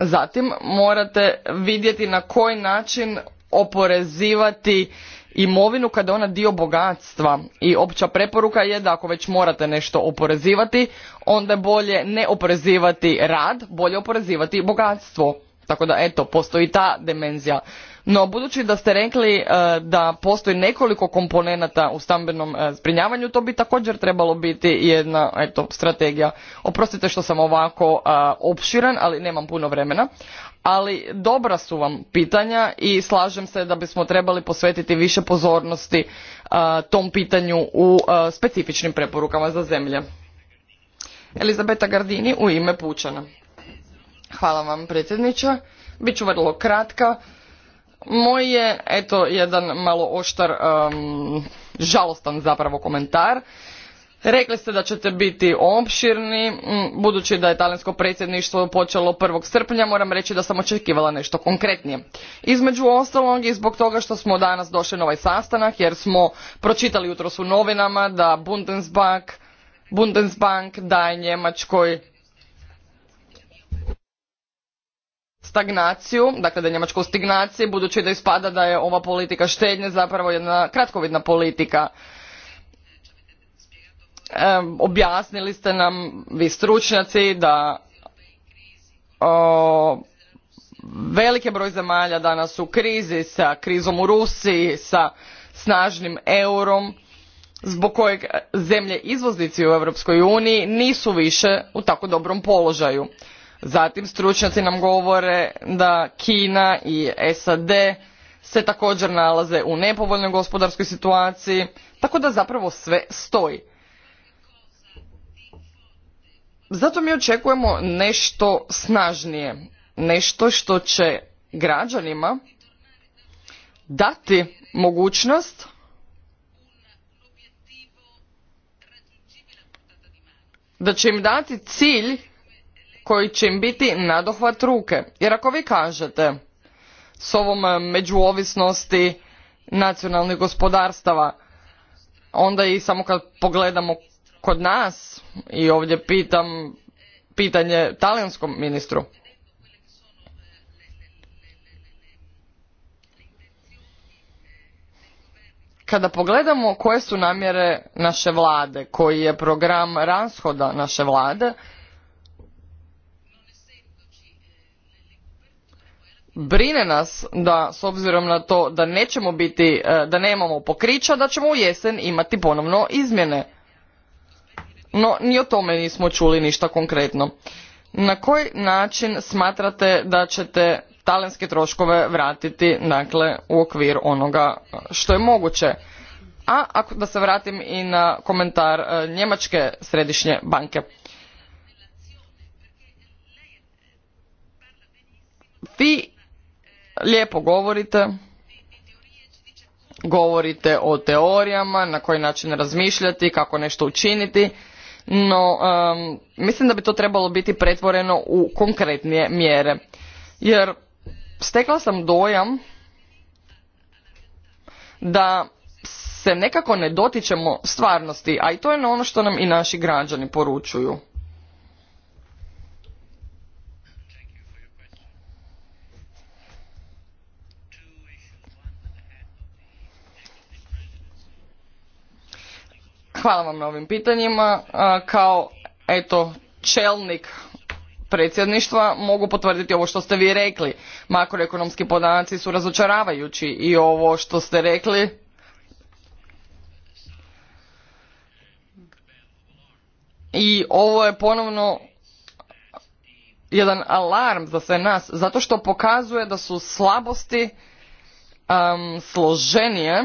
Zatim morate vidjeti na koji način oporezivati imovinu kada je ona dio bogatstva i opća preporuka je da ako već morate nešto oporezivati onda je bolje ne oporezivati rad, bolje oporezivati bogatstvo. Tako da eto, postoji ta dimenzija. No, budući da ste rekli e, da postoji nekoliko komponenata u stambenom e, zbrinjavanju, to bi također trebalo biti jedna eto, strategija. Oprostite što sam ovako e, opširan, ali nemam puno vremena. Ali dobra su vam pitanja i slažem se da bismo trebali posvetiti više pozornosti tom pitanju u specifičnim preporukama za zemlje. Elizabeta Gardini u ime Pučana. Hvala vam predsjedniče. Biću vrlo kratka. Moj je, eto, jedan malo oštar, žalostan zapravo komentar. Rekli ste da ćete biti opširni, mm, budući da je talijansko predsjedništvo počelo 1. srpnja, moram reći da sam očekivala nešto konkretnije. Između ostalog i zbog toga što smo danas došli na ovaj sastanak, jer smo pročitali jutros u novinama da Bundesbank, Bundesbank daje Njemačkoj stagnaciju, dakle da je Njemačka u stagnaciji, budući da ispada da je ova politika štednje zapravo jedna kratkovidna politika. objasnili ste nam, vi stručnjaci, da o, velike broj zemalja danas u krizi sa krizom u Rusiji, sa snažnim eurom, zbog kojeg zemlje izvoznici u Europskoj uniji nisu više u tako dobrom položaju. Zatim stručnjaci nam govore da Kina i SAD se također nalaze u nepovoljnoj gospodarskoj situaciji, tako da zapravo sve stoji. Zato mi očekujemo nešto snažnije, nešto što će građanima dati mogućnost da će im dati cilj koji će im biti nadohvat ruke. Jer ako vi kažete s ovom e, međuovisnosti nacionalnih gospodarstava, onda i samo kad pogledamo kod nas i ovdje pitam pitanje talijanskom ministru. Kada pogledamo koje su namjere naše vlade, koji je program rashoda naše vlade, brine nas da s obzirom na to da nećemo biti, e, da nemamo pokrića, da ćemo u jesen imati ponovno izmjene. No, ni o tome nismo čuli ništa konkretno. Na koji način smatrate da ćete talenske troškove vratiti dakle, u okvir onoga što je moguće? A ako da se vratim i na komentar e, Njemačke središnje banke. Vi lijepo govorite, govorite o teorijama, na koji način razmišljati, kako nešto učiniti, no mislim da bi to trebalo biti pretvoreno u konkretnije mjere. Jer stekla sam dojam da se nekako ne dotičemo stvarnosti, a i to je ono što nam i naši građani poručuju. Hvala vam na ovim pitanjima. Kao eto čelnik predsjedništva mogu potvrditi ovo što ste vi rekli. Makroekonomski podaci su razočaravajući i ovo što ste rekli i ovo je ponovno jedan alarm za sve nas zato što pokazuje da su slabosti um, složenije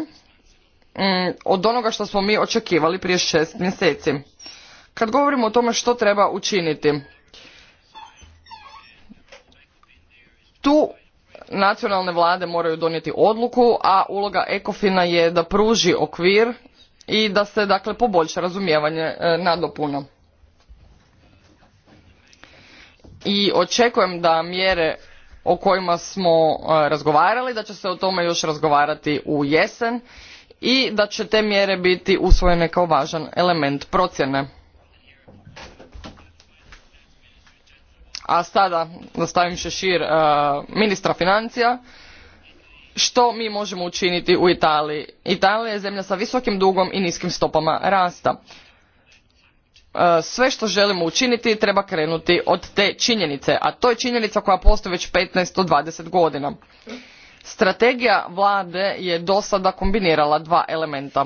Mm, od onoga što smo mi očekivali prije šest mjeseci. Kad govorimo o tome što treba učiniti, tu nacionalne vlade moraju donijeti odluku, a uloga Ekofina je da pruži okvir i da se dakle poboljša razumijevanje e, nadopuna. I očekujem da mjere o kojima smo e, razgovarali, da će se o tome još razgovarati u jesen i da će te mjere biti usvojene kao važan element procjene. A sada nastavim šešir eh, ministra financija. Što mi možemo učiniti u Italiji? Italija je zemlja sa visokim dugom i niskim stopama rasta. Eh, sve što želimo učiniti treba krenuti od te činjenice, a to je činjenica koja postoji već 15 do 20 godina. Strategija vlade je do sada kombinirala dva elementa.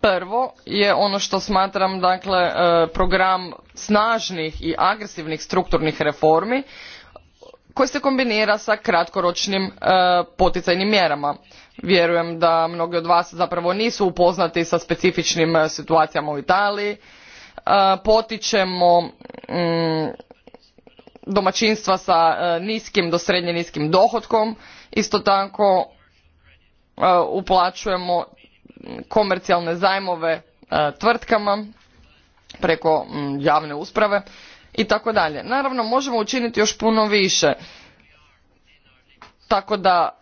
Prvo je ono što smatram dakle e, program snažnih i agresivnih strukturnih reformi koji se kombinira sa kratkoročnim e, poticajnim mjerama. Vjerujem da mnogi od vas zapravo nisu upoznati sa specifičnim situacijama u Italiji. E, potičemo mm, domaćinstva sa e, niskim do srednje niskim dohotkom isto tako e, uplaćujemo komercijalne zajmove e, tvrtkama preko javne usprave i tako dalje naravno možemo učiniti još puno više tako da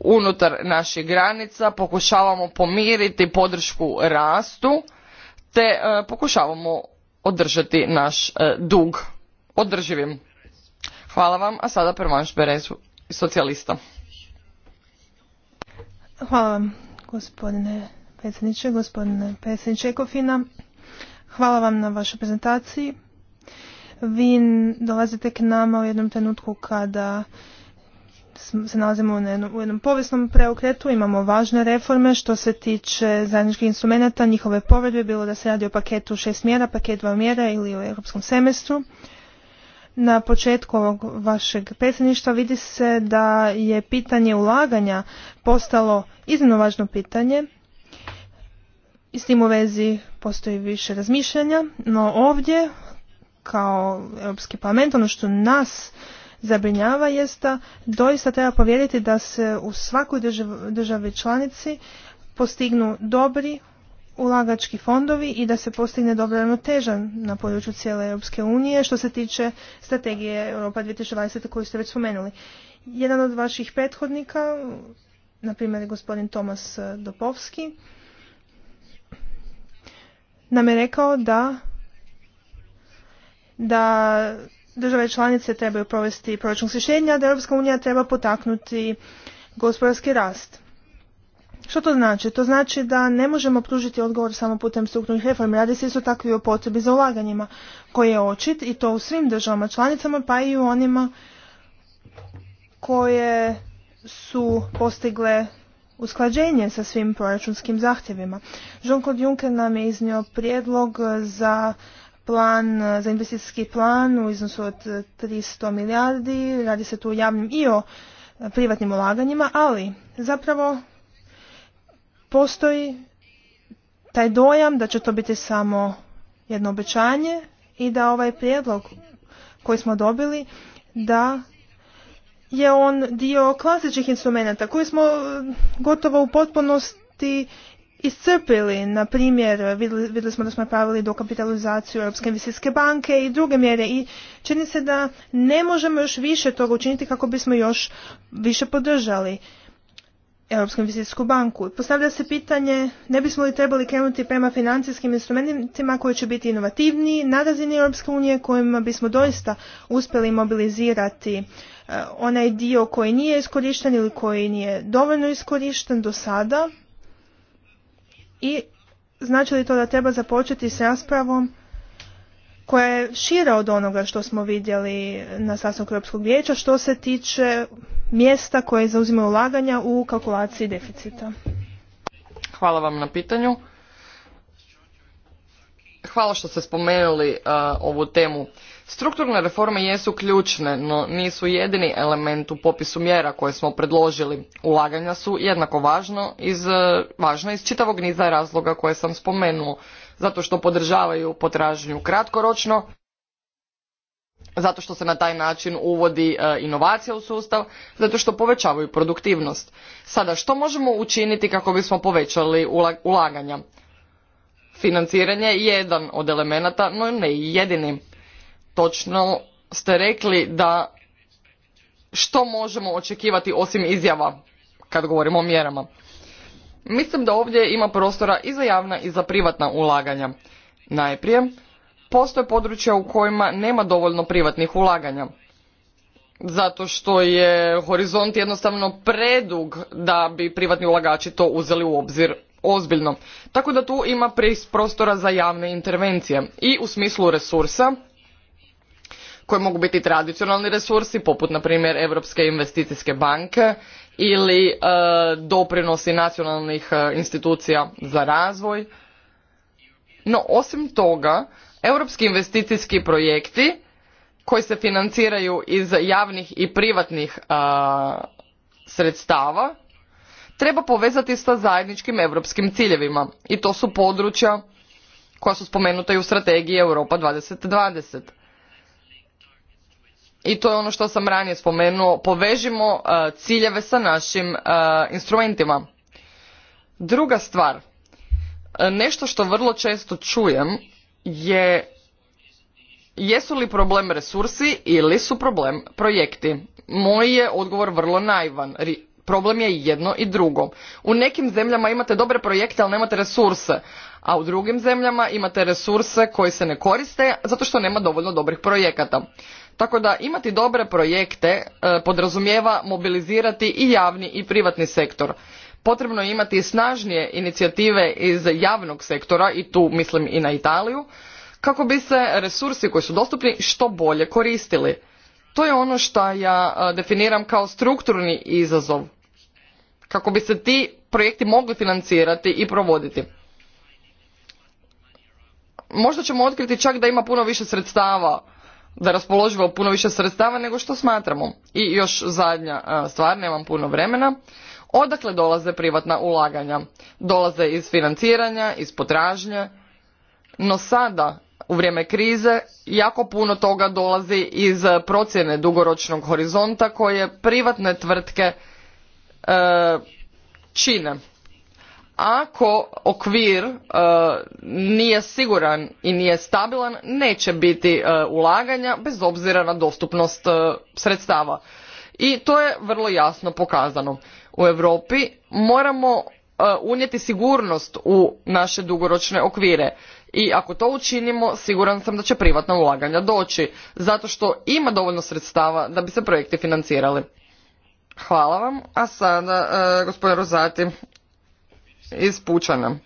unutar naših granica pokušavamo pomiriti podršku rastu te pokušavamo održati naš dug održivim. Hvala vam, a sada Pervanš Berezu, socijalista. Hvala vam, gospodine predsjedniče, gospodine predsjedniče Ekofina. Hvala vam na vašoj prezentaciji. Vi dolazite k nama u jednom trenutku kada se nalazimo na jednom, u jednom povijesnom preokretu, imamo važne reforme što se tiče zajedničkih instrumenta, njihove povrede, bilo da se radi o paketu šest mjera, paket dva mjera ili o europskom semestru. Na početku ovog vašeg predsjedništva vidi se da je pitanje ulaganja postalo iznimno važno pitanje. I s tim u vezi postoji više razmišljanja, no ovdje kao Europski parlament ono što nas zabrinjava jest da doista treba povjeriti da se u svakoj državi članici postignu dobri ulagački fondovi i da se postigne dobra ravnoteža na području cijele Europske unije što se tiče strategije Europa 2020 koju ste već spomenuli. Jedan od vaših prethodnika, na primjer gospodin Tomas eh, Dopovski, nam je rekao da da države članice trebaju provesti proračunske rješenja, da Europska unija treba potaknuti gospodarski rast. Što to znači? To znači da ne možemo pružiti odgovor samo putem strukturnih reformi. Radi se isto tako i o potrebi za ulaganjima koje je očit i to u svim državama članicama pa i u onima koje su postigle usklađenje sa svim proračunskim zahtjevima. Jean-Claude Juncker nam je iznio prijedlog za plan, za investicijski plan u iznosu od 300 milijardi. Radi se tu o javnim i o privatnim ulaganjima, ali zapravo postoji taj dojam da će to biti samo jedno obećanje i da ovaj prijedlog koji smo dobili da je on dio klasičnih instrumenta koji smo e, gotovo u potpunosti iscrpili. Na primjer, vidjeli, vidjeli smo da smo napravili dokapitalizaciju Europske investicijske banke i druge mjere i čini se da ne možemo još više toga učiniti kako bismo još više podržali Europsku investicijsku banku. Postavlja se pitanje ne bismo li trebali krenuti prema financijskim instrumentima koji će biti inovativniji na razini Europske unije kojima bismo doista uspjeli mobilizirati e, onaj dio koji nije iskorišten ili koji nije dovoljno iskorišten do sada i znači li to da treba započeti s raspravom koja je šira od onoga što smo vidjeli na sastanku Europskog vijeća što se tiče mjesta koje zauzimaju ulaganja u kalkulaciji deficita. Hvala vam na pitanju. Hvala što ste spomenuli e, ovu temu. Strukturne reforme jesu ključne, no nisu jedini element u popisu mjera koje smo predložili. Ulaganja su jednako važno iz, e, važna iz čitavog niza razloga koje sam spomenuo zato što podržavaju potražnju kratkoročno, zato što se na taj način uvodi e, inovacija u sustav, zato što povećavaju produktivnost. Sada, što možemo učiniti kako bismo povećali ulaganja? Financiranje je jedan od elemenata, no ne i jedini. Točno ste rekli da što možemo očekivati osim izjava kad govorimo o mjerama. Mislim da ovdje ima prostora i za javna i za privatna ulaganja. Najprije, postoje područja u kojima nema dovoljno privatnih ulaganja. Zato što je horizont jednostavno predug da bi privatni ulagači to uzeli u obzir ozbiljno. Tako da tu ima prostora za javne intervencije i u smislu resursa koji mogu biti tradicionalni resursi poput na primjer Europske investicijske banke ili e, doprinosi nacionalnih e, institucija za razvoj no osim toga europski investicijski projekti koji se financiraju iz javnih i privatnih e, sredstava treba povezati sa zajedničkim europskim ciljevima i to su područja koja su spomenuta i u strategiji Europa 2020 i to je ono što sam ranije spomenuo povežimo e, ciljeve sa našim e, instrumentima druga stvar e, nešto što vrlo često čujem je jesu li problem resursi ili su problem projekti moj je odgovor vrlo najvan, problem je jedno i drugo u nekim zemljama imate dobre projekte ali nemate resurse a u drugim zemljama imate resurse koji se ne koriste zato što nema dovoljno dobrih projekata tako da imati dobre projekte e, podrazumijeva mobilizirati i javni i privatni sektor. Potrebno je imati snažnije inicijative iz javnog sektora i tu mislim i na Italiju kako bi se resursi koji su dostupni što bolje koristili. To je ono što ja e, definiram kao strukturni izazov kako bi se ti projekti mogli financirati i provoditi. Možda ćemo otkriti čak da ima puno više sredstava da raspoloživo puno više sredstava nego što smatramo. I još zadnja e, stvar, nemam puno vremena. Odakle dolaze privatna ulaganja? Dolaze iz financiranja, iz potražnje, no sada u vrijeme krize jako puno toga dolazi iz procjene dugoročnog horizonta koje privatne tvrtke e, čine ako okvir e, nije siguran i nije stabilan neće biti e, ulaganja bez obzira na dostupnost e, sredstava i to je vrlo jasno pokazano u europi moramo unijeti sigurnost u naše dugoročne okvire i ako to učinimo siguran sam da će privatna ulaganja doći zato što ima dovoljno sredstava da bi se projekti financirali hvala vam a sada gospodin rozati iz Pučana.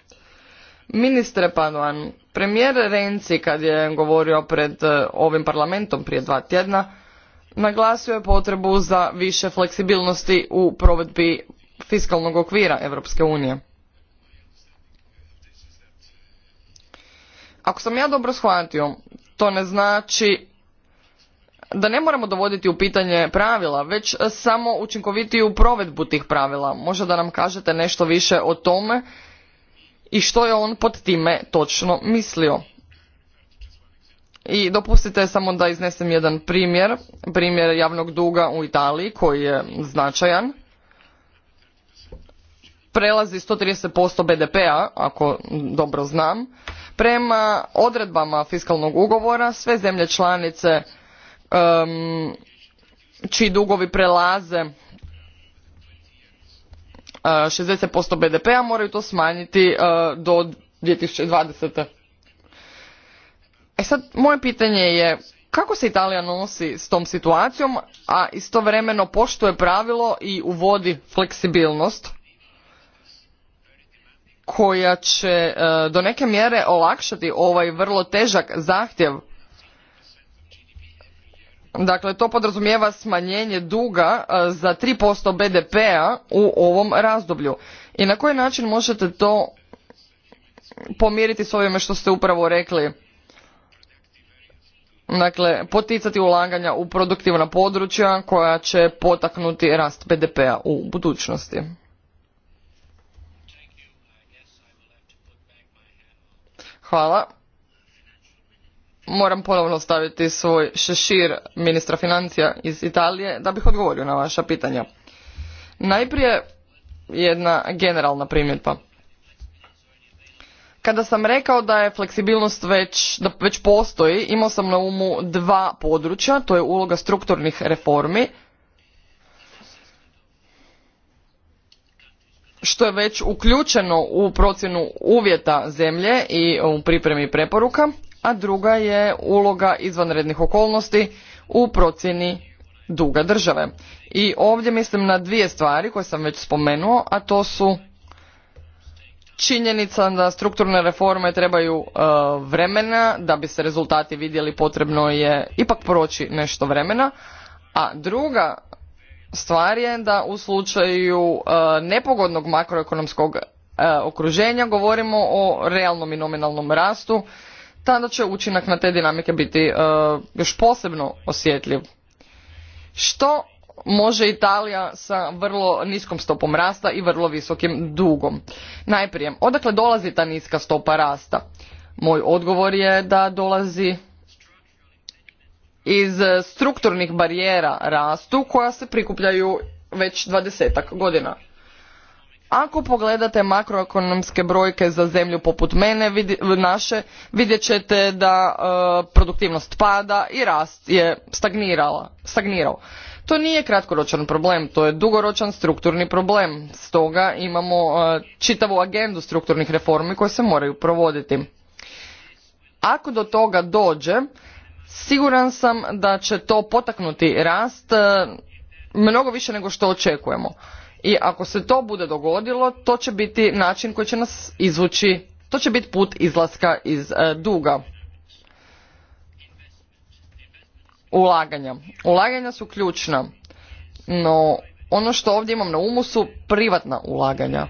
Ministre Padovan, premijer Renci kad je govorio pred e, ovim parlamentom prije dva tjedna, naglasio je potrebu za više fleksibilnosti u provedbi fiskalnog okvira Europske unije. Ako sam ja dobro shvatio, to ne znači da ne moramo dovoditi u pitanje pravila, već samo učinkovitiju provedbu tih pravila. Možda da nam kažete nešto više o tome i što je on pod time točno mislio. I dopustite samo da iznesem jedan primjer, primjer javnog duga u Italiji koji je značajan. Prelazi 130% BDP-a, ako dobro znam. Prema odredbama fiskalnog ugovora sve zemlje članice čiji dugovi prelaze 60% e, BDP-a moraju to smanjiti e, do 2020. E sad, moje pitanje je kako se Italija nosi s tom situacijom, a istovremeno poštuje pravilo i uvodi fleksibilnost koja će e, do neke mjere olakšati ovaj vrlo težak zahtjev Dakle, to podrazumijeva smanjenje duga e, za 3% BDP-a u ovom razdoblju. I na koji način možete to pomiriti s ovime što ste upravo rekli? Dakle, poticati ulaganja u produktivna područja koja će potaknuti rast BDP-a u budućnosti. Hvala moram ponovno staviti svoj šešir ministra financija iz Italije da bih odgovorio na vaša pitanja. Najprije jedna generalna primjedba. Kada sam rekao da je fleksibilnost već, da već postoji, imao sam na umu dva područja, to je uloga strukturnih reformi, što je već uključeno u procjenu uvjeta zemlje i u pripremi preporuka a druga je uloga izvanrednih okolnosti u procjeni duga države. I ovdje mislim na dvije stvari koje sam već spomenuo, a to su činjenica da strukturne reforme trebaju e, vremena, da bi se rezultati vidjeli potrebno je ipak proći nešto vremena, a druga stvar je da u slučaju e, nepogodnog makroekonomskog e, okruženja govorimo o realnom i nominalnom rastu tada će učinak na te dinamike biti uh, još posebno osjetljiv. Što može Italija sa vrlo niskom stopom rasta i vrlo visokim dugom? Najprije, odakle dolazi ta niska stopa rasta? Moj odgovor je da dolazi iz strukturnih barijera rastu koja se prikupljaju već dvadesetak godina. Ako pogledate makroekonomske brojke za zemlju poput mene, naše, vidjet ćete da e, produktivnost pada i rast je stagnirala, stagnirao. To nije kratkoročan problem, to je dugoročan strukturni problem. Stoga imamo e, čitavu agendu strukturnih reformi koje se moraju provoditi. Ako do toga dođe, siguran sam da će to potaknuti rast e, mnogo više nego što očekujemo. I ako se to bude dogodilo, to će biti način koji će nas izvući, to će biti put izlaska iz e, duga. Ulaganja. Ulaganja su ključna, no ono što ovdje imam na umu su privatna ulaganja.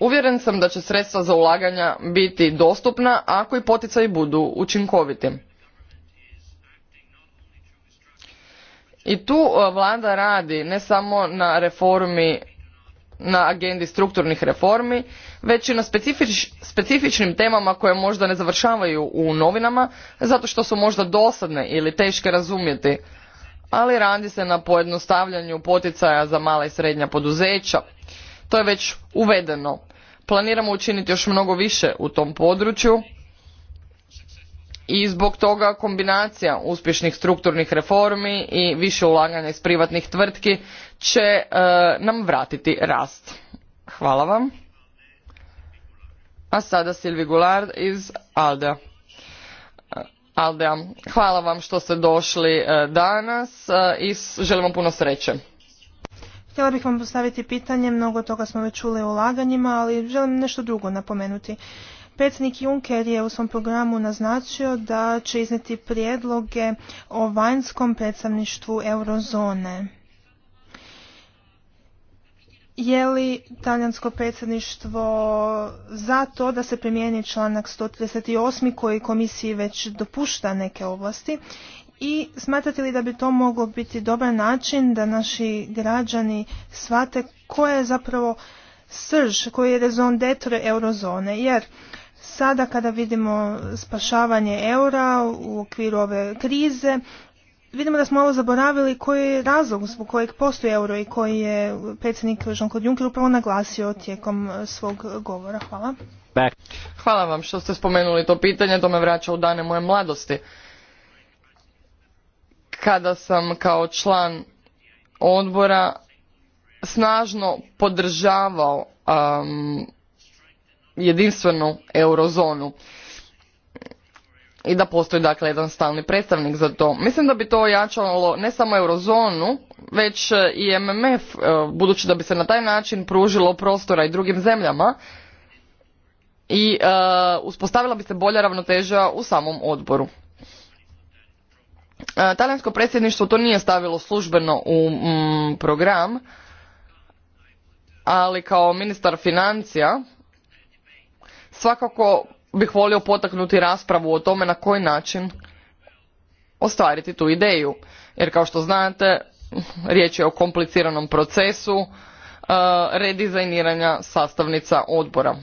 Uvjeren sam da će sredstva za ulaganja biti dostupna ako i poticaji budu učinkoviti. I tu e, vlada radi ne samo na reformi, na agendi strukturnih reformi, već i na specifičnim temama koje možda ne završavaju u novinama, zato što su možda dosadne ili teške razumjeti. Ali radi se na pojednostavljanju poticaja za mala i srednja poduzeća. To je već uvedeno. Planiramo učiniti još mnogo više u tom području i zbog toga kombinacija uspješnih strukturnih reformi i više ulaganja iz privatnih tvrtki će e, nam vratiti rast. Hvala vam. A sada Silvi Gulard iz Alda. Aldea, hvala vam što ste došli e, danas e, i želim vam puno sreće. Htjela bih vam postaviti pitanje, mnogo toga smo već čuli o ulaganjima, ali želim nešto drugo napomenuti. Predsjednik Juncker je u svom programu naznačio da će izneti prijedloge o vanjskom predstavništvu eurozone. Je li talijansko predsjedništvo za to da se primijeni članak 138. koji komisiji već dopušta neke ovlasti i smatrate li da bi to moglo biti dobar način da naši građani shvate koja je zapravo srž, koji je rezon eurozone, jer Sada kada vidimo spašavanje eura u okviru ove krize, vidimo da smo ovo zaboravili koji je razlog zbog kojeg postoji euro i koji je predsjednik Jean-Claude Juncker upravo naglasio tijekom e, svog govora. Hvala. Hvala vam što ste spomenuli to pitanje, to me vraća u dane moje mladosti. Kada sam kao član odbora snažno podržavao jedinstvenu eurozonu i da postoji dakle jedan stalni predstavnik za to. Mislim da bi to ojačalo ne samo eurozonu, već e, i MMF, e, budući da bi se na taj način pružilo prostora i drugim zemljama i e, uspostavila bi se bolja ravnoteža u samom odboru. talijansko predsjedništvo to nije stavilo službeno u program, ali kao ministar financija Svakako bih volio potaknuti raspravu o tome na koji način ostvariti tu ideju. Jer kao što znate, riječ je o kompliciranom procesu e, redizajniranja sastavnica odbora.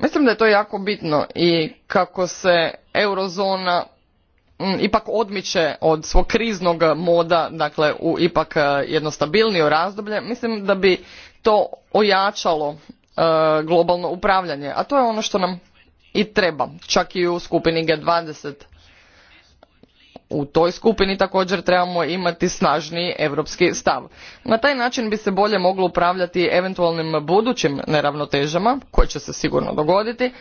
Mislim da je to jako bitno i kako se eurozona Mm, ipak odmiče od svog kriznog moda dakle u ipak e, jedno stabilnije razdoblje mislim da bi to ojačalo e, globalno upravljanje a to je ono što nam i treba čak i u skupini G20 u toj skupini također trebamo imati snažniji europski stav na taj način bi se bolje moglo upravljati eventualnim budućim neravnotežama koje će se sigurno dogoditi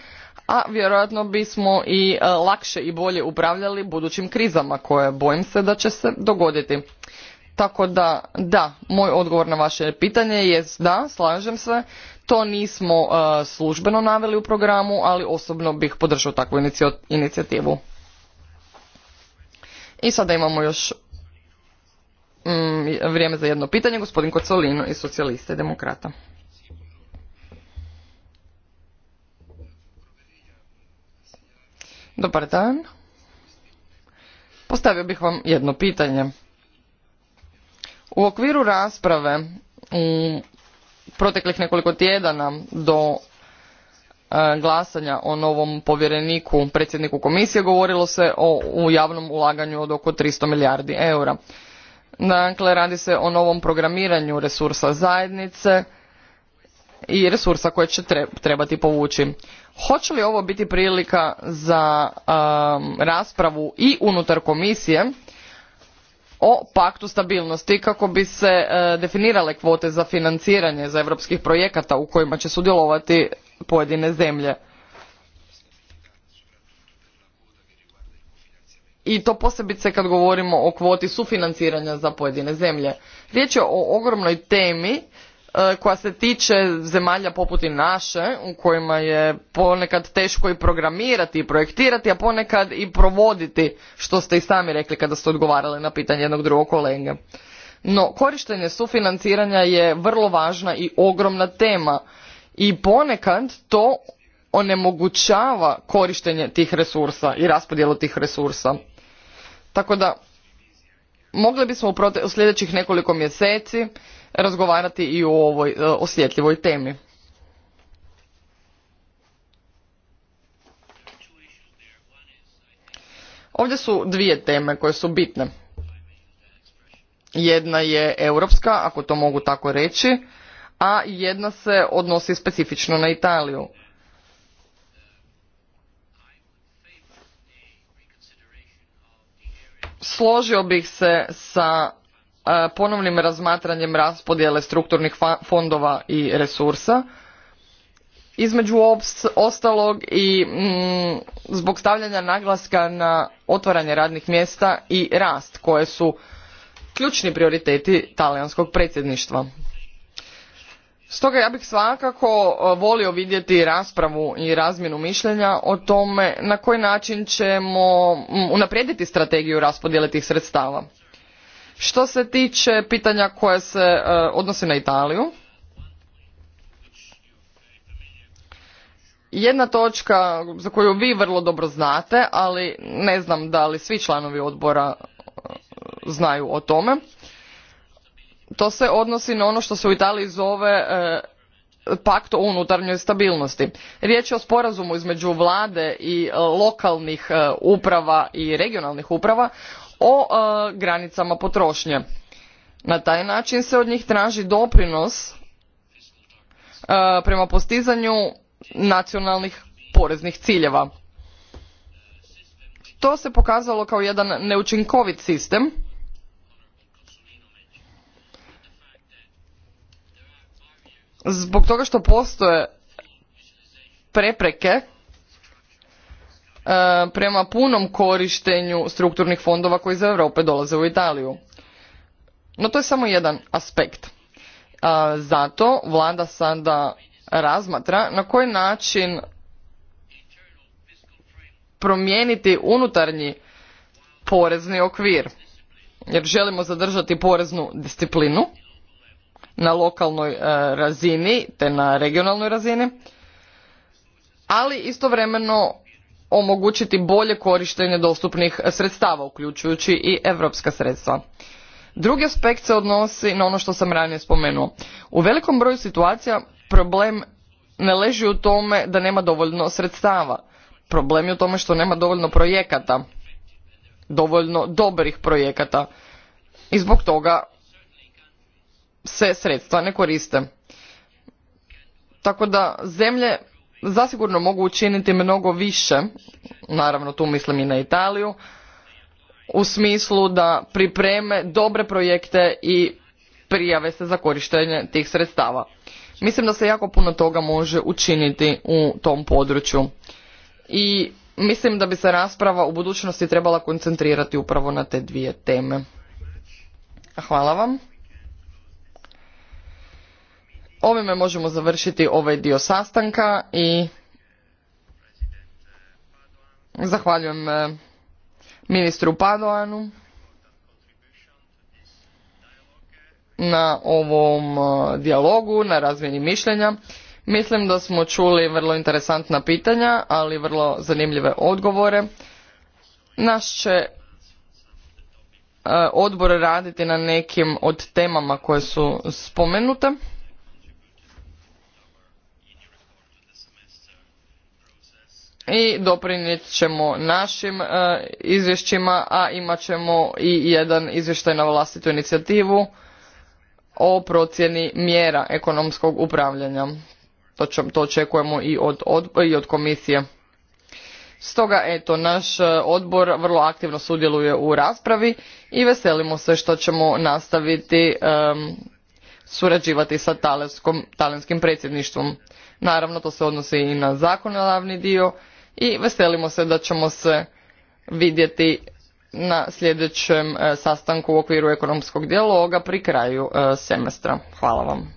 a vjerojatno bismo i e, lakše i bolje upravljali budućim krizama koje bojim se da će se dogoditi. Tako da, da, moj odgovor na vaše pitanje je da, slažem se, to nismo e, službeno naveli u programu, ali osobno bih podržao takvu inicijativu. I sada imamo još mm, vrijeme za jedno pitanje, gospodin Kocolino iz socijalista i demokrata. Dobar dan. Postavio bih vam jedno pitanje. U okviru rasprave u proteklih nekoliko tjedana do e, glasanja o novom povjereniku, predsjedniku komisije, govorilo se o javnom ulaganju od oko 300 milijardi eura. Dakle, radi se o novom programiranju resursa zajednice i resursa koje će trebati povući hoće li ovo biti prilika za um, raspravu i unutar komisije o paktu stabilnosti kako bi se uh, definirale kvote za financiranje za europskih projekata u kojima će sudjelovati pojedine zemlje i to posebice kad govorimo o kvoti sufinanciranja za pojedine zemlje riječ je o ogromnoj temi E, koja se tiče zemalja poput i naše u kojima je ponekad teško i programirati i projektirati a ponekad i provoditi što ste i sami rekli kada ste odgovarali na pitanje jednog drugog kolege no korištenje sufinanciranja je vrlo važna i ogromna tema i ponekad to onemogućava korištenje tih resursa i raspodjelu tih resursa tako da mogli bismo u sljedećih nekoliko mjeseci razgovarati i o ovoj e, osjetljivoj temi. Ovdje su dvije teme koje su bitne. Jedna je europska, ako to mogu tako reći, a jedna se odnosi specifično na Italiju. Složio bih se sa E, ponovnim razmatranjem raspodjele strukturnih fondova i resursa između ostalog i mm, zbog stavljanja naglaska na otvaranje radnih mjesta i rast koje su ključni prioriteti talijanskog predsjedništva stoga ja bih svakako e, volio vidjeti raspravu i razmjenu mišljenja o tome na koji način ćemo mm, unaprijediti strategiju raspodjele tih sredstava što se tiče pitanja koje se e, odnosi na Italiju, jedna točka za koju vi vrlo dobro znate, ali ne znam da li svi članovi odbora e, znaju o tome, to se odnosi na ono što se u Italiji zove e, pakt o unutarnjoj stabilnosti. Riječ je o sporazumu između vlade i lokalnih uprava i regionalnih uprava o e, granicama potrošnje. Na taj način se od njih traži doprinos e, prema postizanju nacionalnih poreznih ciljeva. To se pokazalo kao jedan neučinkovit sistem zbog toga što postoje prepreke E, prema punom korištenju strukturnih fondova koji iz Europe dolaze u Italiju. No to je samo jedan aspekt. E, zato vlada sada razmatra na koji način promijeniti unutarnji porezni okvir. Jer želimo zadržati poreznu disciplinu na lokalnoj e, razini te na regionalnoj razini, ali istovremeno omogućiti bolje korištenje dostupnih sredstava, uključujući i europska sredstva. Drugi aspekt se odnosi na ono što sam ranije spomenuo. U velikom broju situacija problem ne leži u tome da nema dovoljno sredstava. Problem je u tome što nema dovoljno projekata, dovoljno dobrih projekata i zbog toga se sredstva ne koriste. Tako da zemlje zasigurno mogu učiniti mnogo više, naravno tu mislim i na Italiju, u smislu da pripreme dobre projekte i prijave se za korištenje tih sredstava. Mislim da se jako puno toga može učiniti u tom području. I mislim da bi se rasprava u budućnosti trebala koncentrirati upravo na te dvije teme. Hvala vam. Ovime možemo završiti ovaj dio sastanka i zahvaljujem e, ministru Padoanu na ovom e, dijalogu, na razmjeni mišljenja. Mislim da smo čuli vrlo interesantna pitanja, ali vrlo zanimljive odgovore. Naš će e, odbor raditi na nekim od temama koje su spomenute. i doprinijet ćemo našim e, izvješćima, a imat ćemo i jedan izvještaj na vlastitu inicijativu o procjeni mjera ekonomskog upravljanja. To, to očekujemo i od, i od komisije. Stoga, eto, naš e, odbor vrlo aktivno sudjeluje u raspravi i veselimo se što ćemo nastaviti surađivati sa Talenskim predsjedništvom. Naravno, to se odnosi i na zakonodavni dio i veselimo se da ćemo se vidjeti na sljedećem e, sastanku u okviru ekonomskog dijaloga pri kraju e, semestra. Hvala vam.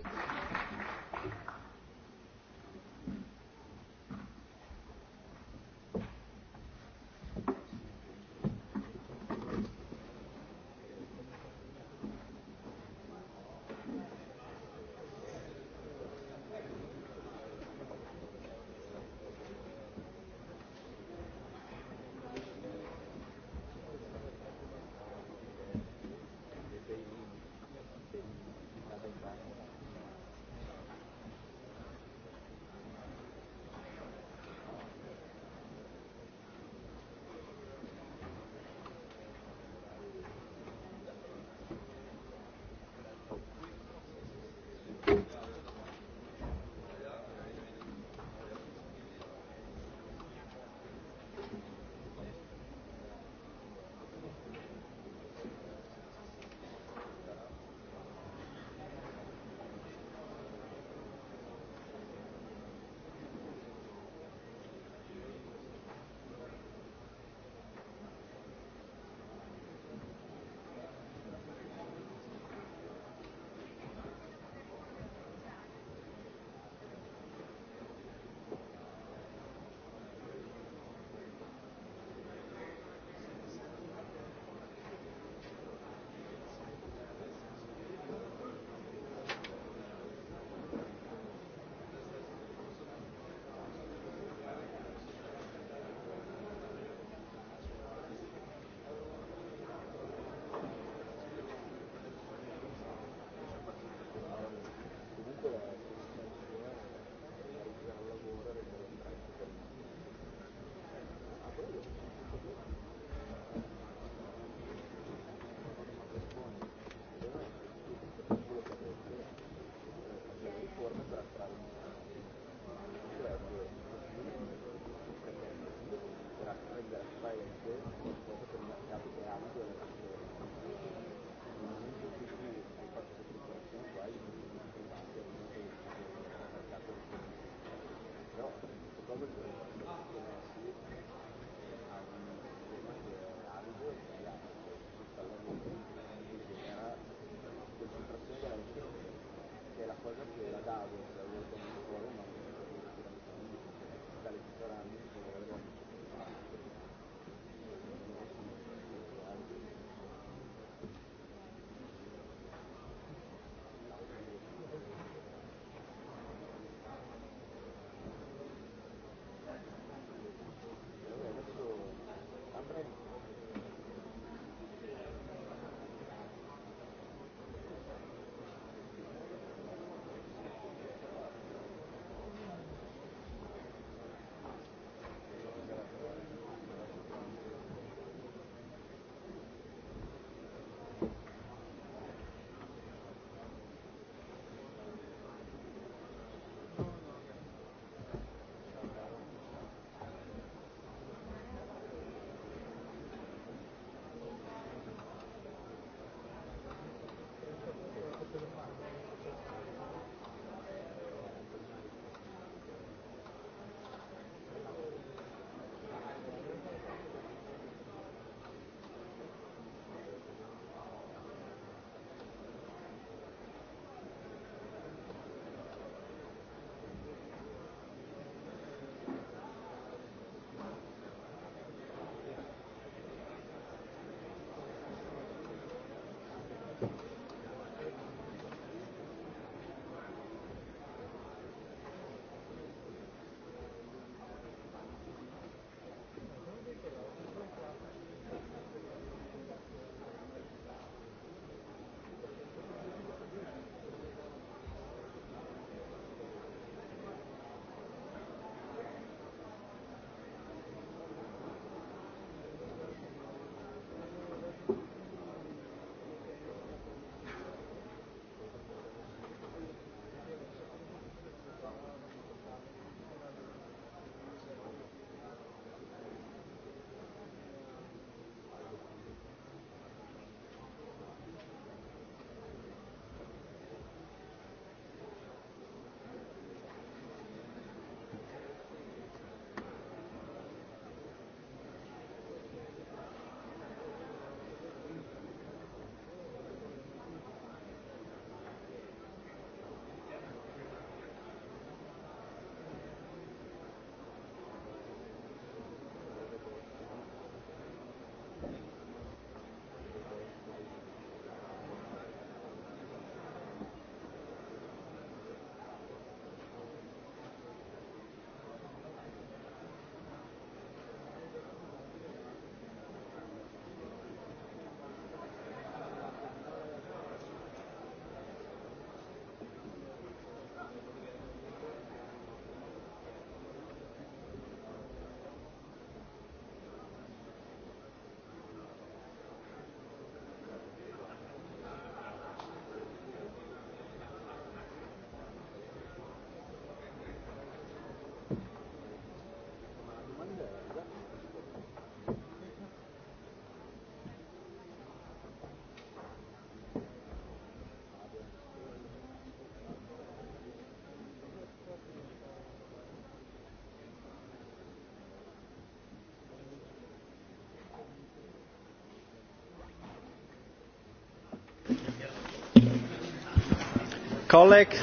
Kolega,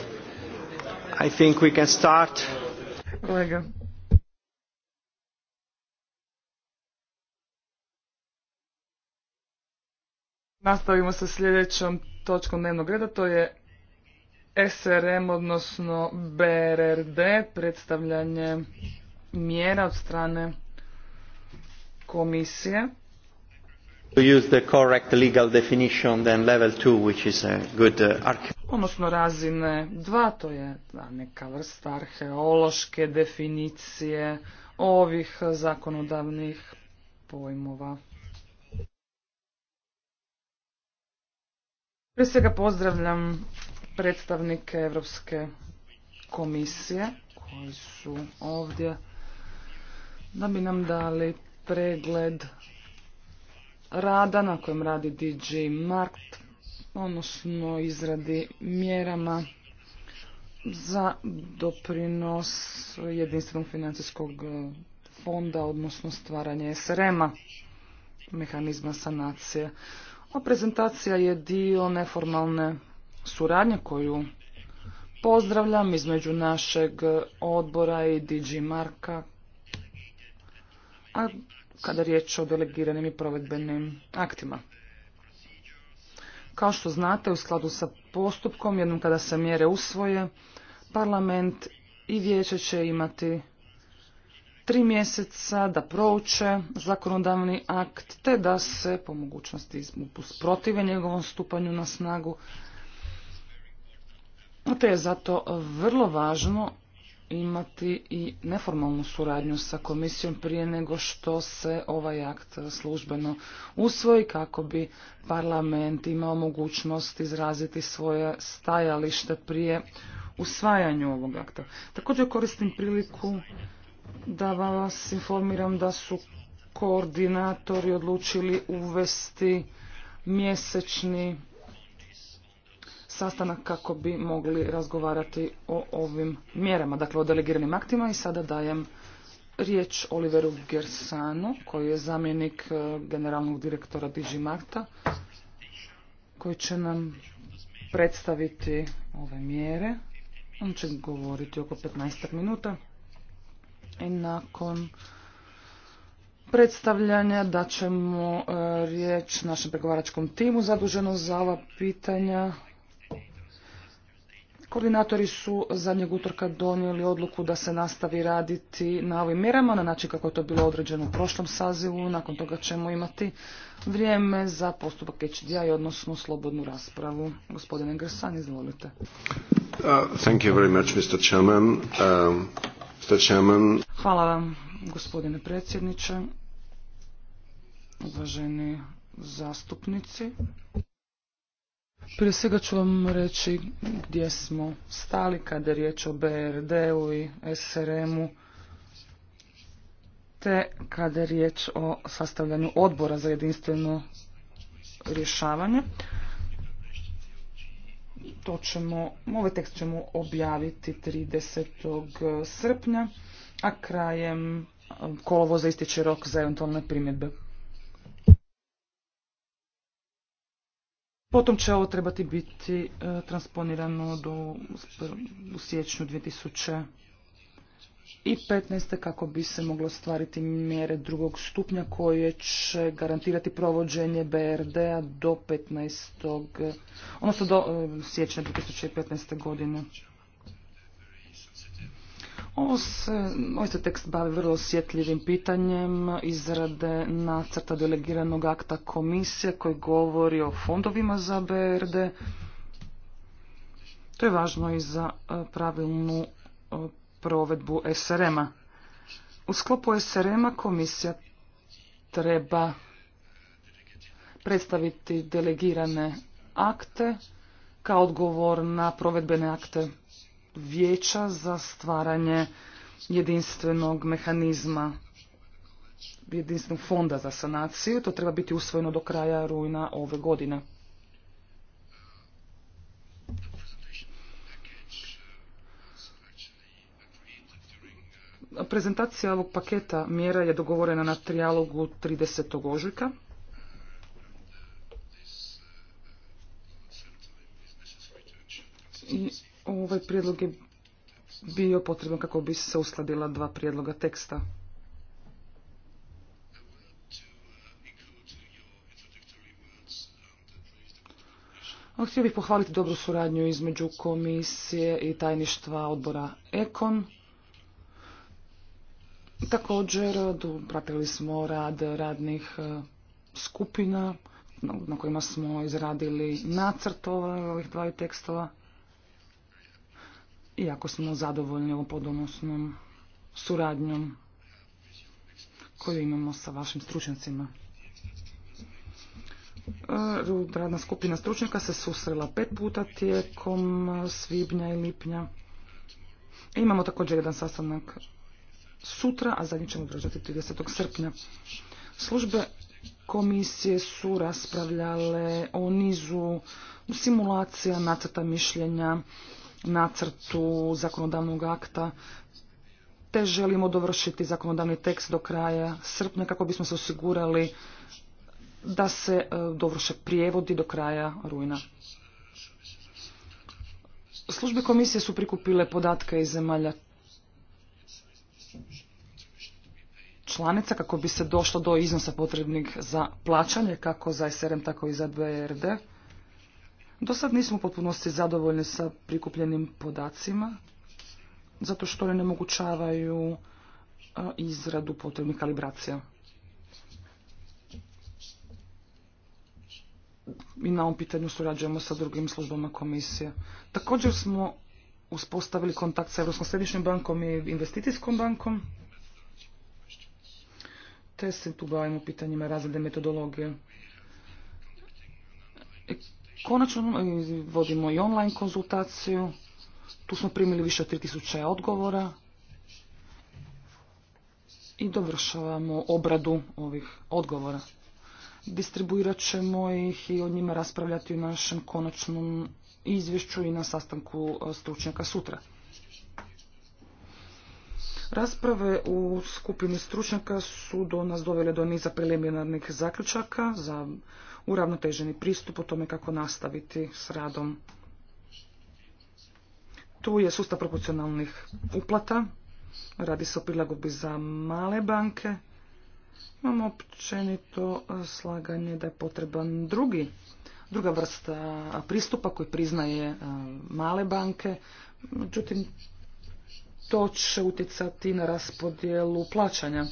I think we can start. Kolega. Nastavimo sa sljedećom točkom dnevnog reda, to je SRM, odnosno BRRD, predstavljanje mjera od strane komisije. To use the correct legal definition then level 2, which is a good uh, odnosno razine dva, to je neka vrsta arheološke definicije ovih zakonodavnih pojmova. Prije svega pozdravljam predstavnike Europske komisije koji su ovdje da bi nam dali pregled rada na kojem radi DG Markt odnosno izradi mjerama za doprinos jedinstvenog financijskog e, fonda, odnosno stvaranje SRM-a, mehanizma sanacije. Ova prezentacija je dio neformalne suradnje koju pozdravljam između našeg odbora i DG Marka, a kada riječ o delegiranim i provedbenim aktima. Kao što znate, u skladu sa postupkom, jednom kada se mjere usvoje, parlament i vijeće će imati tri mjeseca da prouče zakonodavni akt, te da se po mogućnosti protive njegovom stupanju na snagu. Te je zato vrlo važno imati i neformalnu suradnju sa komisijom prije nego što se ovaj akt službeno usvoji kako bi parlament imao mogućnost izraziti svoje stajalište prije usvajanju ovog akta. Također koristim priliku da vas informiram da su koordinatori odlučili uvesti mjesečni sastanak kako bi mogli razgovarati o ovim mjerama, dakle o delegiranim aktima i sada dajem riječ Oliveru Gersanu koji je zamjenik e, generalnog direktora Digimarta koji će nam predstaviti ove mjere. On će govoriti oko 15 minuta i nakon predstavljanja da ćemo e, riječ našem pregovaračkom timu zaduženo za ova pitanja Koordinatori su zadnjeg utorka donijeli odluku da se nastavi raditi na ovim mjerama na način kako je to bilo određeno u prošlom sazivu. Nakon toga ćemo imati vrijeme za postupak HDI, odnosno slobodnu raspravu. Gospodine Grsan, izvolite. Uh, um, Hvala vam, gospodine predsjedniče, uvaženi zastupnici. Prije svega ću vam reći gdje smo stali kada je riječ o BRD-u i SRM-u te kada je riječ o sastavljanju odbora za jedinstveno rješavanje. To ćemo, ovaj tekst ćemo objaviti 30. srpnja, a krajem kolovoza ističe rok za eventualne primjedbe. Potom će ovo trebati biti e, transponirano do, u siječnju 2015. i kako bi se moglo stvariti mjere drugog stupnja koje će garantirati provođenje BRD-a do 15. odnosno do e, siječnja 2015. godine. Ovo se, ovaj se tekst bavi vrlo osjetljivim pitanjem izrade nacrta delegiranog akta komisije koji govori o fondovima za BRD. To je važno i za e, pravilnu e, provedbu SRM-a. U sklopu SRM-a komisija treba predstaviti delegirane akte kao odgovor na provedbene akte vijeća za stvaranje jedinstvenog mehanizma, jedinstvenog fonda za sanaciju. To treba biti usvojeno do kraja rujna ove godine. Prezentacija ovog paketa mjera je dogovorena na trijalogu 30. ožujka. I Ovaj prijedlog je bio potreban kako bi se uskladila dva prijedloga teksta. Htio bih pohvaliti dobru suradnju između komisije i tajništva odbora EKON. Također, pratili smo rad radnih e, skupina na kojima smo izradili nacrt ovih dvaju tekstova. Iako smo zadovoljni ovom podonosnom suradnjom koju imamo sa vašim stručnjacima. E, radna skupina stručnjaka se susrela pet puta tijekom e, svibnja i lipnja. E, imamo također jedan sastanak sutra, a zadnji ćemo održati 30. srpnja. Službe komisije su raspravljale o nizu simulacija, nacrta mišljenja, nacrtu zakonodavnog akta te želimo dovršiti zakonodavni tekst do kraja srpnja kako bismo se osigurali da se e, dovrše prijevodi do kraja rujna. Službe komisije su prikupile podatke iz zemalja članica kako bi se došlo do iznosa potrebnih za plaćanje kako za SRM tako i za BRD. Do sad nismo u potpunosti zadovoljni sa prikupljenim podacima, zato što ne onemogućavaju e, izradu potrebnih kalibracija. I na ovom pitanju surađujemo sa drugim službama komisije. Također smo uspostavili kontakt sa Europskom središnjim bankom i investicijskom bankom, te se tu bavimo pitanjima razrede metodologije. Konačno e, vodimo i online konzultaciju. Tu smo primili više od 3000 odgovora i dovršavamo obradu ovih odgovora. Distribuirat ćemo ih i o njima raspravljati u našem konačnom izvješću i na sastanku e, stručnjaka sutra. Rasprave u skupini stručnjaka su do nas dovele do niza preliminarnih zaključaka za uravnoteženi pristup o tome kako nastaviti s radom. Tu je sustav proporcionalnih uplata, radi se o prilagodbi za male banke. Imamo općenito e, slaganje da je potreban drugi, druga vrsta pristupa koji priznaje e, male banke. Međutim, to će utjecati na raspodjelu plaćanja.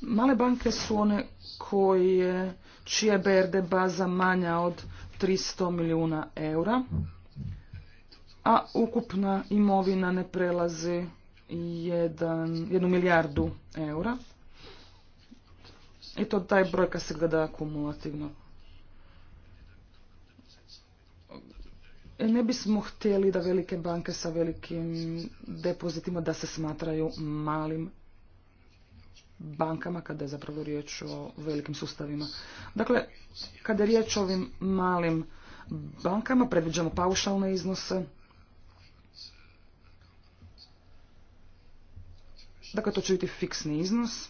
Male banke su one koje, čija BRD baza manja od 300 milijuna eura, a ukupna imovina ne prelazi jednu milijardu eura. I to taj brojka se gleda kumulativno. E, ne bismo htjeli da velike banke sa velikim depozitima da se smatraju malim bankama, kada je zapravo riječ o velikim sustavima. Dakle, kada je riječ o ovim malim bankama, predviđamo paušalne iznose. Dakle, to će biti fiksni iznos.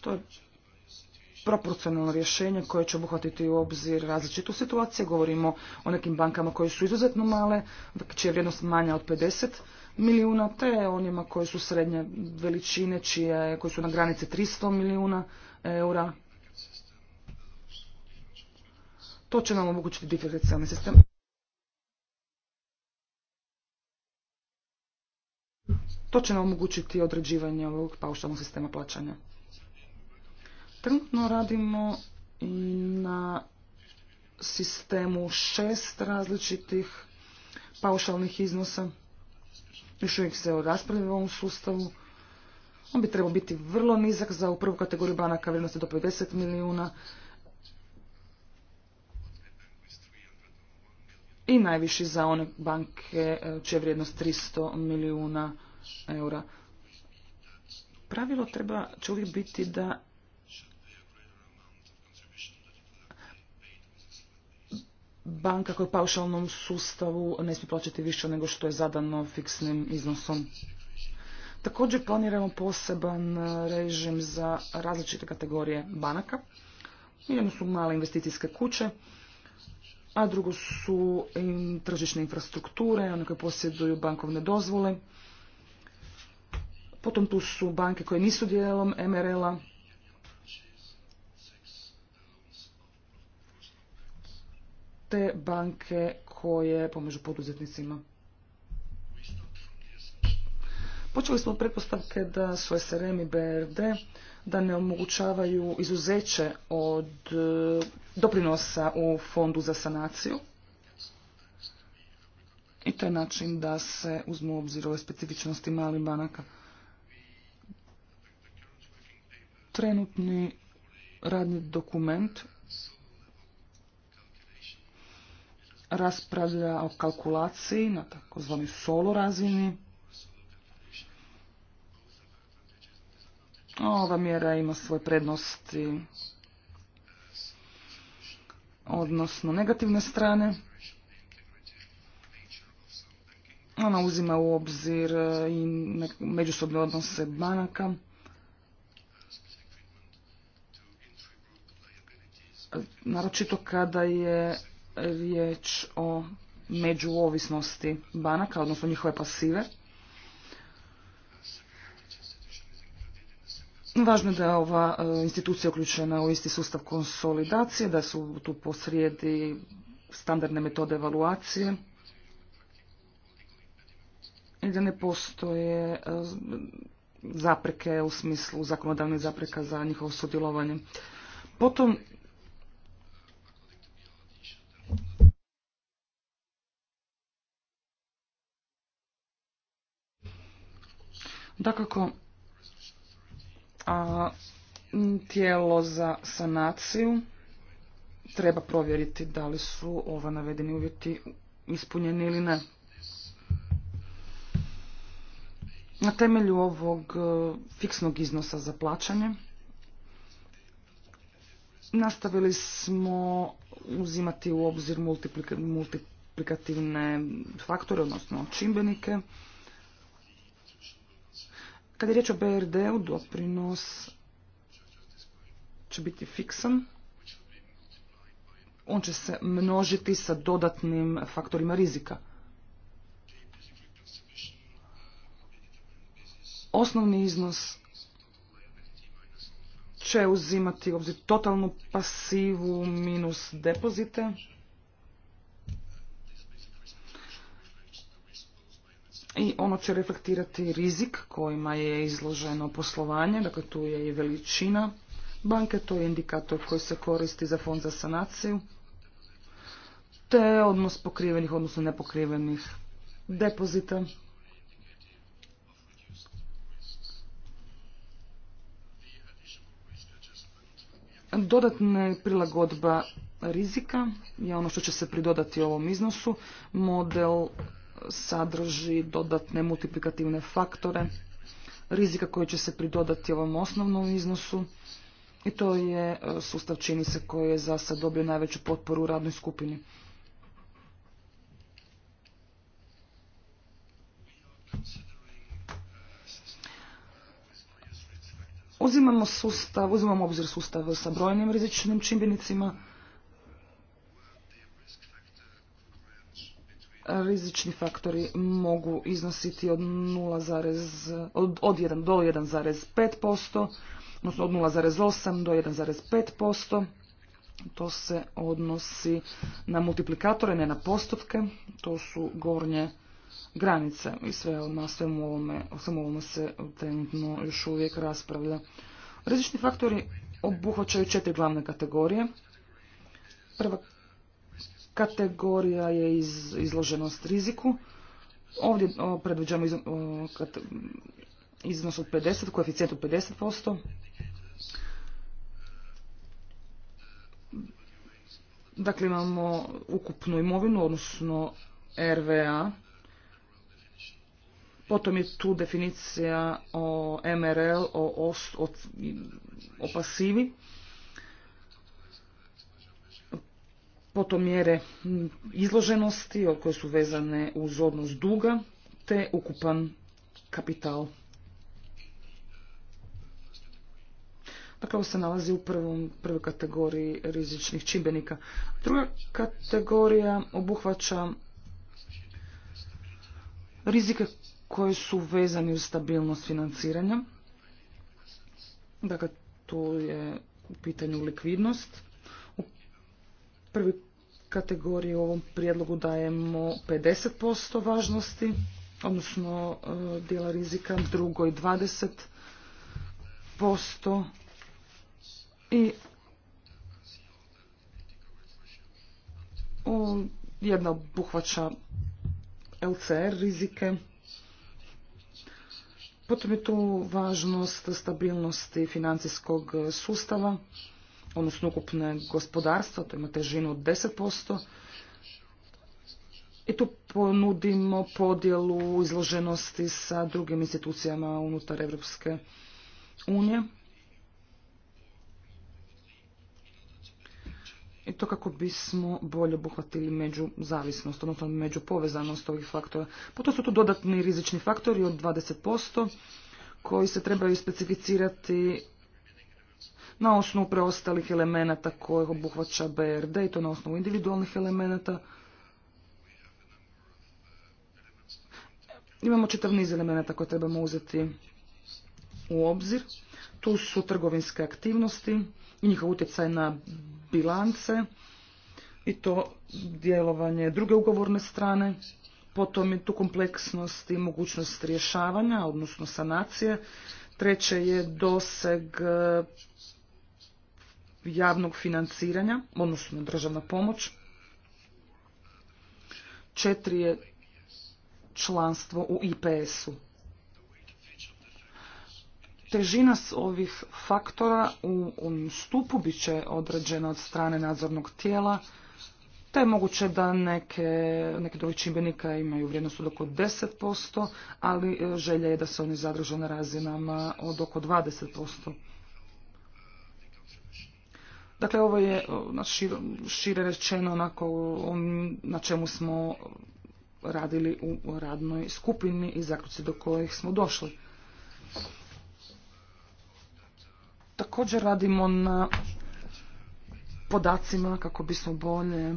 To je proporcionalno rješenje koje će obuhvatiti u obzir različitu situaciju. Govorimo o nekim bankama koje su izuzetno male, čija je vrijednost manja od 50 milijuna, te onima koje su srednje veličine, čije, koje su na granici 300 milijuna eura. To će nam omogućiti diferencijalni sistem. To će nam omogućiti određivanje ovog paušalnog sistema plaćanja. Trenutno radimo na sistemu šest različitih paušalnih iznosa. Još uvijek se raspravljamo u ovom sustavu. On bi trebao biti vrlo nizak za u prvu kategoriju banaka vrijednosti do 50 milijuna i najviši za one banke e, čija je vrijednost 300 milijuna eura. Pravilo treba će uvijek biti da banka koja u paušalnom sustavu ne smije plaćati više nego što je zadano fiksnim iznosom. Također planiramo poseban režim za različite kategorije banaka. Jedno su male investicijske kuće, a drugo su tržišne infrastrukture, one koje posjeduju bankovne dozvole. Potom tu su banke koje nisu dijelom MRL-a, te banke koje pomažu poduzetnicima. Počeli smo pretpostavke da su SRM i BRD da ne omogućavaju izuzeće od e, doprinosa u fondu za sanaciju. I to je način da se uzmu obzir ove specifičnosti malih banaka. Trenutni radni dokument raspravlja o kalkulaciji na takozvani solo razini. Ova mjera ima svoje prednosti, odnosno negativne strane. Ona uzima u obzir eh, i međusobne odnose banaka. Naročito kada je riječ o međuovisnosti banaka, odnosno njihove pasive. Važno je da je ova e, institucija uključena u isti sustav konsolidacije, da su tu posrijedi standardne metode evaluacije i da ne postoje e, zapreke u smislu zakonodavnih zapreka za njihovo sudjelovanje. Potom Dakako, tijelo za sanaciju treba provjeriti da li su ova navedeni uvjeti ispunjeni ili ne. Na temelju ovog e, fiksnog iznosa za plaćanje nastavili smo uzimati u obzir multiplikativne faktore, odnosno čimbenike. Kada je riječ o BRD-u, doprinos će biti fiksan. On će se množiti sa dodatnim faktorima rizika. Osnovni iznos će uzimati u obzir totalnu pasivu minus depozite. i ono će reflektirati rizik kojima je izloženo poslovanje, dakle tu je i veličina banke, to je indikator koji se koristi za fond za sanaciju, te odnos pokrivenih, odnosno nepokrivenih depozita. Dodatna prilagodba rizika je ono što će se pridodati ovom iznosu. Model sadrži dodatne multiplikativne faktore, rizika koji će se pridodati ovom osnovnom iznosu i to je e, sustav čini se koji je za sad dobio najveću potporu u radnoj skupini. Uzimamo sustav, uzimamo obzir sustav sa brojnim rizičnim čimbenicima, rizični faktori mogu iznositi od, 0, od, 1 do 1,5%, odnosno od 0,8 do 1,5%. To se odnosi na multiplikatore, ne na postotke. To su gornje granice i sve na svemu ovome, svemu ovome se trenutno još uvijek raspravlja. Rizični faktori obuhvaćaju četiri glavne kategorije. Prva kategorija je iz, izloženost riziku. Ovdje predviđamo iznos od 50, koeficijent od 50%. Dakle, imamo ukupnu imovinu, odnosno RVA. Potom je tu definicija o MRL, o pasivi. potom mjere izloženosti koje su vezane uz odnos duga te ukupan kapital. Dakle, ovo se nalazi u prvom, prvoj kategoriji rizičnih čimbenika. Druga kategorija obuhvaća rizike koje su vezani uz stabilnost financiranja. Dakle, tu je u pitanju likvidnost. U prvi kategoriji u ovom prijedlogu dajemo 50% važnosti, odnosno e, dijela rizika, drugoj 20% i jedna obuhvaća LCR rizike. Potom je tu važnost stabilnosti financijskog sustava odnosno ukupne gospodarstva, to ima težinu od 10%. I tu ponudimo podjelu izloženosti sa drugim institucijama unutar Europske unije. I to kako bismo bolje obuhvatili među zavisnost, odnosno među povezanost ovih faktora. Potom su tu dodatni rizični faktori od 20% koji se trebaju specificirati na osnovu preostalih elemenata koje obuhvaća BRD i to na osnovu individualnih elemenata. Imamo čitav niz elemenata koje trebamo uzeti u obzir. Tu su trgovinske aktivnosti i njihov utjecaj na bilance i to djelovanje druge ugovorne strane. Potom je tu kompleksnost i mogućnost rješavanja, odnosno sanacije. Treće je doseg javnog financiranja, odnosno državna pomoć. Četiri je članstvo u IPS-u. Težina ovih faktora u stupu bit će određena od strane nadzornog tijela, te je moguće da neke, neke drugi čimbenika imaju vrijednost od oko 10%, ali e, želja je da se oni zadrže na razinama od oko 20%. Dakle, ovo je šire rečeno onako na čemu smo radili u radnoj skupini i zaključci do kojih smo došli. Također radimo na podacima kako bismo bolje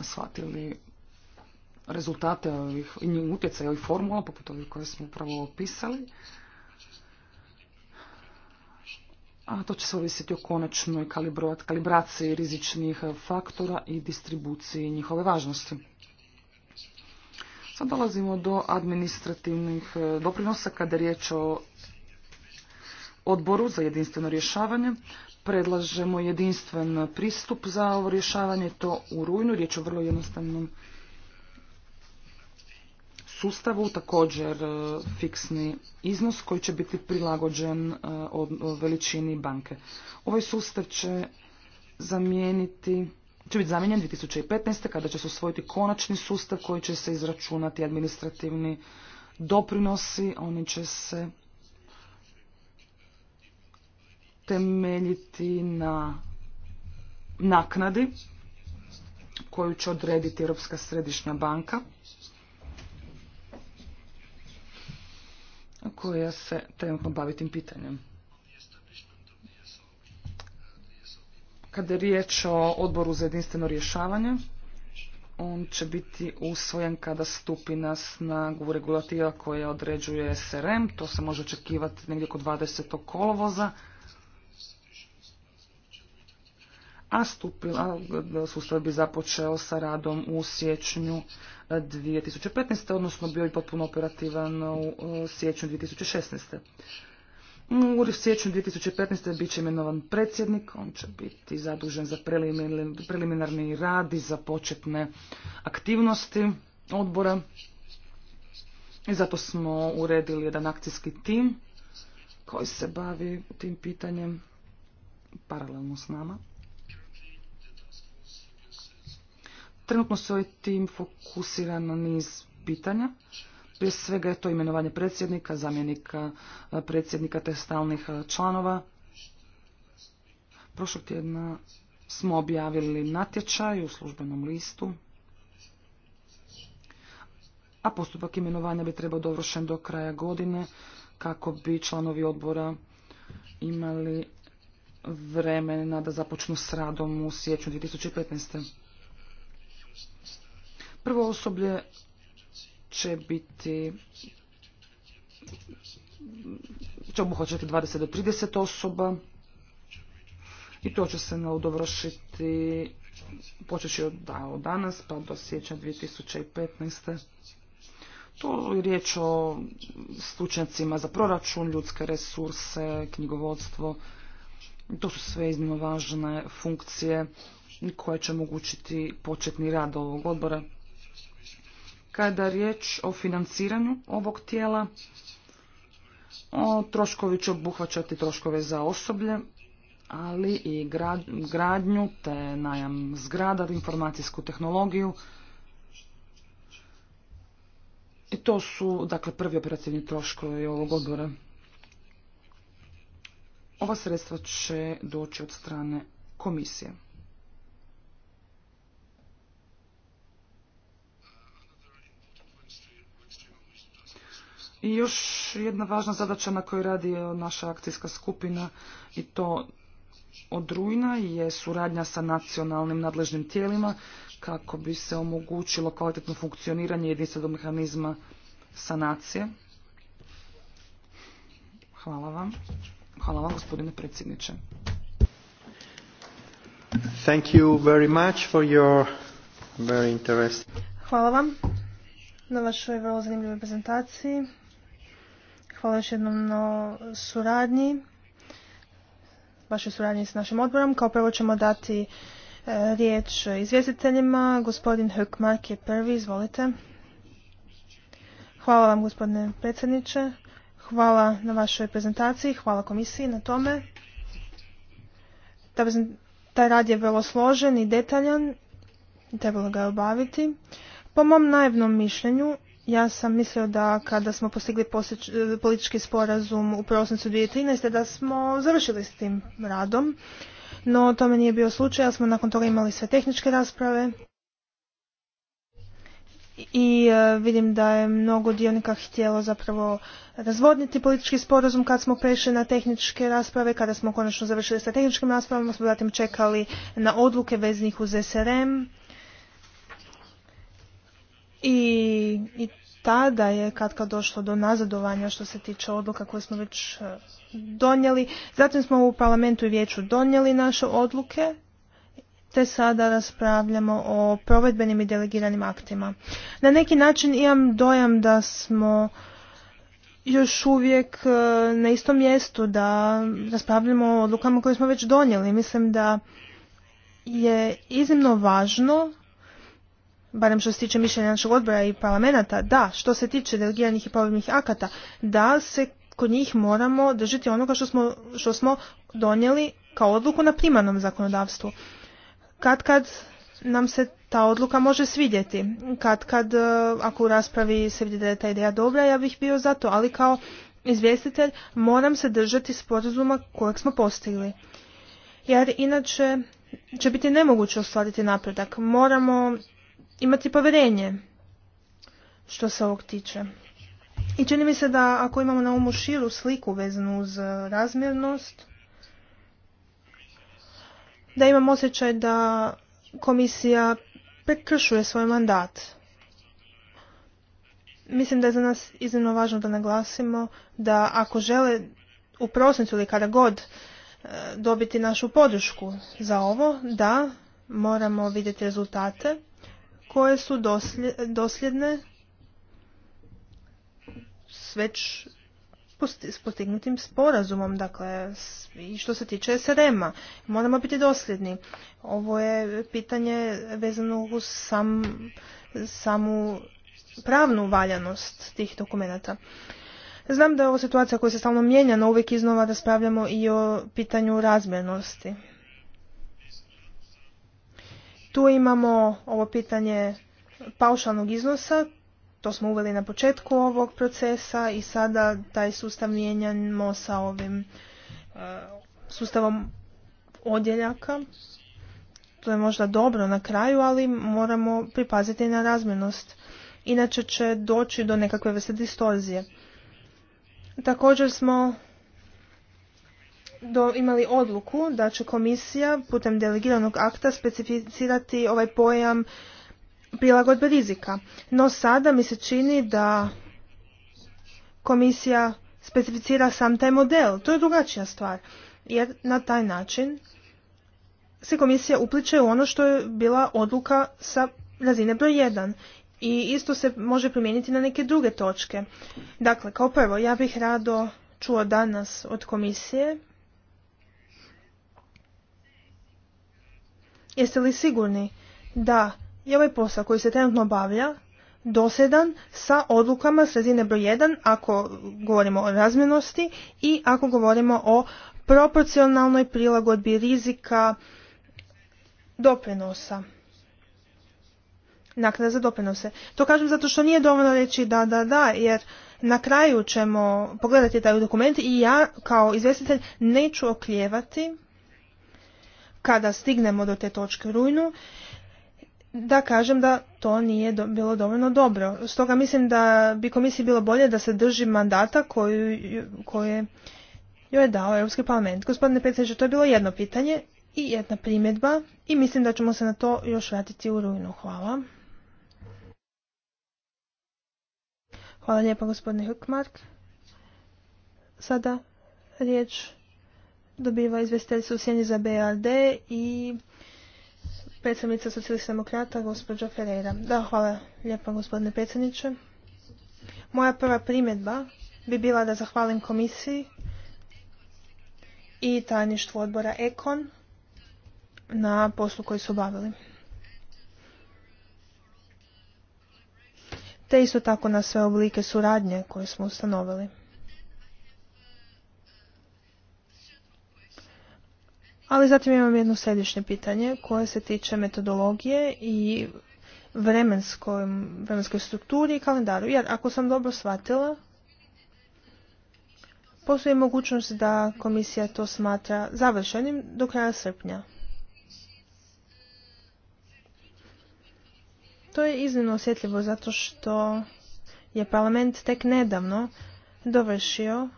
shvatili rezultate ovih utjecaja ovih formula, poput ovih koje smo upravo opisali. a to će se ovisiti o konačnoj kalibraciji rizičnih faktora i distribuciji njihove važnosti. Sad dolazimo do administrativnih e, doprinosa kada je riječ o odboru za jedinstveno rješavanje. Predlažemo jedinstven pristup za ovo rješavanje, to u rujnu, riječ o vrlo jednostavnom sustavu, također e, fiksni iznos koji će biti prilagođen e, e, veličini banke. Ovaj sustav će zamijeniti će biti zamijenjen 2015. kada će se usvojiti konačni sustav koji će se izračunati administrativni doprinosi, oni će se temeljiti na naknadi koju će odrediti Europska središnja banka. koja se trenutno bavi tim pitanjem. Kada je riječ o odboru za jedinstveno rješavanje, on će biti usvojen kada stupi na snagu regulativa koja određuje SRM. To se može očekivati negdje oko 20. kolovoza. A, stupila, sustav bi započeo sa radom u siječnju 2015. odnosno bio je potpuno operativan u siječnju 2016. U siječnju 2015. bit će imenovan predsjednik, on će biti zadužen za preliminarni rad i za početne aktivnosti odbora. I zato smo uredili jedan akcijski tim koji se bavi tim pitanjem paralelno s nama. Trenutno se ovaj tim fokusira na niz pitanja. Prije svega je to imenovanje predsjednika, zamjenika e, predsjednika te stalnih e, članova. Prošlog tjedna smo objavili natječaj u službenom listu, a postupak imenovanja bi trebao dovršen do kraja godine kako bi članovi odbora imali vremena da započnu s radom u siječnju 2015. Prvo osoblje će biti će obuhvaćati 20 do 30 osoba i to će se dovršiti počeći od, od danas pa do sjeća 2015. To je riječ o stručnjacima za proračun, ljudske resurse, knjigovodstvo. To su sve iznimno važne funkcije koje će omogućiti početni rad ovog odbora. Kada je riječ o financiranju ovog tijela, o, troškovi će obuhvaćati troškove za osoblje, ali i gradnju te najam zgrada, informacijsku tehnologiju. I to su, dakle, prvi operativni troškovi ovog odbora. Ova sredstva će doći od strane komisije. I još jedna važna zadaća na kojoj radi naša akcijska skupina i to od rujna je suradnja sa nacionalnim nadležnim tijelima kako bi se omogućilo kvalitetno funkcioniranje jedinstvenog mehanizma sanacije. Hvala vam. Hvala vam gospodine predsjedniče. Thank you very much for your very Hvala vam na vašoj vrlo zanimljivoj prezentaciji. Hvala još jednom na suradnji, vašoj suradnji s našim odborom. Kao prvo ćemo dati e, riječ izvjestiteljima. Gospodin Hökmark je prvi, izvolite. Hvala vam gospodine predsjedniče. Hvala na vašoj prezentaciji, hvala komisiji na tome. Taj rad je vrlo složen i detaljan, trebalo ga je obaviti. Po mom naivnom mišljenju, ja sam mislio da kada smo postigli e, politički sporazum u prosincu 2013. da smo završili s tim radom, no tome nije bio slučaj, ali smo nakon toga imali sve tehničke rasprave i e, vidim da je mnogo dionika htjelo zapravo razvodniti politički sporazum kad smo prešli na tehničke rasprave, kada smo konačno završili sa tehničkim raspravama, smo zatim čekali na odluke veznih uz SRM i, i tada je kad kad došlo do nazadovanja što se tiče odluka koje smo već e, donijeli. Zatim smo u parlamentu i vijeću donijeli naše odluke te sada raspravljamo o provedbenim i delegiranim aktima. Na neki način imam dojam da smo još uvijek e, na istom mjestu da raspravljamo o odlukama koje smo već donijeli. Mislim da je iznimno važno barem što se tiče mišljenja našeg odbora i parlamenta, da, što se tiče delegiranih i povrbnih akata, da se kod njih moramo držiti onoga što smo, što smo donijeli kao odluku na primarnom zakonodavstvu. Kad kad nam se ta odluka može svidjeti. Kad kad, e, ako u raspravi se vidi da je ta ideja dobra, ja bih bio za to, ali kao izvjestitelj moram se držati sporazuma kojeg smo postigli. Jer inače će biti nemoguće ostvariti napredak. Moramo imati povjerenje što se ovog tiče. I čini mi se da ako imamo na umu širu sliku vezanu uz e, razmjernost, da imam osjećaj da komisija prekršuje svoj mandat. Mislim da je za nas iznimno važno da naglasimo da ako žele u prosincu ili kada god e, dobiti našu podršku za ovo, da moramo vidjeti rezultate koje su dosljedne s već postignutim sporazumom, dakle, i što se tiče SRM-a. Moramo biti dosljedni. Ovo je pitanje vezano uz samu pravnu valjanost tih dokumenata. Znam da je ovo situacija koja se stalno mijenja, no uvijek iznova raspravljamo i o pitanju razmjernosti. Tu imamo ovo pitanje paušalnog iznosa, to smo uveli na početku ovog procesa i sada taj sustav mijenjamo sa ovim e, sustavom odjeljaka. To je možda dobro na kraju, ali moramo pripaziti na razmjernost. Inače će doći do nekakve vrste distorzije. Također smo do, imali odluku da će komisija putem delegiranog akta specificirati ovaj pojam prilagodbe rizika. No sada mi se čini da komisija specificira sam taj model. To je drugačija stvar. Jer na taj način se komisija upliče u ono što je bila odluka sa razine broj 1. I isto se može primijeniti na neke druge točke. Dakle, kao prvo, ja bih rado čuo danas od komisije Jeste li sigurni da je ovaj posao koji se trenutno obavlja dosedan sa odlukama sredine broj 1 ako govorimo o razmjenosti i ako govorimo o proporcionalnoj prilagodbi rizika doprinosa. Naknada za doprinose. To kažem zato što nije dovoljno reći da, da, da, jer na kraju ćemo pogledati taj dokument i ja kao izvestitelj neću oklijevati kada stignemo do te točke u rujnu, da kažem da to nije bilo dovoljno dobro. Stoga mislim da bi komisiji bilo bolje da se drži mandata koje joj je dao Europski parlament. Gospodine predsjedniče, to je bilo jedno pitanje i jedna primjedba i mislim da ćemo se na to još vratiti u rujnu. Hvala. Hvala lijepa gospodine Hukmark. Sada riječ dobiva izvjestiteljstvo u sjeni za BRD i predstavnica socijalista demokrata gospođa Ferreira. Da, hvala lijepo, gospodine predsjedniče. Moja prva primjedba bi bila da zahvalim komisiji i tajništvu odbora Ekon na poslu koji su obavili. Te isto tako na sve oblike suradnje koje smo ustanovili. Ali zatim imam jedno središnje pitanje koje se tiče metodologije i vremenskoj, vremenskoj strukturi i kalendaru. Jer ako sam dobro shvatila, postoji mogućnost da komisija to smatra završenim do kraja srpnja. To je iznimno osjetljivo zato što je parlament tek nedavno dovršio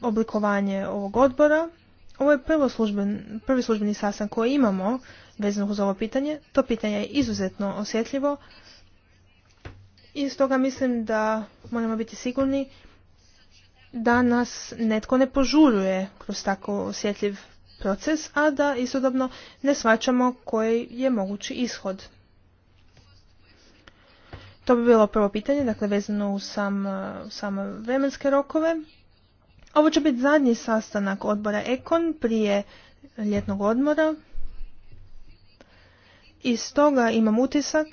oblikovanje ovog odbora ovo je prvi službeni sasan koji imamo vezano uz ovo pitanje. To pitanje je izuzetno osjetljivo i stoga mislim da moramo biti sigurni da nas netko ne požuruje kroz tako osjetljiv proces, a da istodobno ne svačamo koji je mogući ishod. To bi bilo prvo pitanje, dakle vezano u sam, same vremenske rokove. Ovo će biti zadnji sastanak odbora Ekon prije ljetnog odmora. I stoga imam utisak,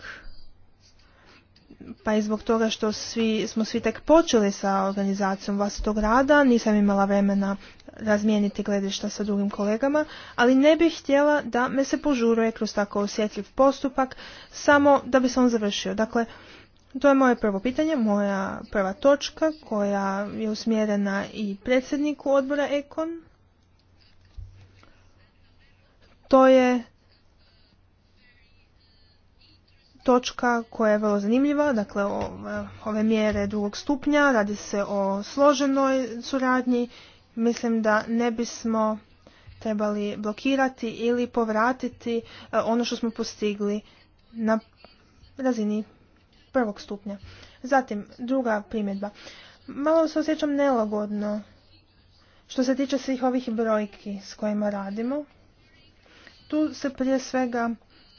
pa i zbog toga što svi, smo svi tek počeli sa organizacijom vlastitog rada, nisam imala vremena razmijeniti gledišta sa drugim kolegama, ali ne bih htjela da me se požuruje kroz tako osjetljiv postupak, samo da bi se on završio. Dakle, to je moje prvo pitanje, moja prva točka koja je usmjerena i predsjedniku odbora Ekon. To je točka koja je vrlo zanimljiva, dakle ove mjere drugog stupnja, radi se o složenoj suradnji. Mislim da ne bismo trebali blokirati ili povratiti e, ono što smo postigli na razini prvog stupnja. Zatim, druga primjedba. Malo se osjećam nelagodno što se tiče svih ovih brojki s kojima radimo. Tu se prije svega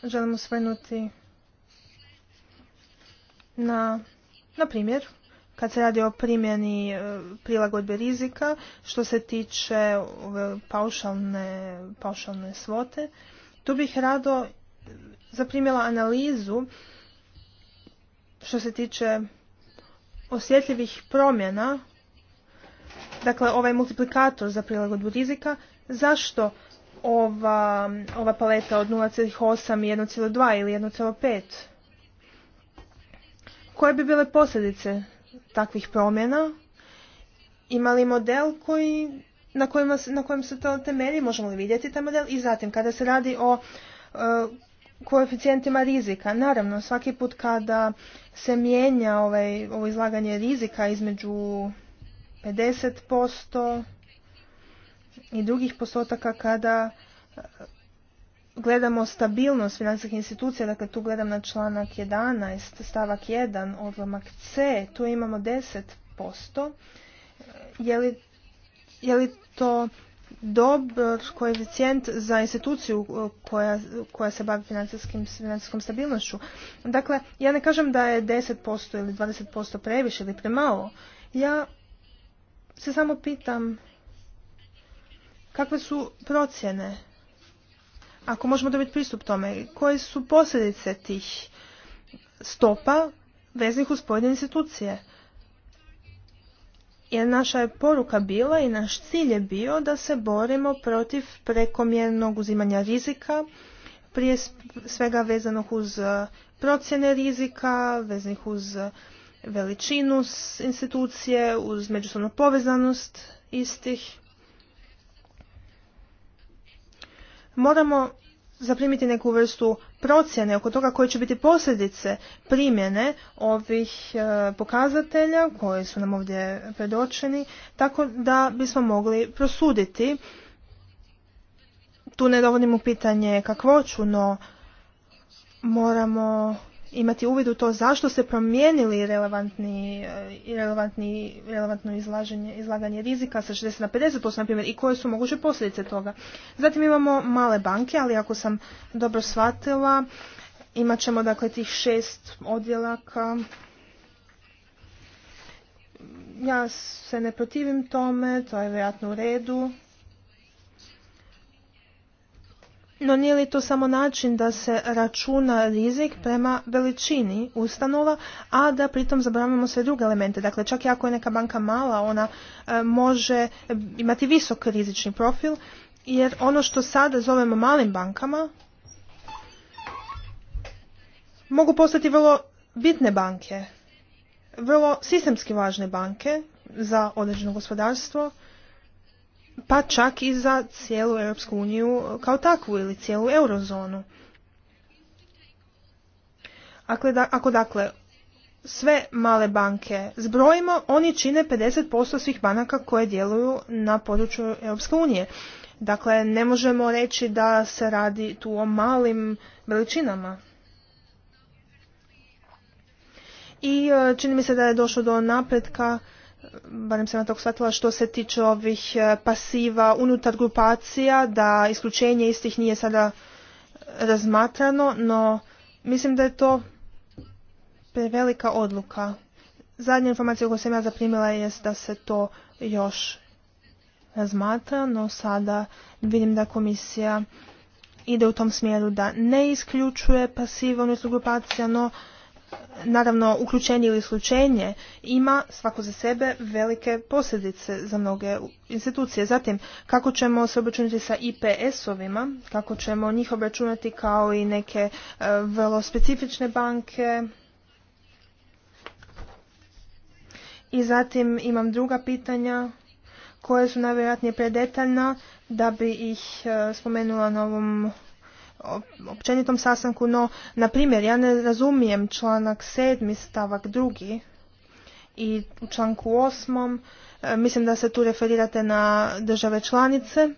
želimo osvrnuti na, na primjer, kad se radi o primjeni e, prilagodbe rizika, što se tiče paušalne, paušalne svote, tu bih rado zaprimila analizu što se tiče osjetljivih promjena, dakle ovaj multiplikator za prilagodbu rizika, zašto ova, ova paleta od 0,8 i 1,2 ili 1,5? Koje bi bile posljedice takvih promjena? Imali model koji, na, na kojem se to temelji, možemo li vidjeti taj model? I zatim, kada se radi o e, koeficijentima rizika. Naravno, svaki put kada se mijenja ovaj, ovo izlaganje rizika između 50% i drugih postotaka kada eh, gledamo stabilnost financijskih institucija, dakle tu gledam na članak 11, stavak 1, odlomak C, tu imamo 10%. posto je li to dobar e, koeficijent za instituciju e, koja, koja se bavi financijskom stabilnošću. Dakle, ja ne kažem da je 10% ili 20% previše ili premalo. Ja se samo pitam kakve su procjene, ako možemo dobiti pristup tome, koje su posljedice tih stopa veznih uz pojedine institucije jer naša je poruka bila i naš cilj je bio da se borimo protiv prekomjernog uzimanja rizika, prije svega vezanog uz e, procjene rizika, vezanih uz e, veličinu institucije, uz međusobnu povezanost istih. Moramo zaprimiti neku vrstu procjene oko toga koje će biti posljedice primjene ovih e, pokazatelja koji su nam ovdje predočeni, tako da bismo mogli prosuditi. Tu ne dovodimo pitanje kakvoću, no moramo imati uvid u to zašto se promijenili relevantni, e, relevantni, relevantno izlaženje, izlaganje rizika sa 60 na 50% na primjer i koje su moguće posljedice toga. Zatim imamo male banke, ali ako sam dobro shvatila, imat ćemo dakle tih šest odjelaka. Ja se ne protivim tome, to je vjerojatno u redu. No nije li to samo način da se računa rizik prema veličini ustanova, a da pritom zaboravimo sve druge elemente? Dakle, čak i ako je neka banka mala, ona e, može imati visok rizični profil, jer ono što sada zovemo malim bankama mogu postati vrlo bitne banke, vrlo sistemski važne banke za određeno gospodarstvo, pa čak i za cijelu Europsku uniju kao takvu ili cijelu eurozonu. Ako dakle sve male banke zbrojimo, oni čine 50% svih banaka koje djeluju na području Europske unije. Dakle, ne možemo reći da se radi tu o malim veličinama. I e, čini mi se da je došlo do napretka barem sam ja to shvatila što se tiče ovih e, pasiva unutar grupacija, da isključenje istih nije sada razmatrano, no mislim da je to prevelika odluka. Zadnja informacija koju sam ja zaprimila je da se to još razmatra, no sada vidim da komisija ide u tom smjeru da ne isključuje pasiva unutar grupacija, no naravno uključenje ili isključenje ima svako za sebe velike posljedice za mnoge institucije. Zatim, kako ćemo se obračunati sa IPS-ovima, kako ćemo njih obračunati kao i neke e, vrlo specifične banke. I zatim imam druga pitanja koje su najvjerojatnije predetaljna da bi ih e, spomenula na ovom općenitom sastanku, no, na primjer, ja ne razumijem članak 7. stavak 2. i u članku 8. E, mislim da se tu referirate na države članice,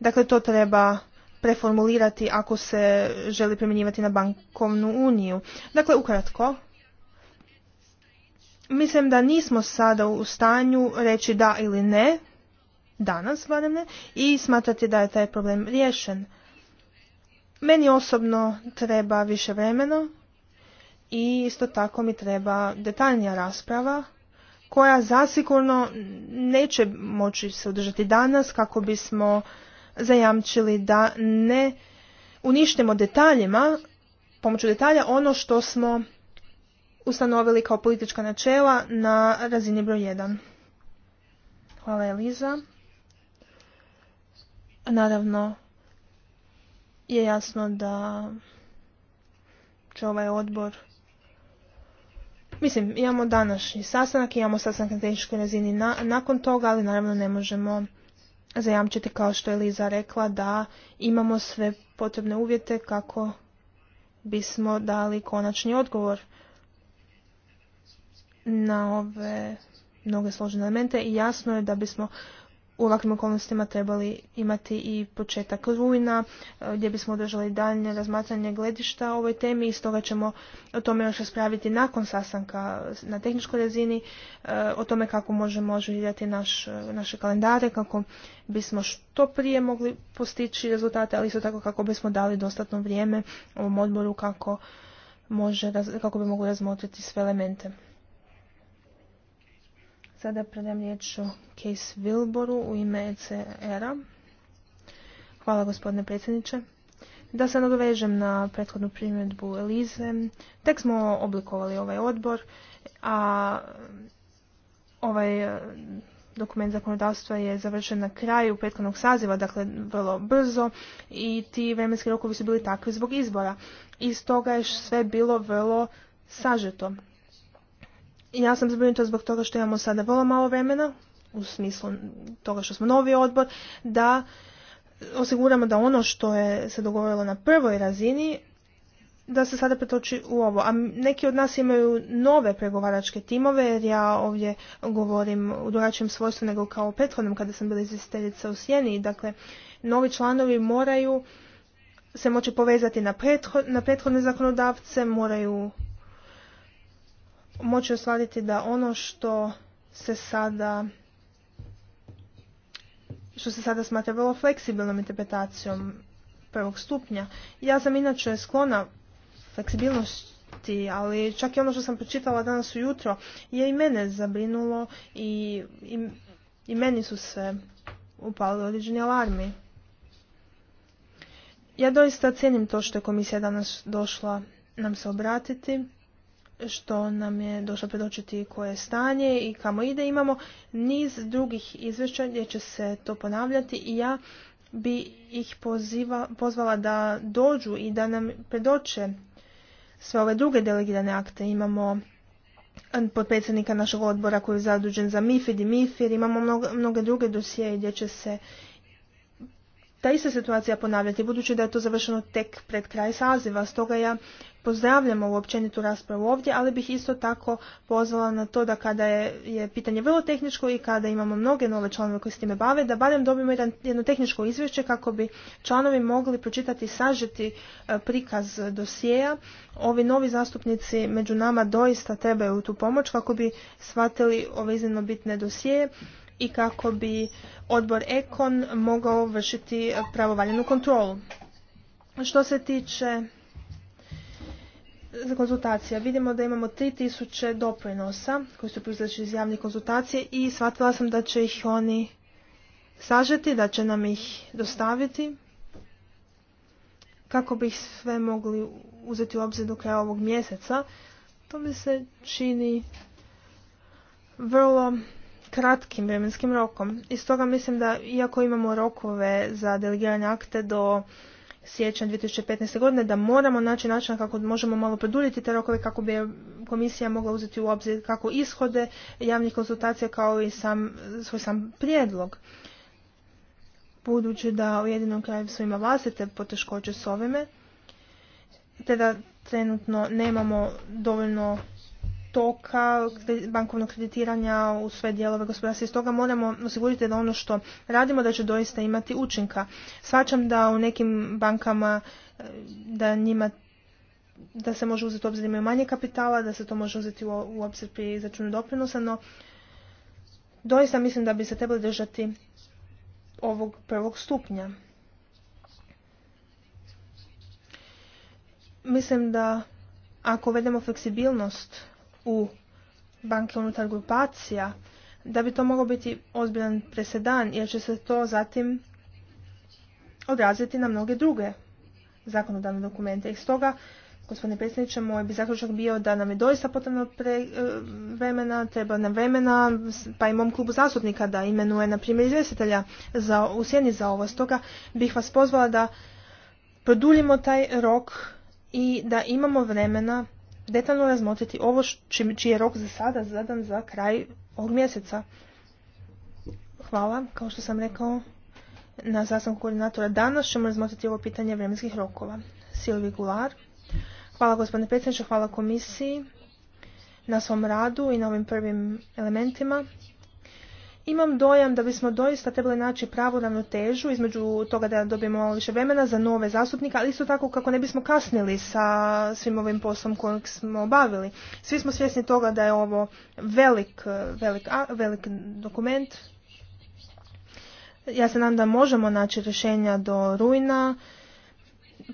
dakle to treba preformulirati ako se želi primjenjivati na bankovnu uniju. Dakle, ukratko, mislim da nismo sada u stanju reći da ili ne, danas barem ne, i smatrati da je taj problem riješen. Meni osobno treba više vremena i isto tako mi treba detaljnija rasprava koja zasigurno neće moći se održati danas kako bismo zajamčili da ne uništimo detaljima, pomoću detalja ono što smo ustanovili kao politička načela na razini broj 1. Hvala Eliza. Naravno, je jasno da će ovaj odbor Mislim, imamo današnji sastanak, imamo sastanak na tehničkoj razini nakon toga, ali naravno ne možemo zajamčiti kao što je Liza rekla da imamo sve potrebne uvjete kako bismo dali konačni odgovor na ove mnoge složene elemente i jasno je da bismo u ovakvim okolnostima trebali imati i početak rujna e, gdje bismo održali daljnje razmatranje gledišta o ovoj temi i stoga ćemo o tome još raspraviti nakon sastanka na tehničkoj razini e, o tome kako možemo ažurirati naš, e, naše kalendare, kako bismo što prije mogli postići rezultate, ali isto tako kako bismo dali dostatno vrijeme ovom odboru kako, može, kako bi mogli razmotriti sve elemente. Sada predam riječ o Case Wilboru u ime ECR-a. Hvala gospodine predsjedniče. Da se nadovežem na prethodnu primjedbu Elize, tek smo oblikovali ovaj odbor, a ovaj e, dokument zakonodavstva je završen na kraju prethodnog saziva, dakle vrlo brzo i ti vremenski rokovi su bili takvi zbog izbora. I stoga je sve bilo vrlo sažeto. Ja sam zbrinuta zbog toga što imamo sada vrlo malo vremena, u smislu toga što smo novi odbor, da osiguramo da ono što je se dogovorilo na prvoj razini da se sada pretoči u ovo. A neki od nas imaju nove pregovaračke timove, jer ja ovdje govorim u drugačijem svojstvu nego kao prethodnom kada sam bila izvjestiteljica u Sjeni. Dakle, novi članovi moraju se moći povezati na, na prethodne zakonodavce, moraju moći osvaditi da ono što se sada što se sada smatra vrlo fleksibilnom interpretacijom prvog stupnja. Ja sam inače sklona fleksibilnosti, ali čak i ono što sam pročitala danas ujutro je i mene zabrinulo i, i, meni su se upali određeni alarmi. Ja doista cijenim to što je komisija danas došla nam se obratiti što nam je došlo predočiti koje stanje i kamo ide. Imamo niz drugih izvješća gdje će se to ponavljati i ja bi ih poziva, pozvala da dođu i da nam predoče sve ove druge delegirane akte. Imamo podpredsjednika našeg odbora koji je zadužen za MIFID i MIFIR. Imamo mnoge, mnoge druge dosije gdje će se ta ista situacija ponavljati, budući da je to završeno tek pred kraj saziva. Stoga ja pozdravljam ovu općenitu raspravu ovdje, ali bih isto tako pozvala na to da kada je, pitanje vrlo tehničko i kada imamo mnoge nove članove koji se time bave, da barem dobijemo jedno tehničko izvješće kako bi članovi mogli pročitati sažeti e, prikaz dosijeja. Ovi novi zastupnici među nama doista trebaju tu pomoć kako bi shvatili ove iznimno bitne dosijeje i kako bi odbor Ekon mogao vršiti pravovaljenu kontrolu. Što se tiče za konzultacija. Vidimo da imamo 3000 doprinosa koji su proizašli iz javnih konzultacije i shvatila sam da će ih oni sažeti, da će nam ih dostaviti kako bi ih sve mogli uzeti u obzir do kraja ovog mjeseca. To mi se čini vrlo kratkim vremenskim rokom. I stoga mislim da iako imamo rokove za delegiranje akte do siječnja 2015. godine da moramo naći način kako možemo malo produljiti te rokove kako bi komisija mogla uzeti u obzir kako ishode javnih konsultacija kao i sam, svoj sam prijedlog. Budući da u jedinom su ima vlastite poteškoće s ovime, te da trenutno nemamo dovoljno toka bankovnog kreditiranja u sve dijelove gospodarstva. Stoga moramo osigurati da ono što radimo da će doista imati učinka. Svačam da u nekim bankama e, da njima da se može uzeti u obzir imaju manje kapitala, da se to može uzeti u obzir pri izračunu doprinosa, no doista mislim da bi se trebali držati ovog prvog stupnja. Mislim da ako uvedemo fleksibilnost u banke unutar grupacija, da bi to mogao biti ozbiljan presedan, jer će se to zatim odraziti na mnoge druge zakonodavne dokumente. I stoga, gospodine predsjedniče, moj bi zaključak bio da nam je doista potrebno pre, e, vremena, treba nam vremena, pa i mom klubu zastupnika da imenuje, na primjer, izvjestitelja za, u sjeni za ovo. Stoga bih vas pozvala da produljimo taj rok i da imamo vremena detaljno razmotriti ovo čiji je rok za sada zadan za kraj ovog mjeseca. Hvala, kao što sam rekao na sastanku koordinatora danas ćemo razmotriti ovo pitanje vremenskih rokova. Silvi Gular. Hvala gospodine predsjedniče, hvala komisiji na svom radu i na ovim prvim elementima imam dojam da bismo doista trebali naći pravu ravnotežu između toga da dobijemo više vremena za nove zastupnike, ali isto tako kako ne bismo kasnili sa svim ovim poslom kojeg smo obavili. Svi smo svjesni toga da je ovo velik, velik, velik dokument. Ja se nadam da možemo naći rješenja do rujna,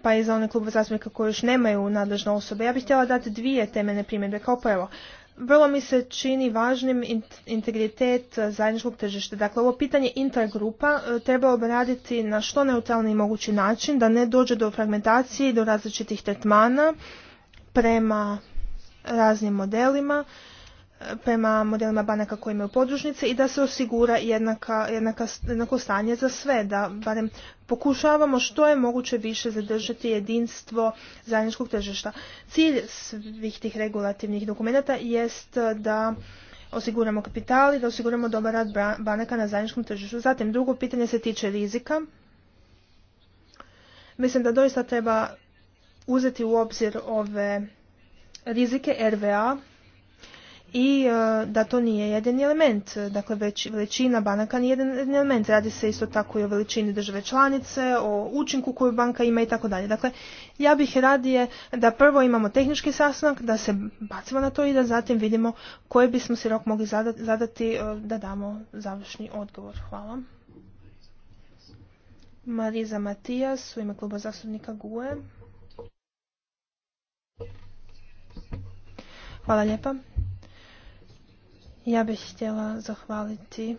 pa i za one klubove zastupnika koji još nemaju nadležne osobe. Ja bih htjela dati dvije temeljne primjedbe. Kao prvo, evo, vrlo mi se čini važnim integritet zajedničkog tržišta. Dakle, ovo pitanje intergrupa e, treba obraditi na što neutralni mogući način, da ne dođe do fragmentacije i do različitih tretmana prema raznim modelima prema modelima banaka koji imaju podružnice i da se osigura jednako stanje za sve, da barem pokušavamo što je moguće više zadržati jedinstvo zajedničkog tržišta. Cilj svih tih regulativnih dokumenata jest da osiguramo kapital i da osiguramo dobar rad banaka na zajedničkom tržištu. Zatim drugo pitanje se tiče rizika. Mislim da doista treba uzeti u obzir ove rizike RVA i e, da to nije jedan element. Dakle, već, veličina banaka nije jedan element. Radi se isto tako i o veličini države članice, o učinku koju banka ima i tako dalje. Dakle, ja bih radije da prvo imamo tehnički sastanak, da se bacimo na to i da zatim vidimo koji bismo si rok mogli zadati e, da damo završni odgovor. Hvala. Mariza Matijas u ime kluba zastupnika GUE. Hvala lijepa. Ja bih htjela zahvaliti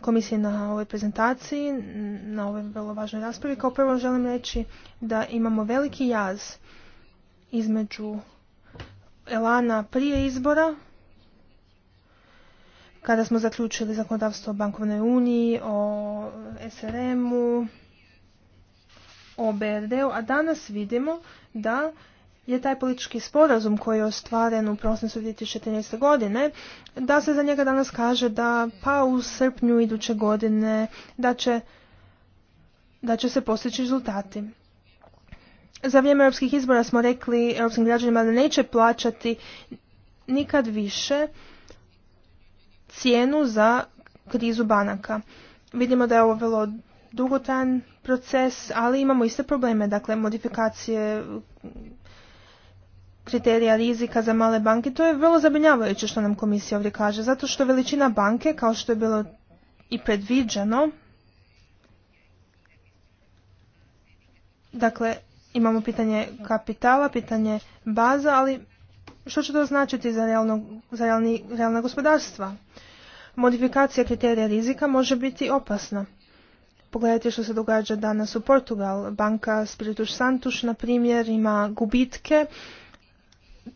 komisiji na ovoj prezentaciji, na ovoj vrlo važnoj raspravi. Kao prvo želim reći da imamo veliki jaz između elana prije izbora, kada smo zaključili zakonodavstvo o bankovnoj uniji, o SRM-u, o BRD-u, a danas vidimo da je taj politički sporazum koji je ostvaren u prosincu 2013. godine, da se za njega danas kaže da pa u srpnju iduće godine da će, da će se postići rezultati. Za vrijeme europskih izbora smo rekli europskim građanima da neće plaćati nikad više cijenu za krizu banaka. Vidimo da je ovo vrlo dugotan proces, ali imamo iste probleme, dakle modifikacije kriterija rizika za male banke, to je vrlo zabrinjavajuće što nam komisija ovdje kaže, zato što veličina banke, kao što je bilo i predviđeno, dakle, imamo pitanje kapitala, pitanje baza, ali što će to značiti za, realno, za realna gospodarstva? Modifikacija kriterija rizika može biti opasna. Pogledajte što se događa danas u Portugal. Banka Spiritus Santuš, na primjer, ima gubitke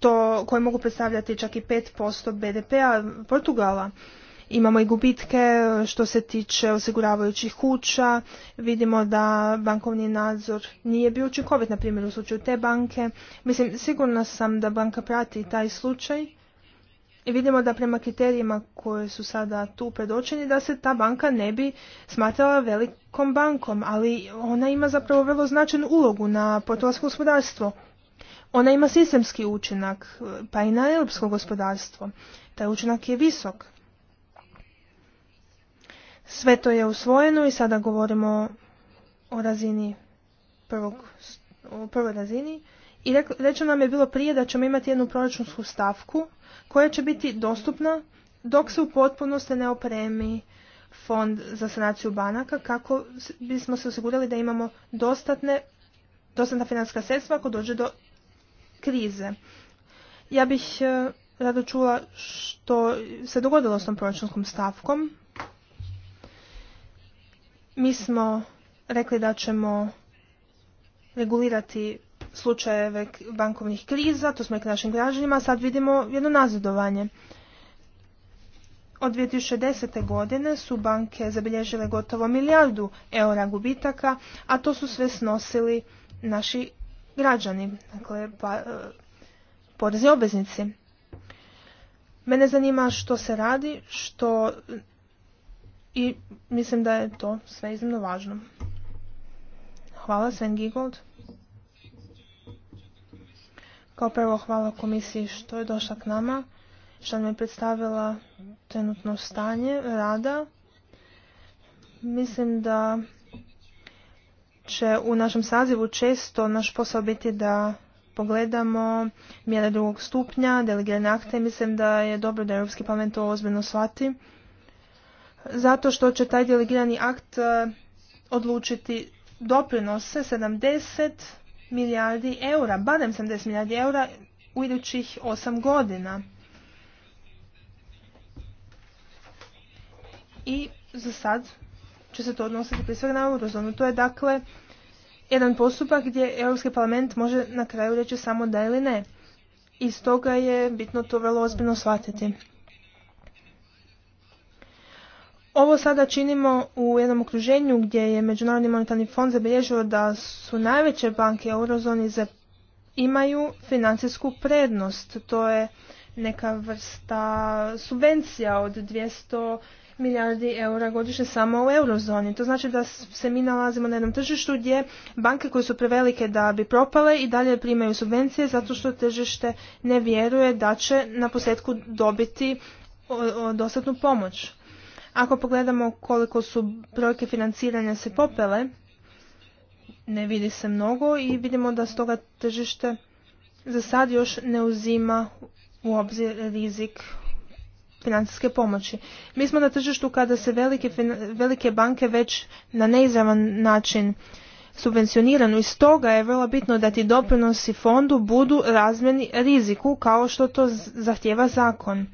to koje mogu predstavljati čak i 5% BDP-a Portugala. Imamo i gubitke što se tiče osiguravajućih kuća. Vidimo da bankovni nadzor nije bio učinkovit, na primjer u slučaju te banke. Mislim, sigurna sam da banka prati taj slučaj. I vidimo da prema kriterijima koje su sada tu predočeni da se ta banka ne bi smatrala velikom bankom, ali ona ima zapravo vrlo značajnu ulogu na portugalsko gospodarstvo. Ona ima sistemski učinak, pa i na europsko gospodarstvo. Taj učinak je visok. Sve to je usvojeno i sada govorimo o razini prvog, o prvoj razini. I rečeno nam je bilo prije da ćemo imati jednu proračunsku stavku koja će biti dostupna dok se u potpunosti ne opremi fond za sanaciju banaka kako bismo se osigurali da imamo dostatne dostatna financijska sredstva ako dođe do krize. Ja bih e, rado čula što se dogodilo s tom proračunskom stavkom. Mi smo rekli da ćemo regulirati slučajeve bankovnih kriza, to smo i našim građanima, sad vidimo jedno nazadovanje. Od 2010. godine su banke zabilježile gotovo milijardu eura gubitaka, a to su sve snosili naši građani, dakle pa, e, porezni obveznici. Mene zanima što se radi, što i mislim da je to sve iznimno važno. Hvala Sven Gigold. Kao prvo hvala komisiji što je došla k nama, što nam je predstavila trenutno stanje rada. Mislim da će u našem sazivu često naš posao biti da pogledamo mjere drugog stupnja, delegirane akte, mislim da je dobro da Europski parlament to ozbiljno shvati, zato što će taj delegirani akt e, odlučiti doprinose 70 milijardi eura, barem 70 milijardi eura u idućih 8 godina. I za sad će se to odnositi prije svega na eurozonu. To je dakle jedan postupak gdje Europski parlament može na kraju reći samo da ili ne. I stoga je bitno to vrlo ozbiljno shvatiti. Ovo sada činimo u jednom okruženju gdje je Međunarodni monetarni fond zabilježio da su najveće banke eurozoni za imaju financijsku prednost. To je neka vrsta subvencija od 200 milijardi eura godišnje samo u eurozoni. To znači da se mi nalazimo na jednom tržištu gdje banke koje su prevelike da bi propale i dalje primaju subvencije zato što tržište ne vjeruje da će na posljedku dobiti dostatnu pomoć. Ako pogledamo koliko su brojke financiranja se popele, ne vidi se mnogo i vidimo da stoga tržište za sad još ne uzima u obzir rizik financijske pomoći. Mi smo na tržištu kada se velike, velike banke već na neizravan način subvencionirano i stoga je vrlo bitno da ti doprinosi fondu budu razmjeni riziku kao što to zahtjeva zakon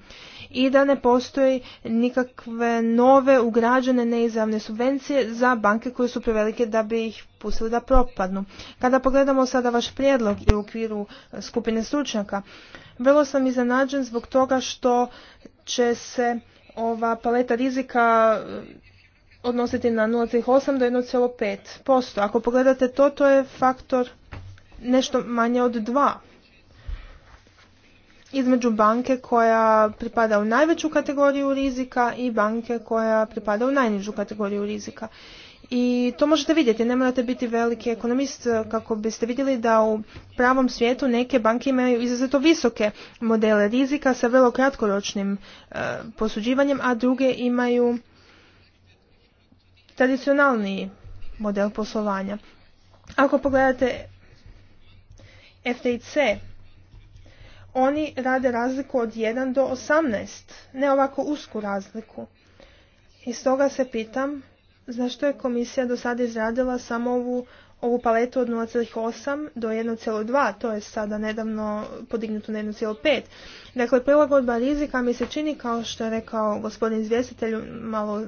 i da ne postoji nikakve nove ugrađene neizravne subvencije za banke koje su prevelike da bi ih pustili da propadnu. Kada pogledamo sada vaš prijedlog i u okviru e, skupine stručnjaka, vrlo sam iznenađen zbog toga što će se ova paleta rizika eh, odnositi na 0,8 do 1,5%. Ako pogledate to, to je faktor nešto manje od 2 između banke koja pripada u najveću kategoriju rizika i banke koja pripada u najnižu kategoriju rizika. I to možete vidjeti, ne morate biti veliki ekonomist eh, kako biste vidjeli da u pravom svijetu neke banke imaju izuzetno visoke modele rizika sa vrlo kratkoročnim eh, posuđivanjem, a druge imaju tradicionalni model poslovanja. Ako pogledate FTC, oni rade razliku od 1 do 18, ne ovako usku razliku. I stoga se pitam zašto je komisija do sada izradila samo ovu, ovu paletu od 0,8 do 1,2, to je sada nedavno podignuto na 1,5. Dakle, prilagodba rizika mi se čini, kao što je rekao gospodin izvjestitelj, malo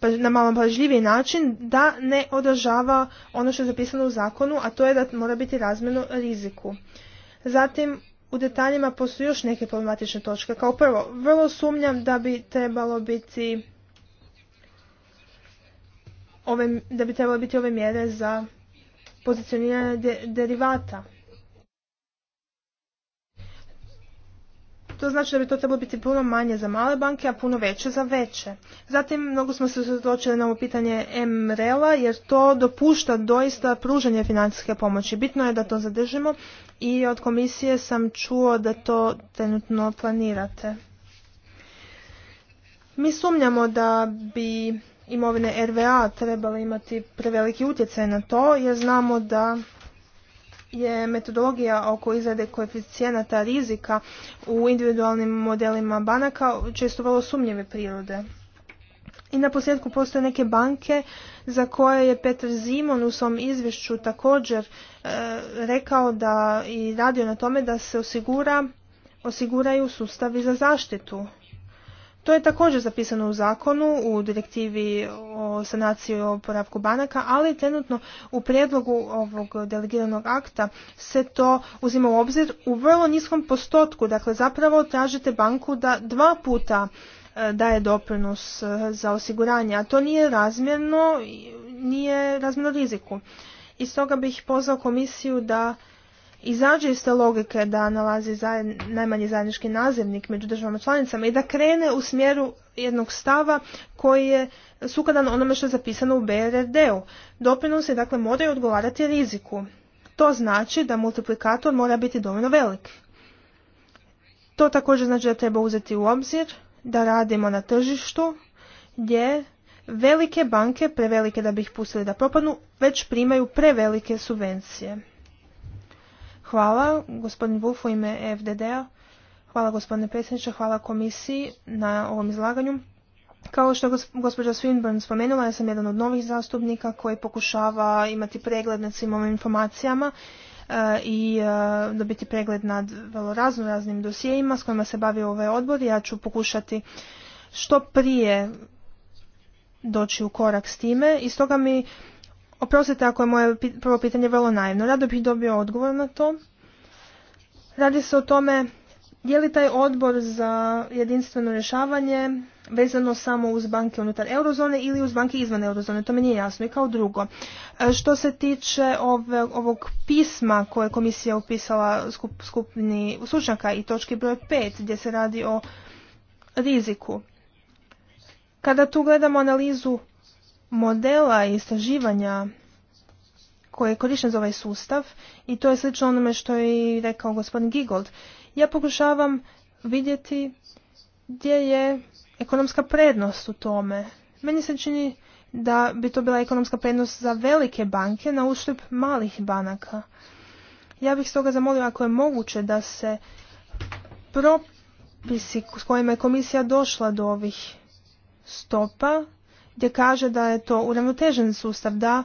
pa, na malo pažljiviji način da ne odražava ono što je zapisano u zakonu, a to je da mora biti razmjerno riziku. Zatim, u detaljima postoje još neke problematične točke. Kao prvo, vrlo sumnjam da bi trebalo biti ove, da bi trebale biti ove mjere za pozicioniranje derivata. To znači da bi to trebalo biti puno manje za male banke, a puno veće za veće. Zatim mnogo smo se usredotočili na ovo pitanje MREL-a jer to dopušta doista pružanje financijske pomoći. Bitno je da to zadržimo i od komisije sam čuo da to trenutno planirate. Mi sumnjamo da bi imovine RVA trebala imati preveliki utjecaj na to jer znamo da je metodologija oko izrade koeficijenata rizika u individualnim modelima banaka često vrlo sumnjive prirode. I na posljedku postoje neke banke za koje je Petar Zimon u svom izvješću također e, rekao da i radio na tome da se osigura, osiguraju sustavi za zaštitu to je također zapisano u zakonu, u direktivi o sanaciji i oporavku banaka, ali trenutno u prijedlogu ovog delegiranog akta se to uzima u obzir u vrlo niskom postotku. Dakle, zapravo tražite banku da dva puta e, daje doprinos e, za osiguranje, a to nije razmjerno, nije razmjerno riziku. I stoga bih pozvao komisiju da izađe iz te logike da nalazi najmanji zajednički nazivnik među državama članicama i da krene u smjeru jednog stava koji je sukladan onome što je zapisano u BRD-u. Doprinosi dakle moraju odgovarati riziku. To znači da multiplikator mora biti dovoljno velik. To također znači da treba uzeti u obzir da radimo na tržištu gdje velike banke, prevelike da bi ih pustili da propadnu, već primaju prevelike subvencije. Hvala, gospodin Wolf u ime FDD-a. Hvala gospodine predsjedniče, hvala komisiji na ovom izlaganju. Kao što je gospođa Swinburne spomenula, ja sam jedan od novih zastupnika koji pokušava imati pregled nad svim ovim informacijama eh, i eh, dobiti pregled nad vrlo razno raznim dosijejima s kojima se bavi ovaj odbor. Ja ću pokušati što prije doći u korak s time i stoga mi Oprostite ako je moje prvo pitanje vrlo naivno. Rado bih dobio odgovor na to. Radi se o tome je li taj odbor za jedinstveno rješavanje vezano samo uz banke unutar eurozone ili uz banke izvan eurozone? To mi nije jasno. I kao drugo, e, što se tiče ovog pisma koje je komisija upisala skup, skupni stručnjaka i točki broj 5 gdje se radi o riziku. Kada tu gledamo analizu modela istraživanja koje je korišten za ovaj sustav i to je slično onome što je i rekao gospodin Gigold. Ja pokušavam vidjeti gdje je ekonomska prednost u tome. Meni se čini da bi to bila ekonomska prednost za velike banke na uštrb malih banaka. Ja bih stoga zamolila ako je moguće da se propisi s kojima je komisija došla do ovih stopa gdje kaže da je to uravnotežen sustav, da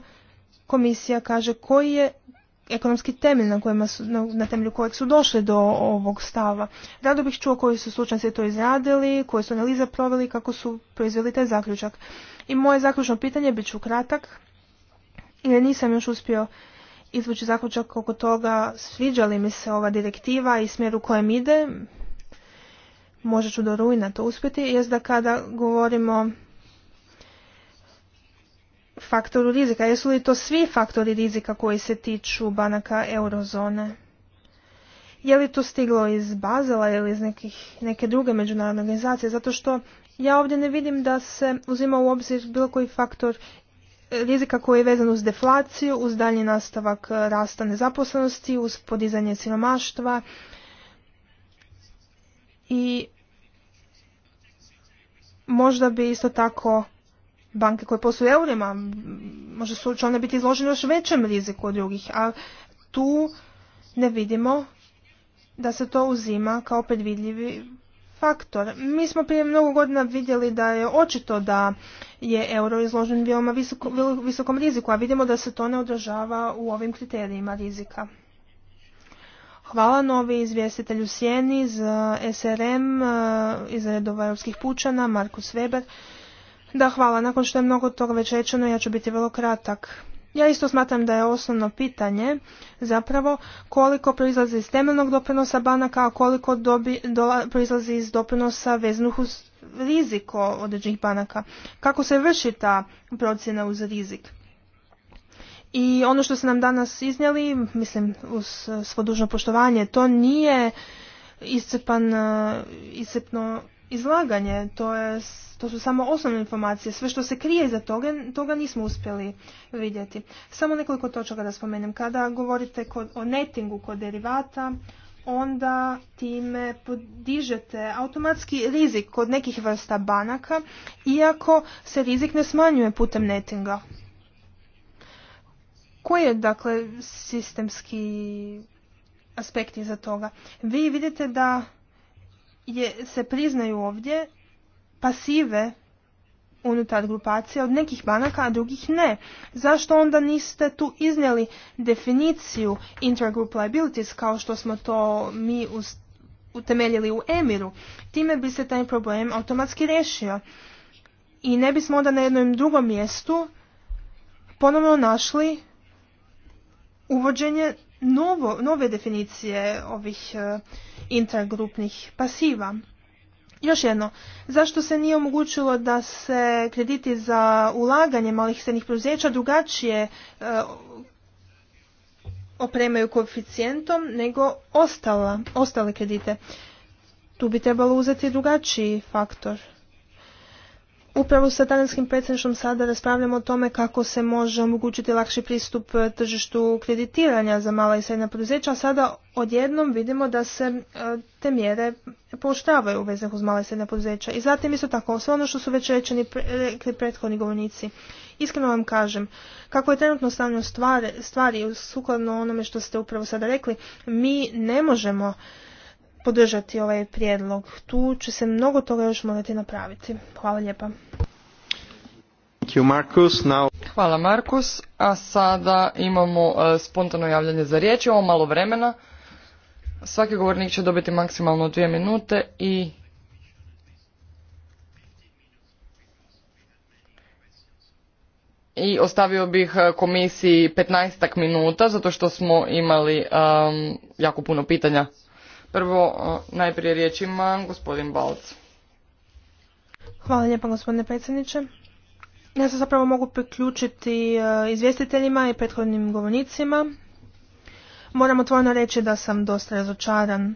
komisija kaže koji je ekonomski temelj na, kojima su, na, temelju kojeg su došli do ovog stava. Rado bih čuo koji su slučajci to izradili, koje su analize proveli, kako su proizveli taj zaključak. I moje zaključno pitanje bit ću kratak, jer nisam još uspio izvući zaključak oko toga sviđa li mi se ova direktiva i smjer u kojem ide, možda ću do rujna to uspjeti, jest da kada govorimo faktoru rizika. Jesu li to svi faktori rizika koji se tiču banaka eurozone? Je li to stiglo iz Bazela ili iz nekih, neke druge međunarodne organizacije? Zato što ja ovdje ne vidim da se uzima u obzir bilo koji faktor e, rizika koji je vezan uz deflaciju, uz dalji nastavak e, rasta nezaposlenosti, uz podizanje siromaštva i možda bi isto tako banke koje posluju eurima, može su one biti izložene još većem riziku od drugih, a tu ne vidimo da se to uzima kao predvidljivi faktor. Mi smo prije mnogo godina vidjeli da je očito da je euro izložen veoma visokom riziku, a vidimo da se to ne odražava u ovim kriterijima rizika. Hvala novi izvjestitelju Sjeni za SRM eh, iz redova europskih pučana, Markus Weber. Da, hvala. Nakon što je mnogo toga već rečeno, ja ću biti vrlo kratak. Ja isto smatram da je osnovno pitanje zapravo koliko proizlazi iz temeljnog doprinosa banaka, a koliko dobi, proizlazi iz doprinosa veznih uz riziko određenih banaka. Kako se vrši ta procjena uz rizik? I ono što ste nam danas iznijeli, mislim uz svodužno dužno poštovanje, to nije iscrpan, uh, iscrpno izlaganje, to, je, to su samo osnovne informacije. Sve što se krije iza toga, toga nismo uspjeli vidjeti. Samo nekoliko točaka da spomenem. Kada govorite kod, o nettingu kod derivata, onda time podižete automatski rizik kod nekih vrsta banaka, iako se rizik ne smanjuje putem nettinga. Koji je, dakle, sistemski aspekt iza toga? Vi vidite da je, se priznaju ovdje pasive unutar grupacije od nekih banaka, a drugih ne. Zašto onda niste tu iznijeli definiciju intergroup liabilities kao što smo to mi utemeljili u Emiru? Time bi se taj problem automatski rješio. I ne bismo onda na jednom drugom mjestu ponovno našli uvođenje nove definicije ovih uh, e, intergrupnih pasiva. Još jedno, zašto se nije omogućilo da se krediti za ulaganje malih srednjih poduzeća drugačije e, opremaju koeficijentom nego ostala, ostale kredite? Tu bi trebalo uzeti drugačiji faktor. Upravo sa talijanskim predsjedništvom sada raspravljamo o tome kako se može omogućiti lakši pristup e, tržištu kreditiranja za mala i srednja poduzeća, a sada odjednom vidimo da se e, te mjere u vezano uz mala i srednja poduzeća. I zatim isto tako, sve ono što su već rečeni, rekli prethodni govornici. Iskreno vam kažem, kako je trenutno stanje stvari, stvari sukladno onome što ste upravo sada rekli, mi ne možemo podržati ovaj prijedlog. Tu će se mnogo toga još morati napraviti. Hvala lijepa. Hvala Markus. A sada imamo e, spontano javljanje za riječ. Imamo malo vremena. Svaki govornik će dobiti maksimalno dvije minute i i ostavio bih e, komisiji 15 minuta zato što smo imali jako puno pitanja. Prvo, najprije riječ gospodin Balc. Hvala lijepa gospodine predsjedniče. Ja se zapravo mogu priključiti e, izvjestiteljima i prethodnim govornicima. Moram otvoreno reći da sam dosta razočaran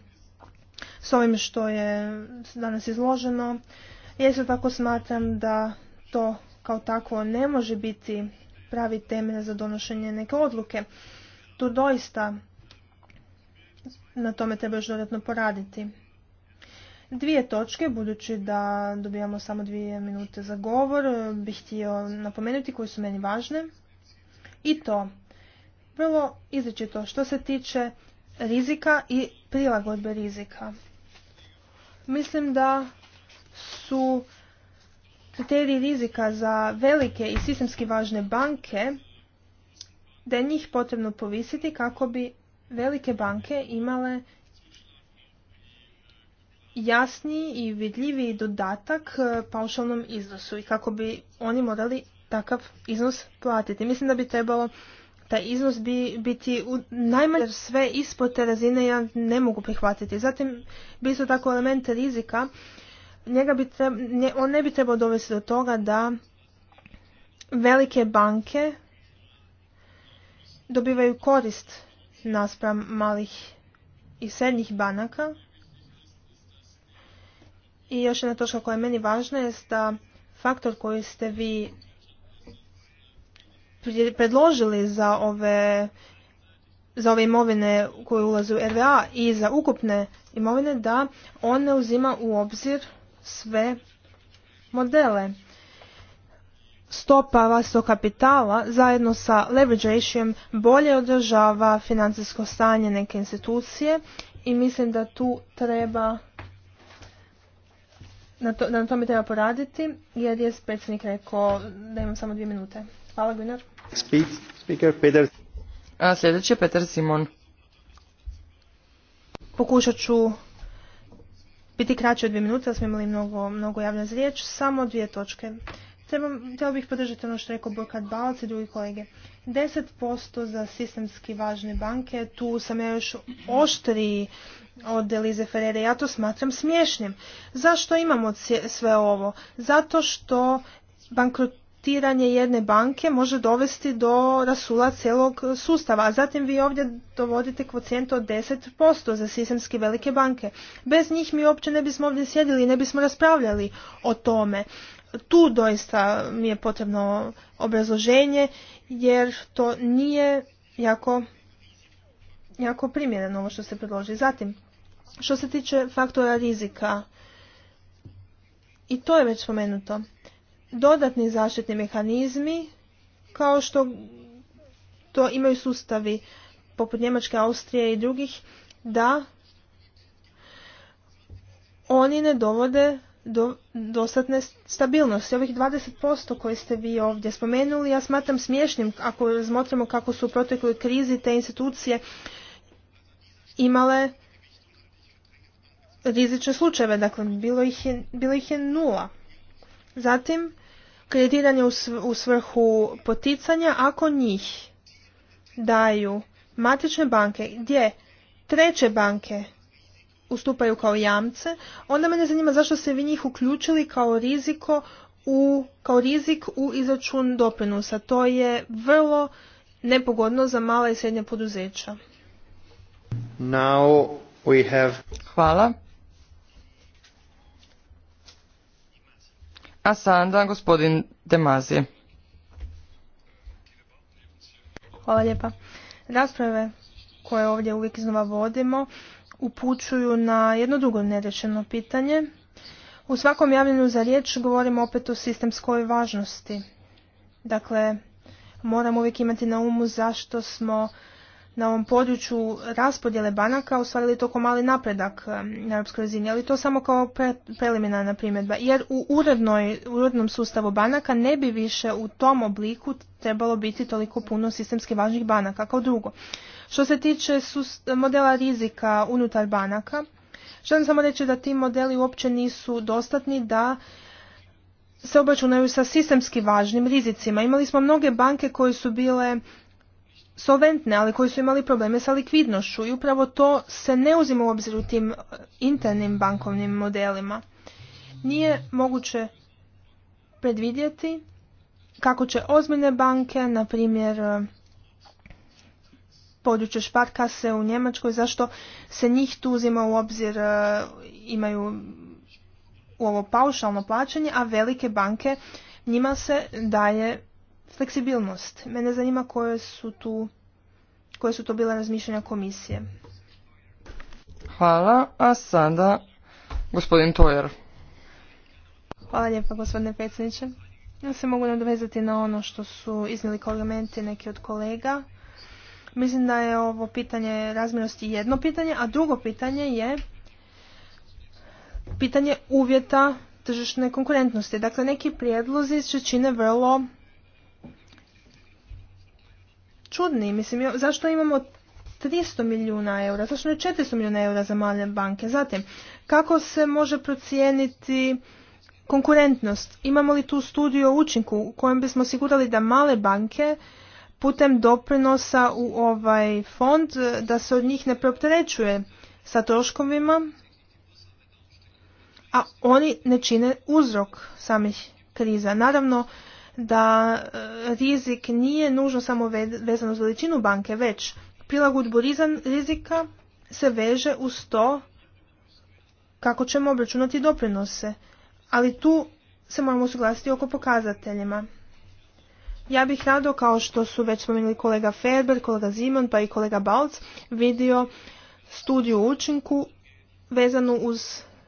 s ovim što je danas izloženo. Ja isto tako smatram da to kao takvo ne može biti pravi temelj za donošenje neke odluke. Tu doista na tome treba još dodatno poraditi. Dvije točke, budući da dobijamo samo dvije minute za govor, bih htio napomenuti koje su meni važne. I to, prvo izričito što se tiče rizika i prilagodbe rizika. Mislim da su kriteriji rizika za velike i sistemski važne banke da je njih potrebno povisiti kako bi velike banke imale jasniji i vidljiviji dodatak e, paušalnom iznosu i kako bi oni morali takav iznos platiti. Mislim da bi trebalo taj iznos bi biti u najmanje jer sve ispod te razine ja ne mogu prihvatiti. Zatim bi isto tako element rizika, njega bi on ne bi trebao dovesti do toga da velike banke dobivaju korist naspram malih i srednjih banaka. I još jedna točka koja je meni važna je da faktor koji ste vi predložili za ove za ove imovine koje ulaze u RVA i za ukupne imovine da on ne uzima u obzir sve modele stopa vlastnog kapitala zajedno sa leverage ratio bolje održava financijsko stanje neke institucije i mislim da tu treba na to, da na tome treba poraditi jer je predsjednik rekao da imam samo dvije minute. Hvala Gunnar. A sljedeći je Simon. Pokušat ću biti kraće od dvije minute, da smo imali mnogo, mnogo javlja za riječ. Samo dvije točke. Trebam, bih podržati ono što je rekao Burkhard Balac i drugi kolege. 10% za sistemski važne banke, tu sam ja još oštriji od Elize Ferrere, ja to smatram smiješnim. Zašto imamo sve ovo? Zato što bankrotiranje jedne banke može dovesti do rasula cijelog sustava, a zatim vi ovdje dovodite kvocijent od 10% za sistemski velike banke. Bez njih mi uopće ne bismo ovdje sjedili i ne bismo raspravljali o tome tu doista mi je potrebno obrazloženje jer to nije jako, jako primjereno ovo što se predloži. Zatim, što se tiče faktora rizika, i to je već spomenuto, dodatni zaštitni mehanizmi kao što to imaju sustavi poput Njemačke, Austrije i drugih, da oni ne dovode do, dostatne stabilnosti. Ovih 20% koje ste vi ovdje spomenuli, ja smatram smiješnim ako razmotrimo kako su u protekloj krizi te institucije imale rizične slučajeve, dakle bilo ih je, bilo ih je nula. Zatim, kreditiranje u svrhu poticanja, ako njih daju matične banke, gdje treće banke ustupaju kao jamce, onda mene zanima zašto ste vi njih uključili kao riziko u, kao rizik u izračun doprinosa. To je vrlo nepogodno za mala i srednja poduzeća. Now Hvala. A sada gospodin Demazije. Hvala lijepa. Rasprave koje ovdje uvijek iznova vodimo upućuju na jedno drugo nerečeno pitanje. U svakom javljenju za riječ govorimo opet o sistemskoj važnosti. Dakle, moramo uvijek imati na umu zašto smo na ovom području raspodjele banaka ostvarili toliko mali napredak na europskoj razini, ali to samo kao preliminarna primjedba. Jer u urednoj, urednom sustavu banaka ne bi više u tom obliku trebalo biti toliko puno sistemski važnih banaka kao drugo. Što se tiče modela rizika unutar banaka, želim samo reći da ti modeli uopće nisu dostatni da se obračunaju sa sistemski važnim rizicima. Imali smo mnoge banke koje su bile solventne, ali koje su imali probleme sa likvidnošću i upravo to se ne uzima u obzir u tim e, internim bankovnim modelima. Nije moguće predvidjeti kako će ozbiljne banke, na primjer e, područje se u Njemačkoj, zašto se njih tu uzima u obzir, e, imaju u ovo paušalno plaćanje, a velike banke njima se daje fleksibilnost. Mene zanima koje su tu koje su to bile razmišljanja komisije. Hvala, a sada gospodin Tojer. Hvala lijepa gospodine predsjedniče. Ja se mogu nadovezati na ono što su iznijeli kolegamente neki od kolega Mislim da je ovo pitanje razmjernosti jedno pitanje, a drugo pitanje je pitanje uvjeta tržišne konkurentnosti. Dakle, neki prijedlozi se čine vrlo čudni. Mislim, zašto imamo 300 milijuna eura, zašto je 400 milijuna eura za male banke? Zatim, kako se može procijeniti konkurentnost? Imamo li tu studiju o učinku u kojem bismo osigurali da male banke putem doprinosa u ovaj fond e, da se od njih ne preopterećuje sa troškovima, a oni ne čine uzrok samih kriza. Naravno da e, rizik nije nužno samo vezano za veličinu banke, već prilagodbu rizika se veže uz to kako ćemo obračunati doprinose. Ali tu se moramo suglasiti oko pokazateljima. Ja bih rado, kao što su već spomenuli kolega Ferber, kolega Zimon pa i kolega Balc, vidio studiju učinku vezanu uz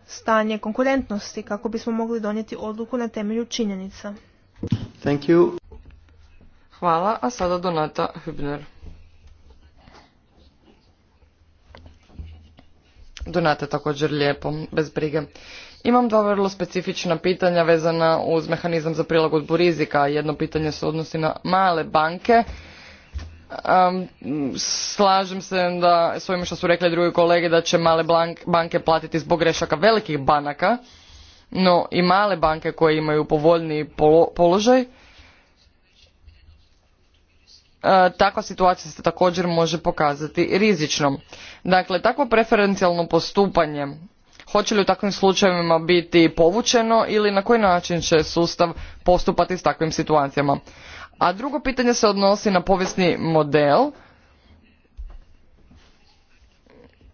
stanje konkurentnosti kako bismo mogli donijeti odluku na temelju činjenica. Thank you. Hvala, a sada Donata Hübner. Donata također lijepo, bez brige. Imam dva vrlo specifična pitanja vezana uz mehanizam za prilagodbu rizika. Jedno pitanje se odnosi na male banke. Um, slažem se da s ovim što su rekli drugi kolege da će male banke platiti zbog grešaka velikih banaka, no i male banke koje imaju povoljniji položaj. takva situacija se također može pokazati rizičnom. Dakle, takvo preferencijalno postupanje Hoće li u takvim slučajevima biti povučeno ili na koji način će sustav postupati s takvim situacijama? A drugo pitanje se odnosi na povijesni model.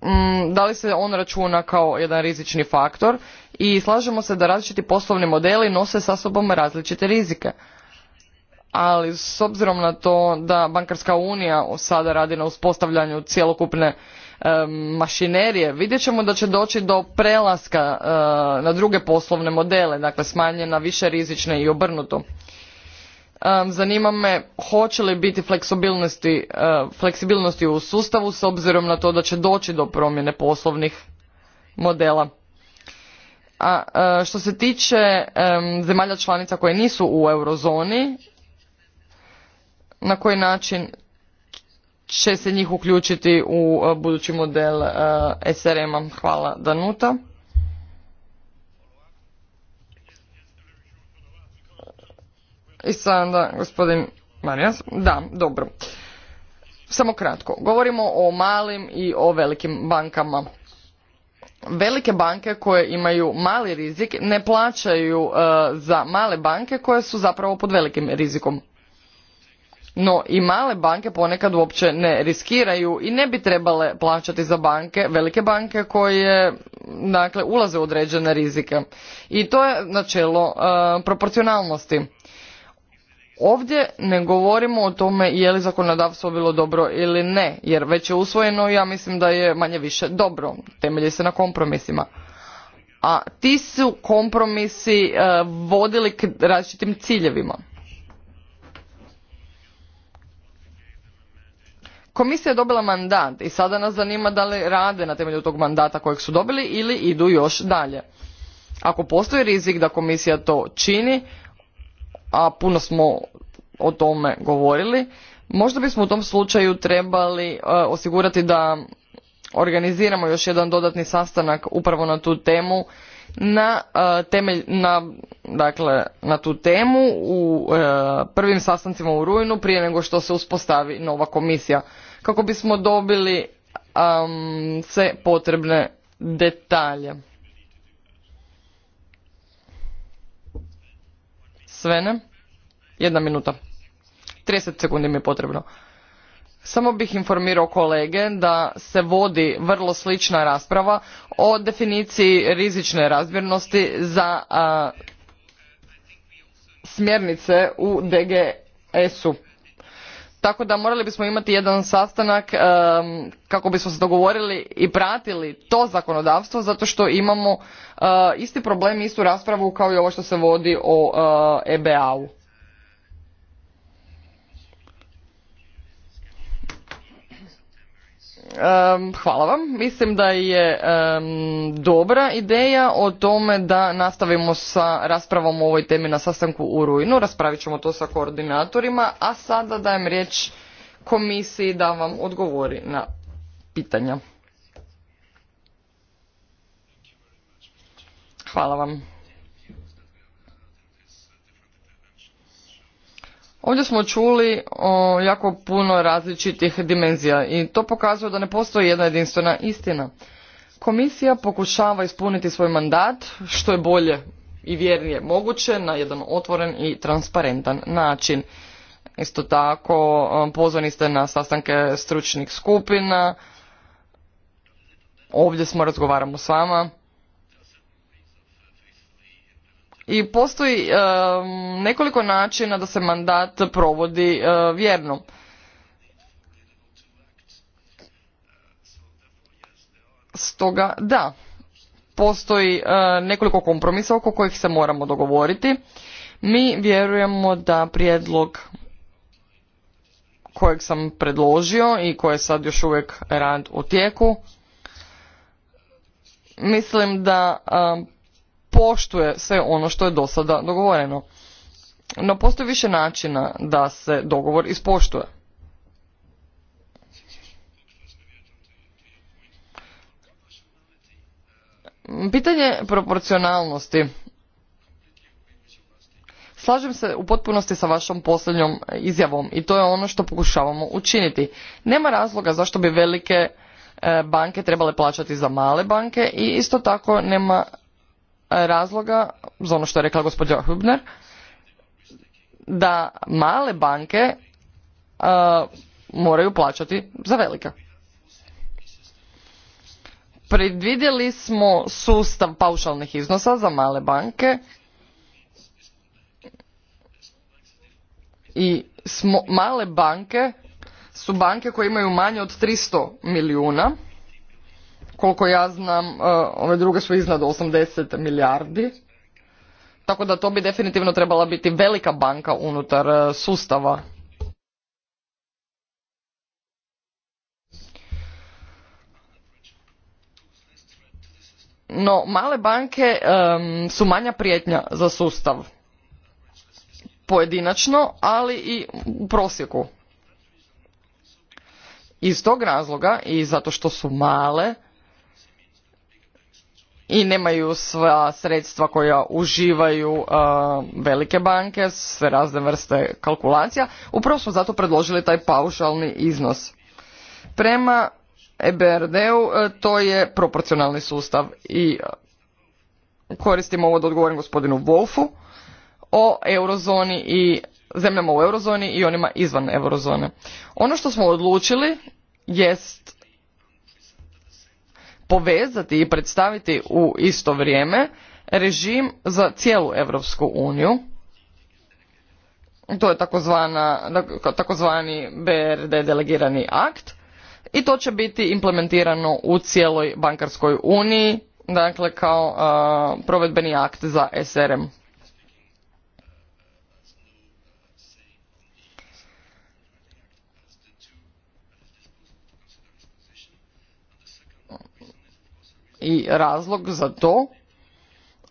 Mm, da li se on računa kao jedan rizični faktor i slažemo se da različiti poslovni modeli nose sa sobom različite rizike. Ali s obzirom na to da bankarska unija sada radi na uspostavljanju cjelokupne E, mašinerije, vidjet ćemo da će doći do prelaska e, na druge poslovne modele, dakle smanjena više rizične i obrnuto. E, zanima me hoće li biti fleksibilnosti, fleksibilnosti u sustavu s obzirom na to da će doći do promjene poslovnih modela. A što se tiče zemalja članica koje nisu u eurozoni, na koji način će se njih uključiti u e, budući model e, SRM-a. Hvala Danuta. I sada gospodin Marijas. Da, dobro. Samo kratko. Govorimo o malim i o velikim bankama. Velike banke koje imaju mali rizik ne plaćaju e, za male banke koje su zapravo pod velikim rizikom no i male banke ponekad uopće ne riskiraju i ne bi trebale plaćati za banke, velike banke koje dakle, ulaze u određene rizike. I to je načelo e, proporcionalnosti. Ovdje ne govorimo o tome je li zakonodavstvo bilo dobro ili ne, jer već je usvojeno i ja mislim da je manje više dobro, temelji se na kompromisima. A ti su kompromisi e, vodili k različitim ciljevima. Komisija je dobila mandat i sada nas zanima da li rade na temelju tog mandata kojeg su dobili ili idu još dalje. Ako postoji rizik da komisija to čini, a puno smo o tome govorili, možda bismo u tom slučaju trebali e, osigurati da organiziramo još jedan dodatni sastanak upravo na tu temu na e, na dakle na tu temu u e, prvim sastancima u rujnu prije nego što se uspostavi nova komisija kako bismo dobili um, sve potrebne detalje. ne? jedna minuta. 30 sekundi mi je potrebno. Samo bih informirao kolege da se vodi vrlo slična rasprava o definiciji rizične razmjernosti za smjernice u DGS-u tako da morali bismo imati jedan sastanak kako bismo se dogovorili i pratili to zakonodavstvo zato što imamo eh, isti problem istu raspravu kao i ovo što se vodi o EBA-u. Eh, e Hvala vam. Mislim da je dobra ideja o tome da nastavimo sa raspravom o ovoj temi na sastanku u rujnu. Raspravit ćemo to sa koordinatorima, a sada dajem riječ komisiji da vam odgovori na pitanja. Hvala vam. Ovdje smo čuli o jako puno različitih dimenzija i to pokazuje da ne postoji jedna jedinstvena istina. Komisija pokušava ispuniti svoj mandat što je bolje i vjernije moguće na jedan otvoren i transparentan način. Isto tako um, pozvani ste na sastanke stručnih skupina, ovdje smo razgovaramo s vama i postoji nekoliko načina da se mandat provodi vjerno stoga da postoji nekoliko kompromisa oko kojih se moramo dogovoriti mi vjerujemo da prijedlog kojeg sam predložio i koje je sad još uvijek rad u tijeku mislim da poštuje sve ono što je do sada dogovoreno. No postoji više načina da se dogovor ispoštuje. Pitanje proporcionalnosti. Slažem se u potpunosti sa vašom posljednjom izjavom i to je ono što pokušavamo učiniti. Nema razloga zašto bi velike e, banke trebale plaćati za male banke i isto tako nema razloga, za ono što je rekla gospođa Hübner, da male banke a, e, moraju plaćati za velika. Predvidjeli smo sustav paušalnih iznosa za male banke i male banke su banke koje imaju manje od 300 milijuna koliko ja znam, e, ove druge su iznad 80 milijardi. Tako da to bi definitivno trebala biti velika banka unutar e, sustava. No, male banke su manja prijetnja za sustav pojedinačno, ali i u prosjeku. Iz tog razloga i zato što su male, i nemaju sva sredstva koja uživaju uh, velike banke sve razne vrste kalkulacija. Upravo smo zato predložili taj paušalni iznos. Prema EBRD-u uh, to je proporcionalni sustav i uh, koristim ovo da odgovorim gospodinu Wolfu o eurozoni i zemljama u eurozoni i onima izvan eurozone. Ono što smo odlučili jest povezati i predstaviti u isto vrijeme režim za cijelu Europsku uniju. To je takozvani BRD delegirani akt i to će biti implementirano u cijeloj bankarskoj uniji, dakle kao provedbeni akt za SRM. i razlog za to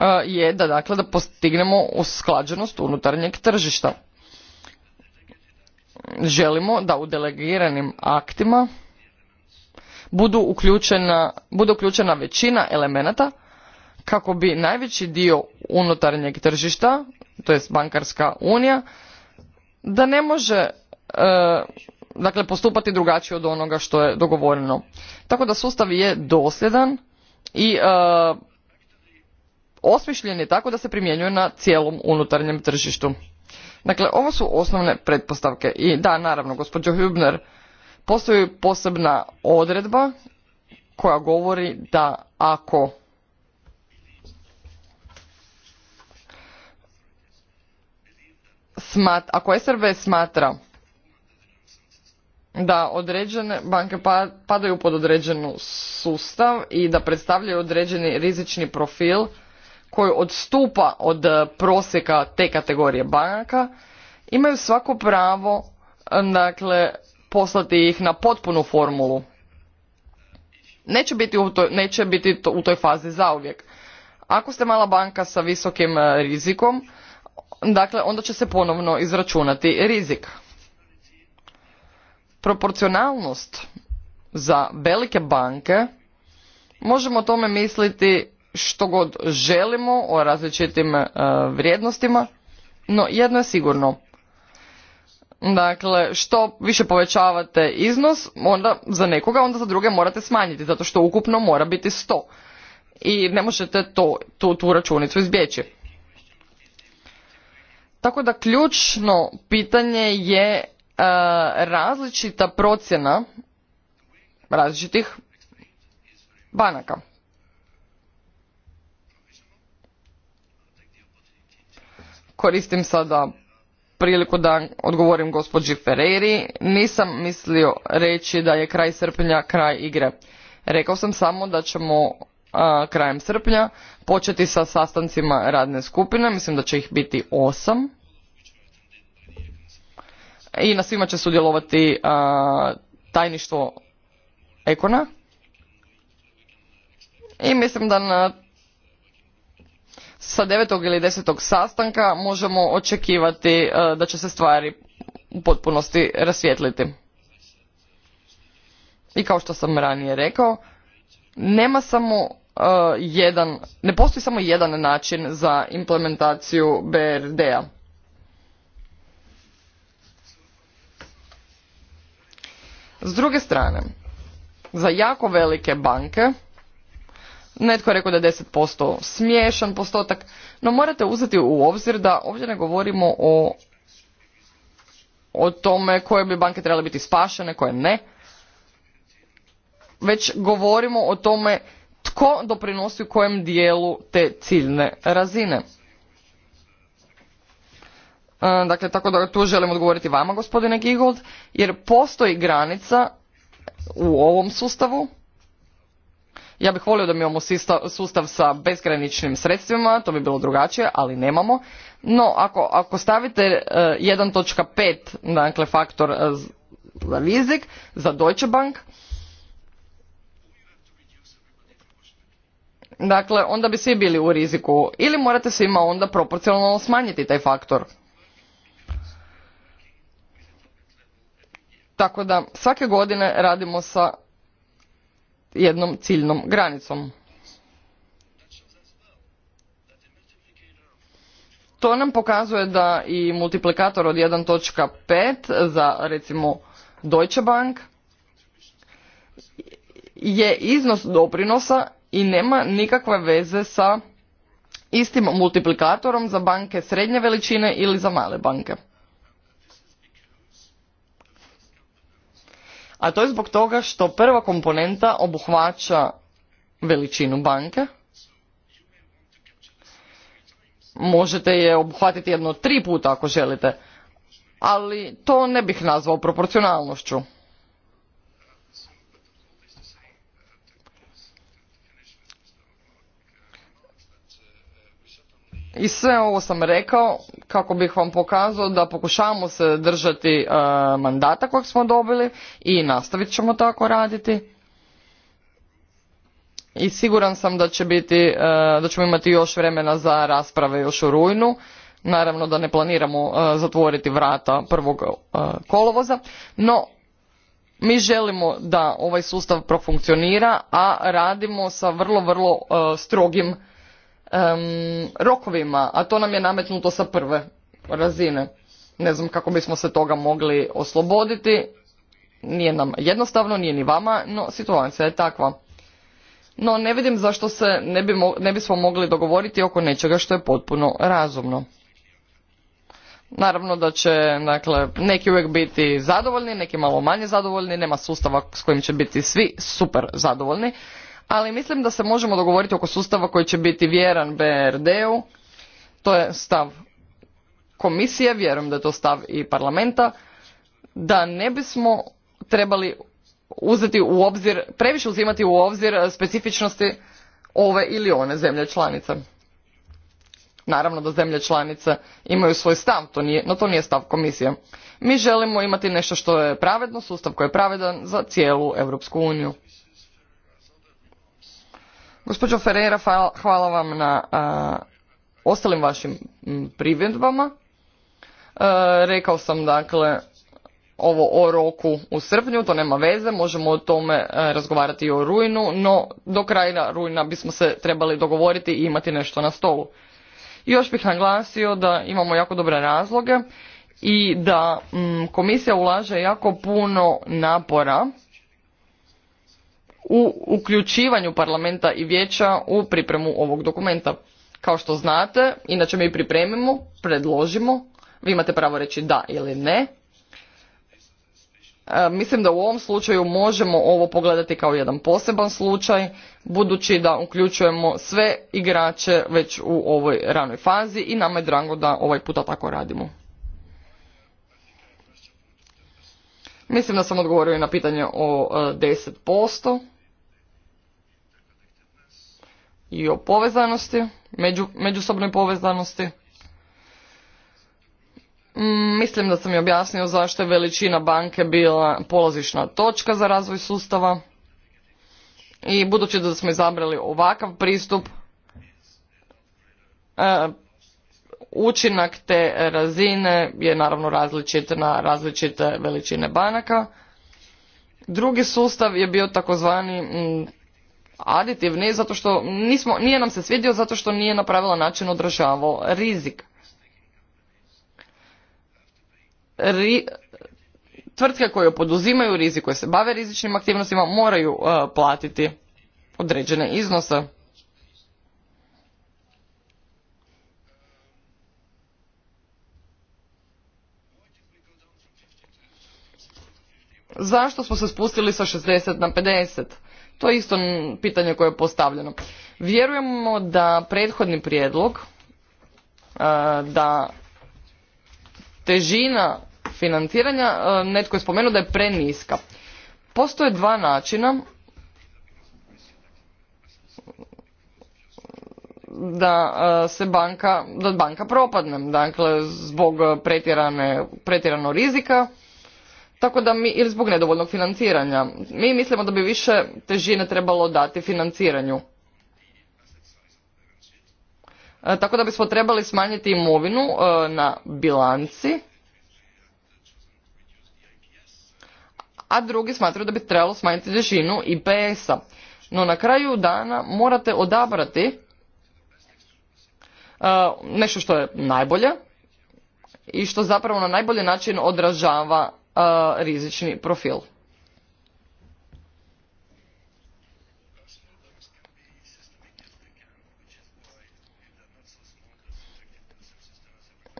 e, je da dakle da postignemo usklađenost unutarnjeg tržišta. Želimo da u delegiranim aktima budu uključena, bude uključena većina elemenata kako bi najveći dio unutarnjeg tržišta, to jest bankarska unija, da ne može e, dakle postupati drugačije od onoga što je dogovoreno. Tako da sustav je dosljedan i e, osmišljen je tako da se primjenjuje na cijelom unutarnjem tržištu. Dakle, ovo su osnovne pretpostavke. I da, naravno, gospođo Hübner, postoji posebna odredba koja govori da ako smat, ako smatra da određene banke pa, padaju pod određenu sustav i da predstavljaju određeni rizični profil koji odstupa od eh, prosjeka te kategorije banaka, imaju svako pravo eh, dakle, poslati ih na potpunu formulu. Neće biti u toj, neće biti to, u toj fazi zauvijek. Ako ste mala banka sa visokim eh, rizikom, dakle, onda će se ponovno izračunati rizik. Proporcionalnost za velike banke, možemo o tome misliti što god želimo, o različitim e, vrijednostima, no jedno je sigurno. Dakle, što više povećavate iznos, onda za nekoga, onda za druge morate smanjiti, zato što ukupno mora biti 100. I ne možete to, tu, tu računicu izbjeći. Tako da ključno pitanje je E, različita procjena različitih banaka. Koristim sada priliku da odgovorim gospođi Ferreri. Nisam mislio reći da je kraj srpnja kraj igre. Rekao sam samo da ćemo e, krajem srpnja početi sa sastancima radne skupine. Mislim da će ih biti osam i na svima će sudjelovati tajništvo Ekona. I mislim da na sa devetog ili desetog sastanka možemo očekivati da će se stvari u potpunosti rasvijetliti. I kao što sam ranije rekao, nema samo jedan, ne postoji samo jedan način za implementaciju BRD-a. S druge strane, za jako velike banke, netko je rekao da je 10% smiješan postotak, no morate uzeti u obzir da ovdje ne govorimo o, o tome koje bi banke trebale biti spašene, koje ne, već govorimo o tome tko doprinosi u kojem dijelu te ciljne razine. E, dakle, tako da tu želim odgovoriti vama, gospodine Gigold, jer postoji granica u ovom sustavu. Ja bih volio da mi imamo sustav sa bezgraničnim sredstvima, to bi bilo drugačije, ali nemamo. No, ako, ako stavite 1.5, e, dakle, faktor e, za rizik, za Deutsche Bank, Dakle, onda bi svi bili u riziku. Ili morate svima onda proporcionalno smanjiti taj faktor. Tako da svake godine radimo sa jednom ciljnom granicom. To nam pokazuje da i multiplikator od 1.5 za recimo Deutsche Bank je iznos doprinosa i nema nikakve veze sa istim multiplikatorom za banke srednje veličine ili za male banke. a to je zbog toga što prva komponenta obuhvaća veličinu banke. Možete je obuhvatiti jedno tri puta ako želite, ali to ne bih nazvao proporcionalnošću. I sve ovo sam rekao kako bih vam pokazao da pokušavamo se držati e, mandata kojeg smo dobili i nastavit ćemo tako raditi. I siguran sam da će biti, e, da ćemo imati još vremena za rasprave još u rujnu. Naravno da ne planiramo e, zatvoriti vrata prvog kolovoza, no mi želimo da ovaj sustav profunkcionira, a radimo sa vrlo, vrlo strogim um, rokovima, a to nam je nametnuto sa prve razine. Ne znam kako bismo se toga mogli osloboditi, nije nam jednostavno, nije ni vama, no situacija je takva. No ne vidim zašto se ne, bi ne bismo mogli dogovoriti oko nečega što je potpuno razumno. Naravno da će dakle, neki uvijek biti zadovoljni, neki malo manje zadovoljni, nema sustava s kojim će biti svi super zadovoljni, ali mislim da se možemo dogovoriti oko sustava koji će biti vjeran BRD-u. To je stav komisije, vjerujem da je to stav i parlamenta, da ne bismo trebali uzeti u obzir, previše uzimati u obzir specifičnosti ove ili one zemlje članice. Naravno da zemlje članice imaju svoj stav, to nije, no to nije stav komisije. Mi želimo imati nešto što je pravedno, sustav koji je pravedan za cijelu Europsku uniju. Gospođo Ferreira, hvala vam na ostalim vašim primjedbama. E, rekao sam dakle ovo o roku u srpnju, to nema veze, možemo o tome e, razgovarati i o rujnu, no do kraja rujna bismo se trebali dogovoriti i imati nešto na stolu. I još bih naglasio da imamo jako dobre razloge i da komisija ulaže jako puno napora u uključivanju parlamenta i vijeća u pripremu ovog dokumenta. Kao što znate, inače mi pripremimo, predložimo, vi imate pravo reći da ili ne. E, mislim da u ovom slučaju možemo ovo pogledati kao jedan poseban slučaj, budući da uključujemo sve igrače već u ovoj ranoj fazi i nama je drago da ovaj puta tako radimo. Mislim da sam odgovorio i na pitanje o 10%. E, i o povezanosti, među, međusobnoj povezanosti. Mm, mislim da sam i objasnio zašto je veličina banke bila polazišna točka za razvoj sustava. I budući da smo izabrali ovakav pristup, e, učinak te razine je naravno različit na različite veličine banaka. Drugi sustav je bio takozvani mm, aditivni zato što nismo, nije nam se svidio zato što nije na pravilan način odražavao rizik. Ri, tvrtke koje poduzimaju rizik, koje se bave rizičnim aktivnostima moraju e, platiti određene iznose. Zašto smo se spustili sa 60 na 50? To je isto pitanje koje je postavljeno. Vjerujemo da prethodni prijedlog, e, da težina financiranja, e, netko je spomenuo da je preniska. Postoje dva načina da e, se banka, da banka propadne, dakle zbog pretjerane, pretjerano rizika tako da mi, ili zbog nedovoljnog financiranja. Mi mislimo da bi više težine trebalo dati financiranju. E, tako da bismo trebali smanjiti imovinu e, na bilanci, a drugi smatraju da bi trebalo smanjiti težinu IPS-a. No na kraju dana morate odabrati e, nešto što je najbolje i što zapravo na najbolji način odražava rizični profil.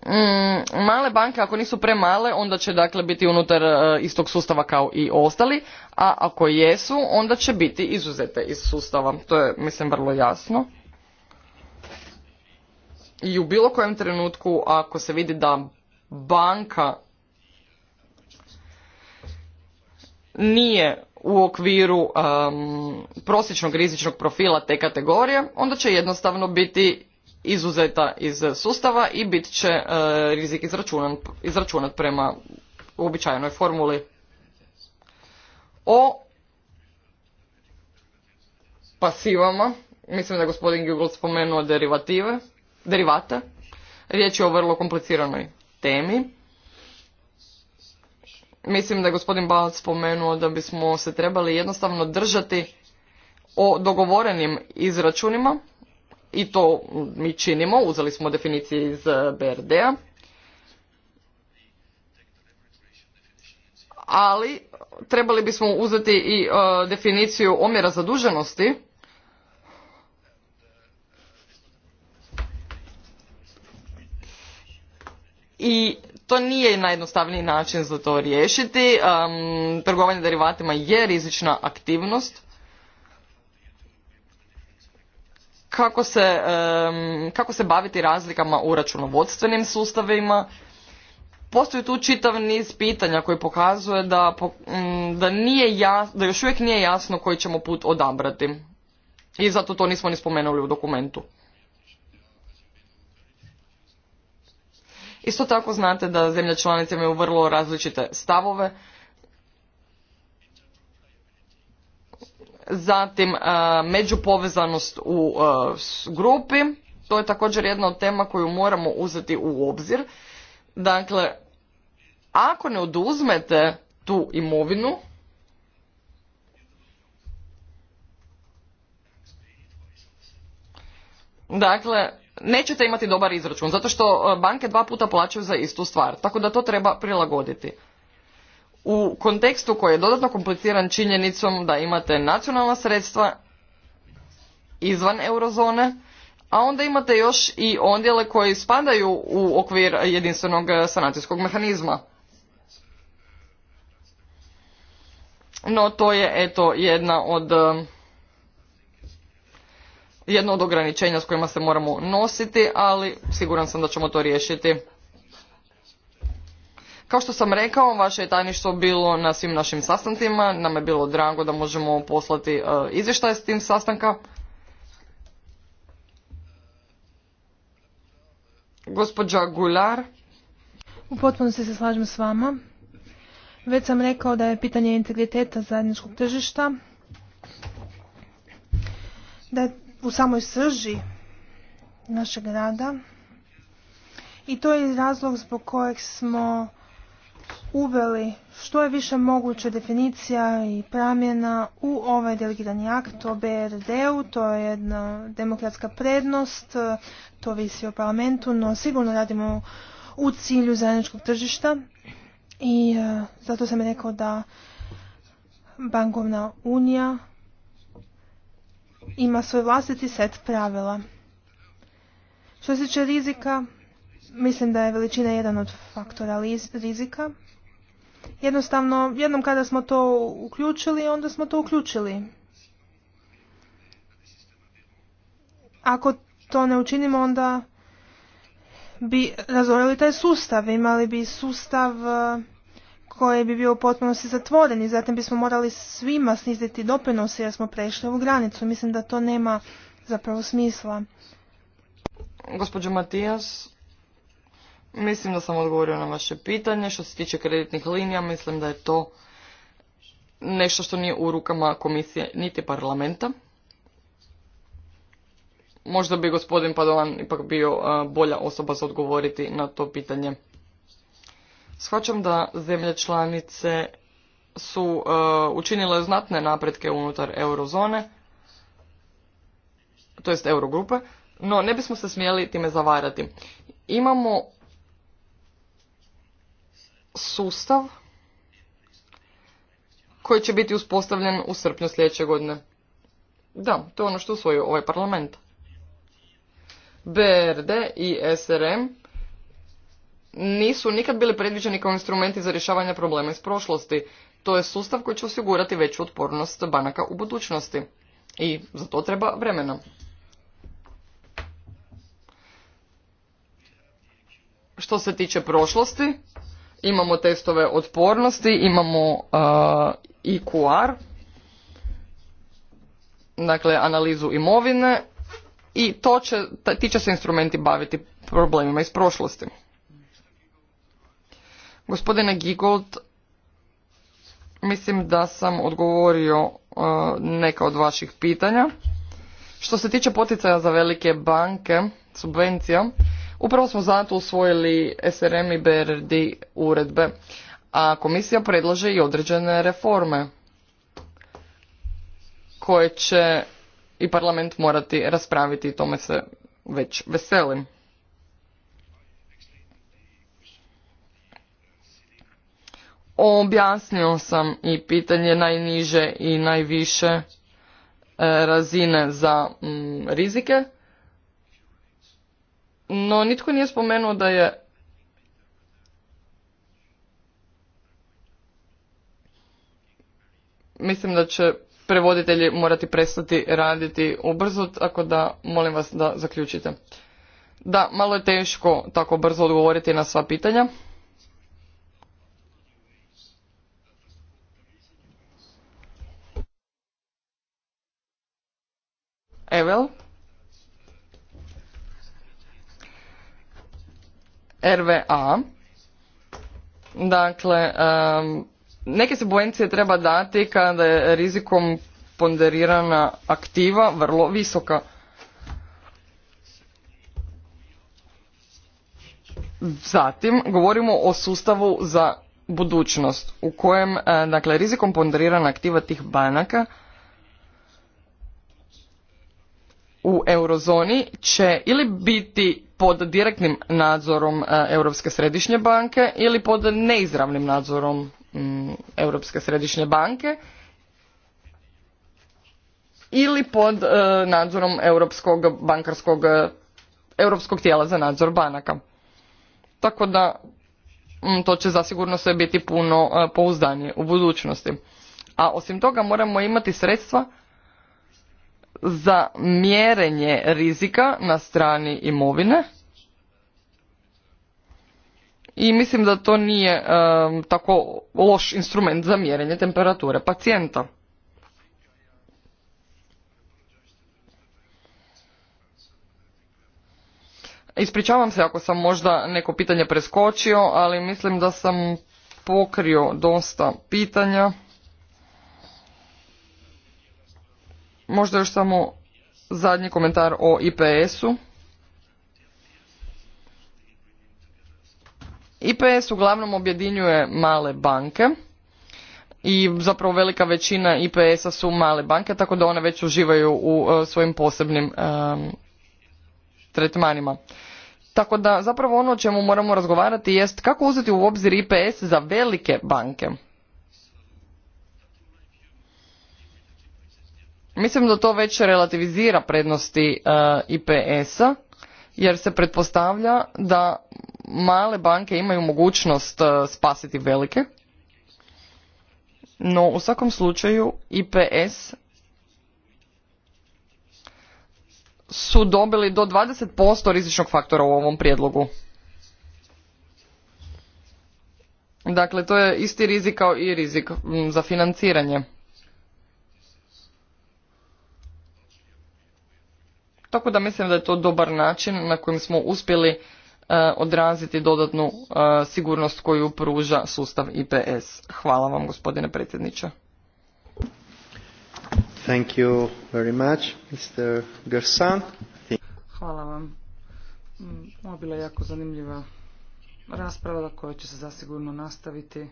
Mm, male banke ako nisu premale onda će dakle biti unutar e, istog sustava kao i ostali a ako jesu onda će biti izuzete iz sustava to je mislim vrlo jasno i u bilo kojem trenutku ako se vidi da banka nije u okviru um, prosječnog rizičnog profila te kategorije, onda će jednostavno biti izuzeta iz sustava i bit će uh, rizik izračunat prema uobičajenoj formuli. O pasivama, mislim da je gospodin Google spomenuo derivative, derivate, riječ je o vrlo kompliciranoj temi Mislim da je gospodin Balac spomenuo da bismo se trebali jednostavno držati o dogovorenim izračunima i to mi činimo, uzeli smo definiciju iz eh, BRD-a. Ali trebali bismo uzeti i eh, definiciju omjera zaduženosti. I to nije najjednostavniji način za to riješiti. Um, trgovanje derivatima je rizična aktivnost. Kako se, kako se baviti razlikama u računovodstvenim sustavima? Postoji tu čitav niz pitanja koji pokazuje da, da, nije jas, da još uvijek nije jasno koji ćemo put odabrati. I zato to nismo ni spomenuli u dokumentu. Isto tako znate da zemlje članice imaju vrlo različite stavove. Zatim e, međupovezanost u e, grupi, to je također jedna od tema koju moramo uzeti u obzir. Dakle, ako ne oduzmete tu imovinu, dakle, nećete imati dobar izračun, zato što e, banke dva puta plaćaju za istu stvar, tako da to treba prilagoditi. U kontekstu koji je dodatno kompliciran činjenicom da imate nacionalna sredstva izvan eurozone, a onda imate još i ondjele koji spadaju u okvir jedinstvenog e, sanacijskog mehanizma. No to je eto jedna od e, jedno od ograničenja s kojima se moramo nositi, ali siguran sam da ćemo to riješiti. Kao što sam rekao, vaše je tajništvo bilo na svim našim sastancima. Nam je bilo drago da možemo poslati e, izvještaj s tim sastanka. Gospođa Gular. U potpunosti se slažem s vama. Već sam rekao da je pitanje integriteta zajedničkog tržišta da je u samoj srži našeg rada i to je razlog zbog kojeg smo uveli što je više moguće definicija i pramjena u ovaj delegirani akt o BRD-u. To je jedna demokratska prednost, to visi o parlamentu, no sigurno radimo u cilju zajedničkog tržišta i e, zato sam rekao da bankovna unija ima svoj vlastiti set pravila. Što se tiče rizika, mislim da je veličina jedan od faktora rizika. Jednostavno, jednom kada smo to uključili, onda smo to uključili. Ako to ne učinimo, onda bi razvojili taj sustav. Imali bi sustav koji bi bio potpuno potpunosti zatvoren i zatim bismo morali svima sniziti doprinose jer smo prešli ovu granicu. Mislim da to nema zapravo smisla. Gospođo Matijas, mislim da sam odgovorio na vaše pitanje. Što se tiče kreditnih linija, mislim da je to nešto što nije u rukama komisije niti parlamenta. Možda bi gospodin Padovan ipak bio bolja osoba za odgovoriti na to pitanje. Shvaćam da zemlje članice su e, učinile znatne napretke unutar eurozone, to jest eurogrupe, no ne bismo se smjeli time zavarati. Imamo sustav koji će biti uspostavljen u srpnju sljedeće godine. Da, to je ono što usvojio ovaj parlament. BRD i SRM nisu nikad bili predviđeni kao instrumenti za rješavanje problema iz prošlosti. To je sustav koji će osigurati veću otpornost banaka u budućnosti. I za to treba vremena. Što se tiče prošlosti, imamo testove otpornosti, imamo IQR, e dakle analizu imovine i to ti će se instrumenti baviti problemima iz prošlosti. Gospodine Gigold, mislim da sam odgovorio e, neka od vaših pitanja. Što se tiče poticaja za velike banke, subvencija, upravo smo zato usvojili SRM i BRD uredbe, a komisija predlaže i određene reforme koje će i parlament morati raspraviti i tome se već veselim. Objasnio sam i pitanje najniže i najviše e, razine za mm, rizike, no nitko nije spomenuo da je mislim da će prevoditelji morati prestati raditi ubrzo, tako da molim vas da zaključite. Da, malo je teško tako brzo odgovoriti na sva pitanja. Evel. RVA. Dakle, neke subvencije treba dati kada je rizikom ponderirana aktiva vrlo visoka. Zatim, govorimo o sustavu za budućnost u kojem dakle, rizikom ponderirana aktiva tih banaka u eurozoni će ili biti pod direktnim nadzorom e, Europske središnje banke ili pod neizravnim nadzorom mm, Europske središnje banke ili pod e, nadzorom Europskog bankarskog e, europskog tijela za nadzor banaka. Tako da mm, to će zasigurno sve biti puno pouzdanije u budućnosti. A osim toga moramo imati sredstva za mjerenje rizika na strani imovine i mislim da to nije tako loš instrument za mjerenje temperature pacijenta. Ispričavam se ako sam možda neko pitanje preskočio, ali mislim da sam pokrio dosta pitanja. Možda još samo zadnji komentar o IPS-u. IPS uglavnom objedinjuje male banke i zapravo velika većina IPS-a su male banke, tako da one već uživaju u e, svojim posebnim e, tretmanima. Tako da zapravo ono o čemu moramo razgovarati jest kako uzeti u obzir IPS za velike banke. Mislim da to već relativizira prednosti e, IPS-a jer se pretpostavlja da male banke imaju mogućnost e, spasiti velike. No u svakom slučaju IPS su dobili do 20% rizičnog faktora u ovom prijedlogu. Dakle, to je isti rizik kao i rizik za financiranje. Tako da mislim da je to dobar način na kojem smo uspjeli e, odraziti dodatnu e, sigurnost koju pruža sustav IPS. Hvala vam gospodine predsjedniče. Thank you Hvala vam. Mm, ovo je bila jako zanimljiva rasprava koja će se zasigurno nastaviti.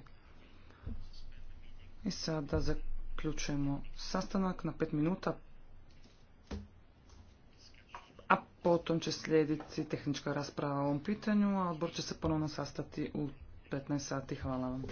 I sada zaključujemo sastanak na pet minuta a potom će slijediti tehnička rasprava o ovom pitanju, a odbor će se ponovno sastati u 15 sati. Hvala vam.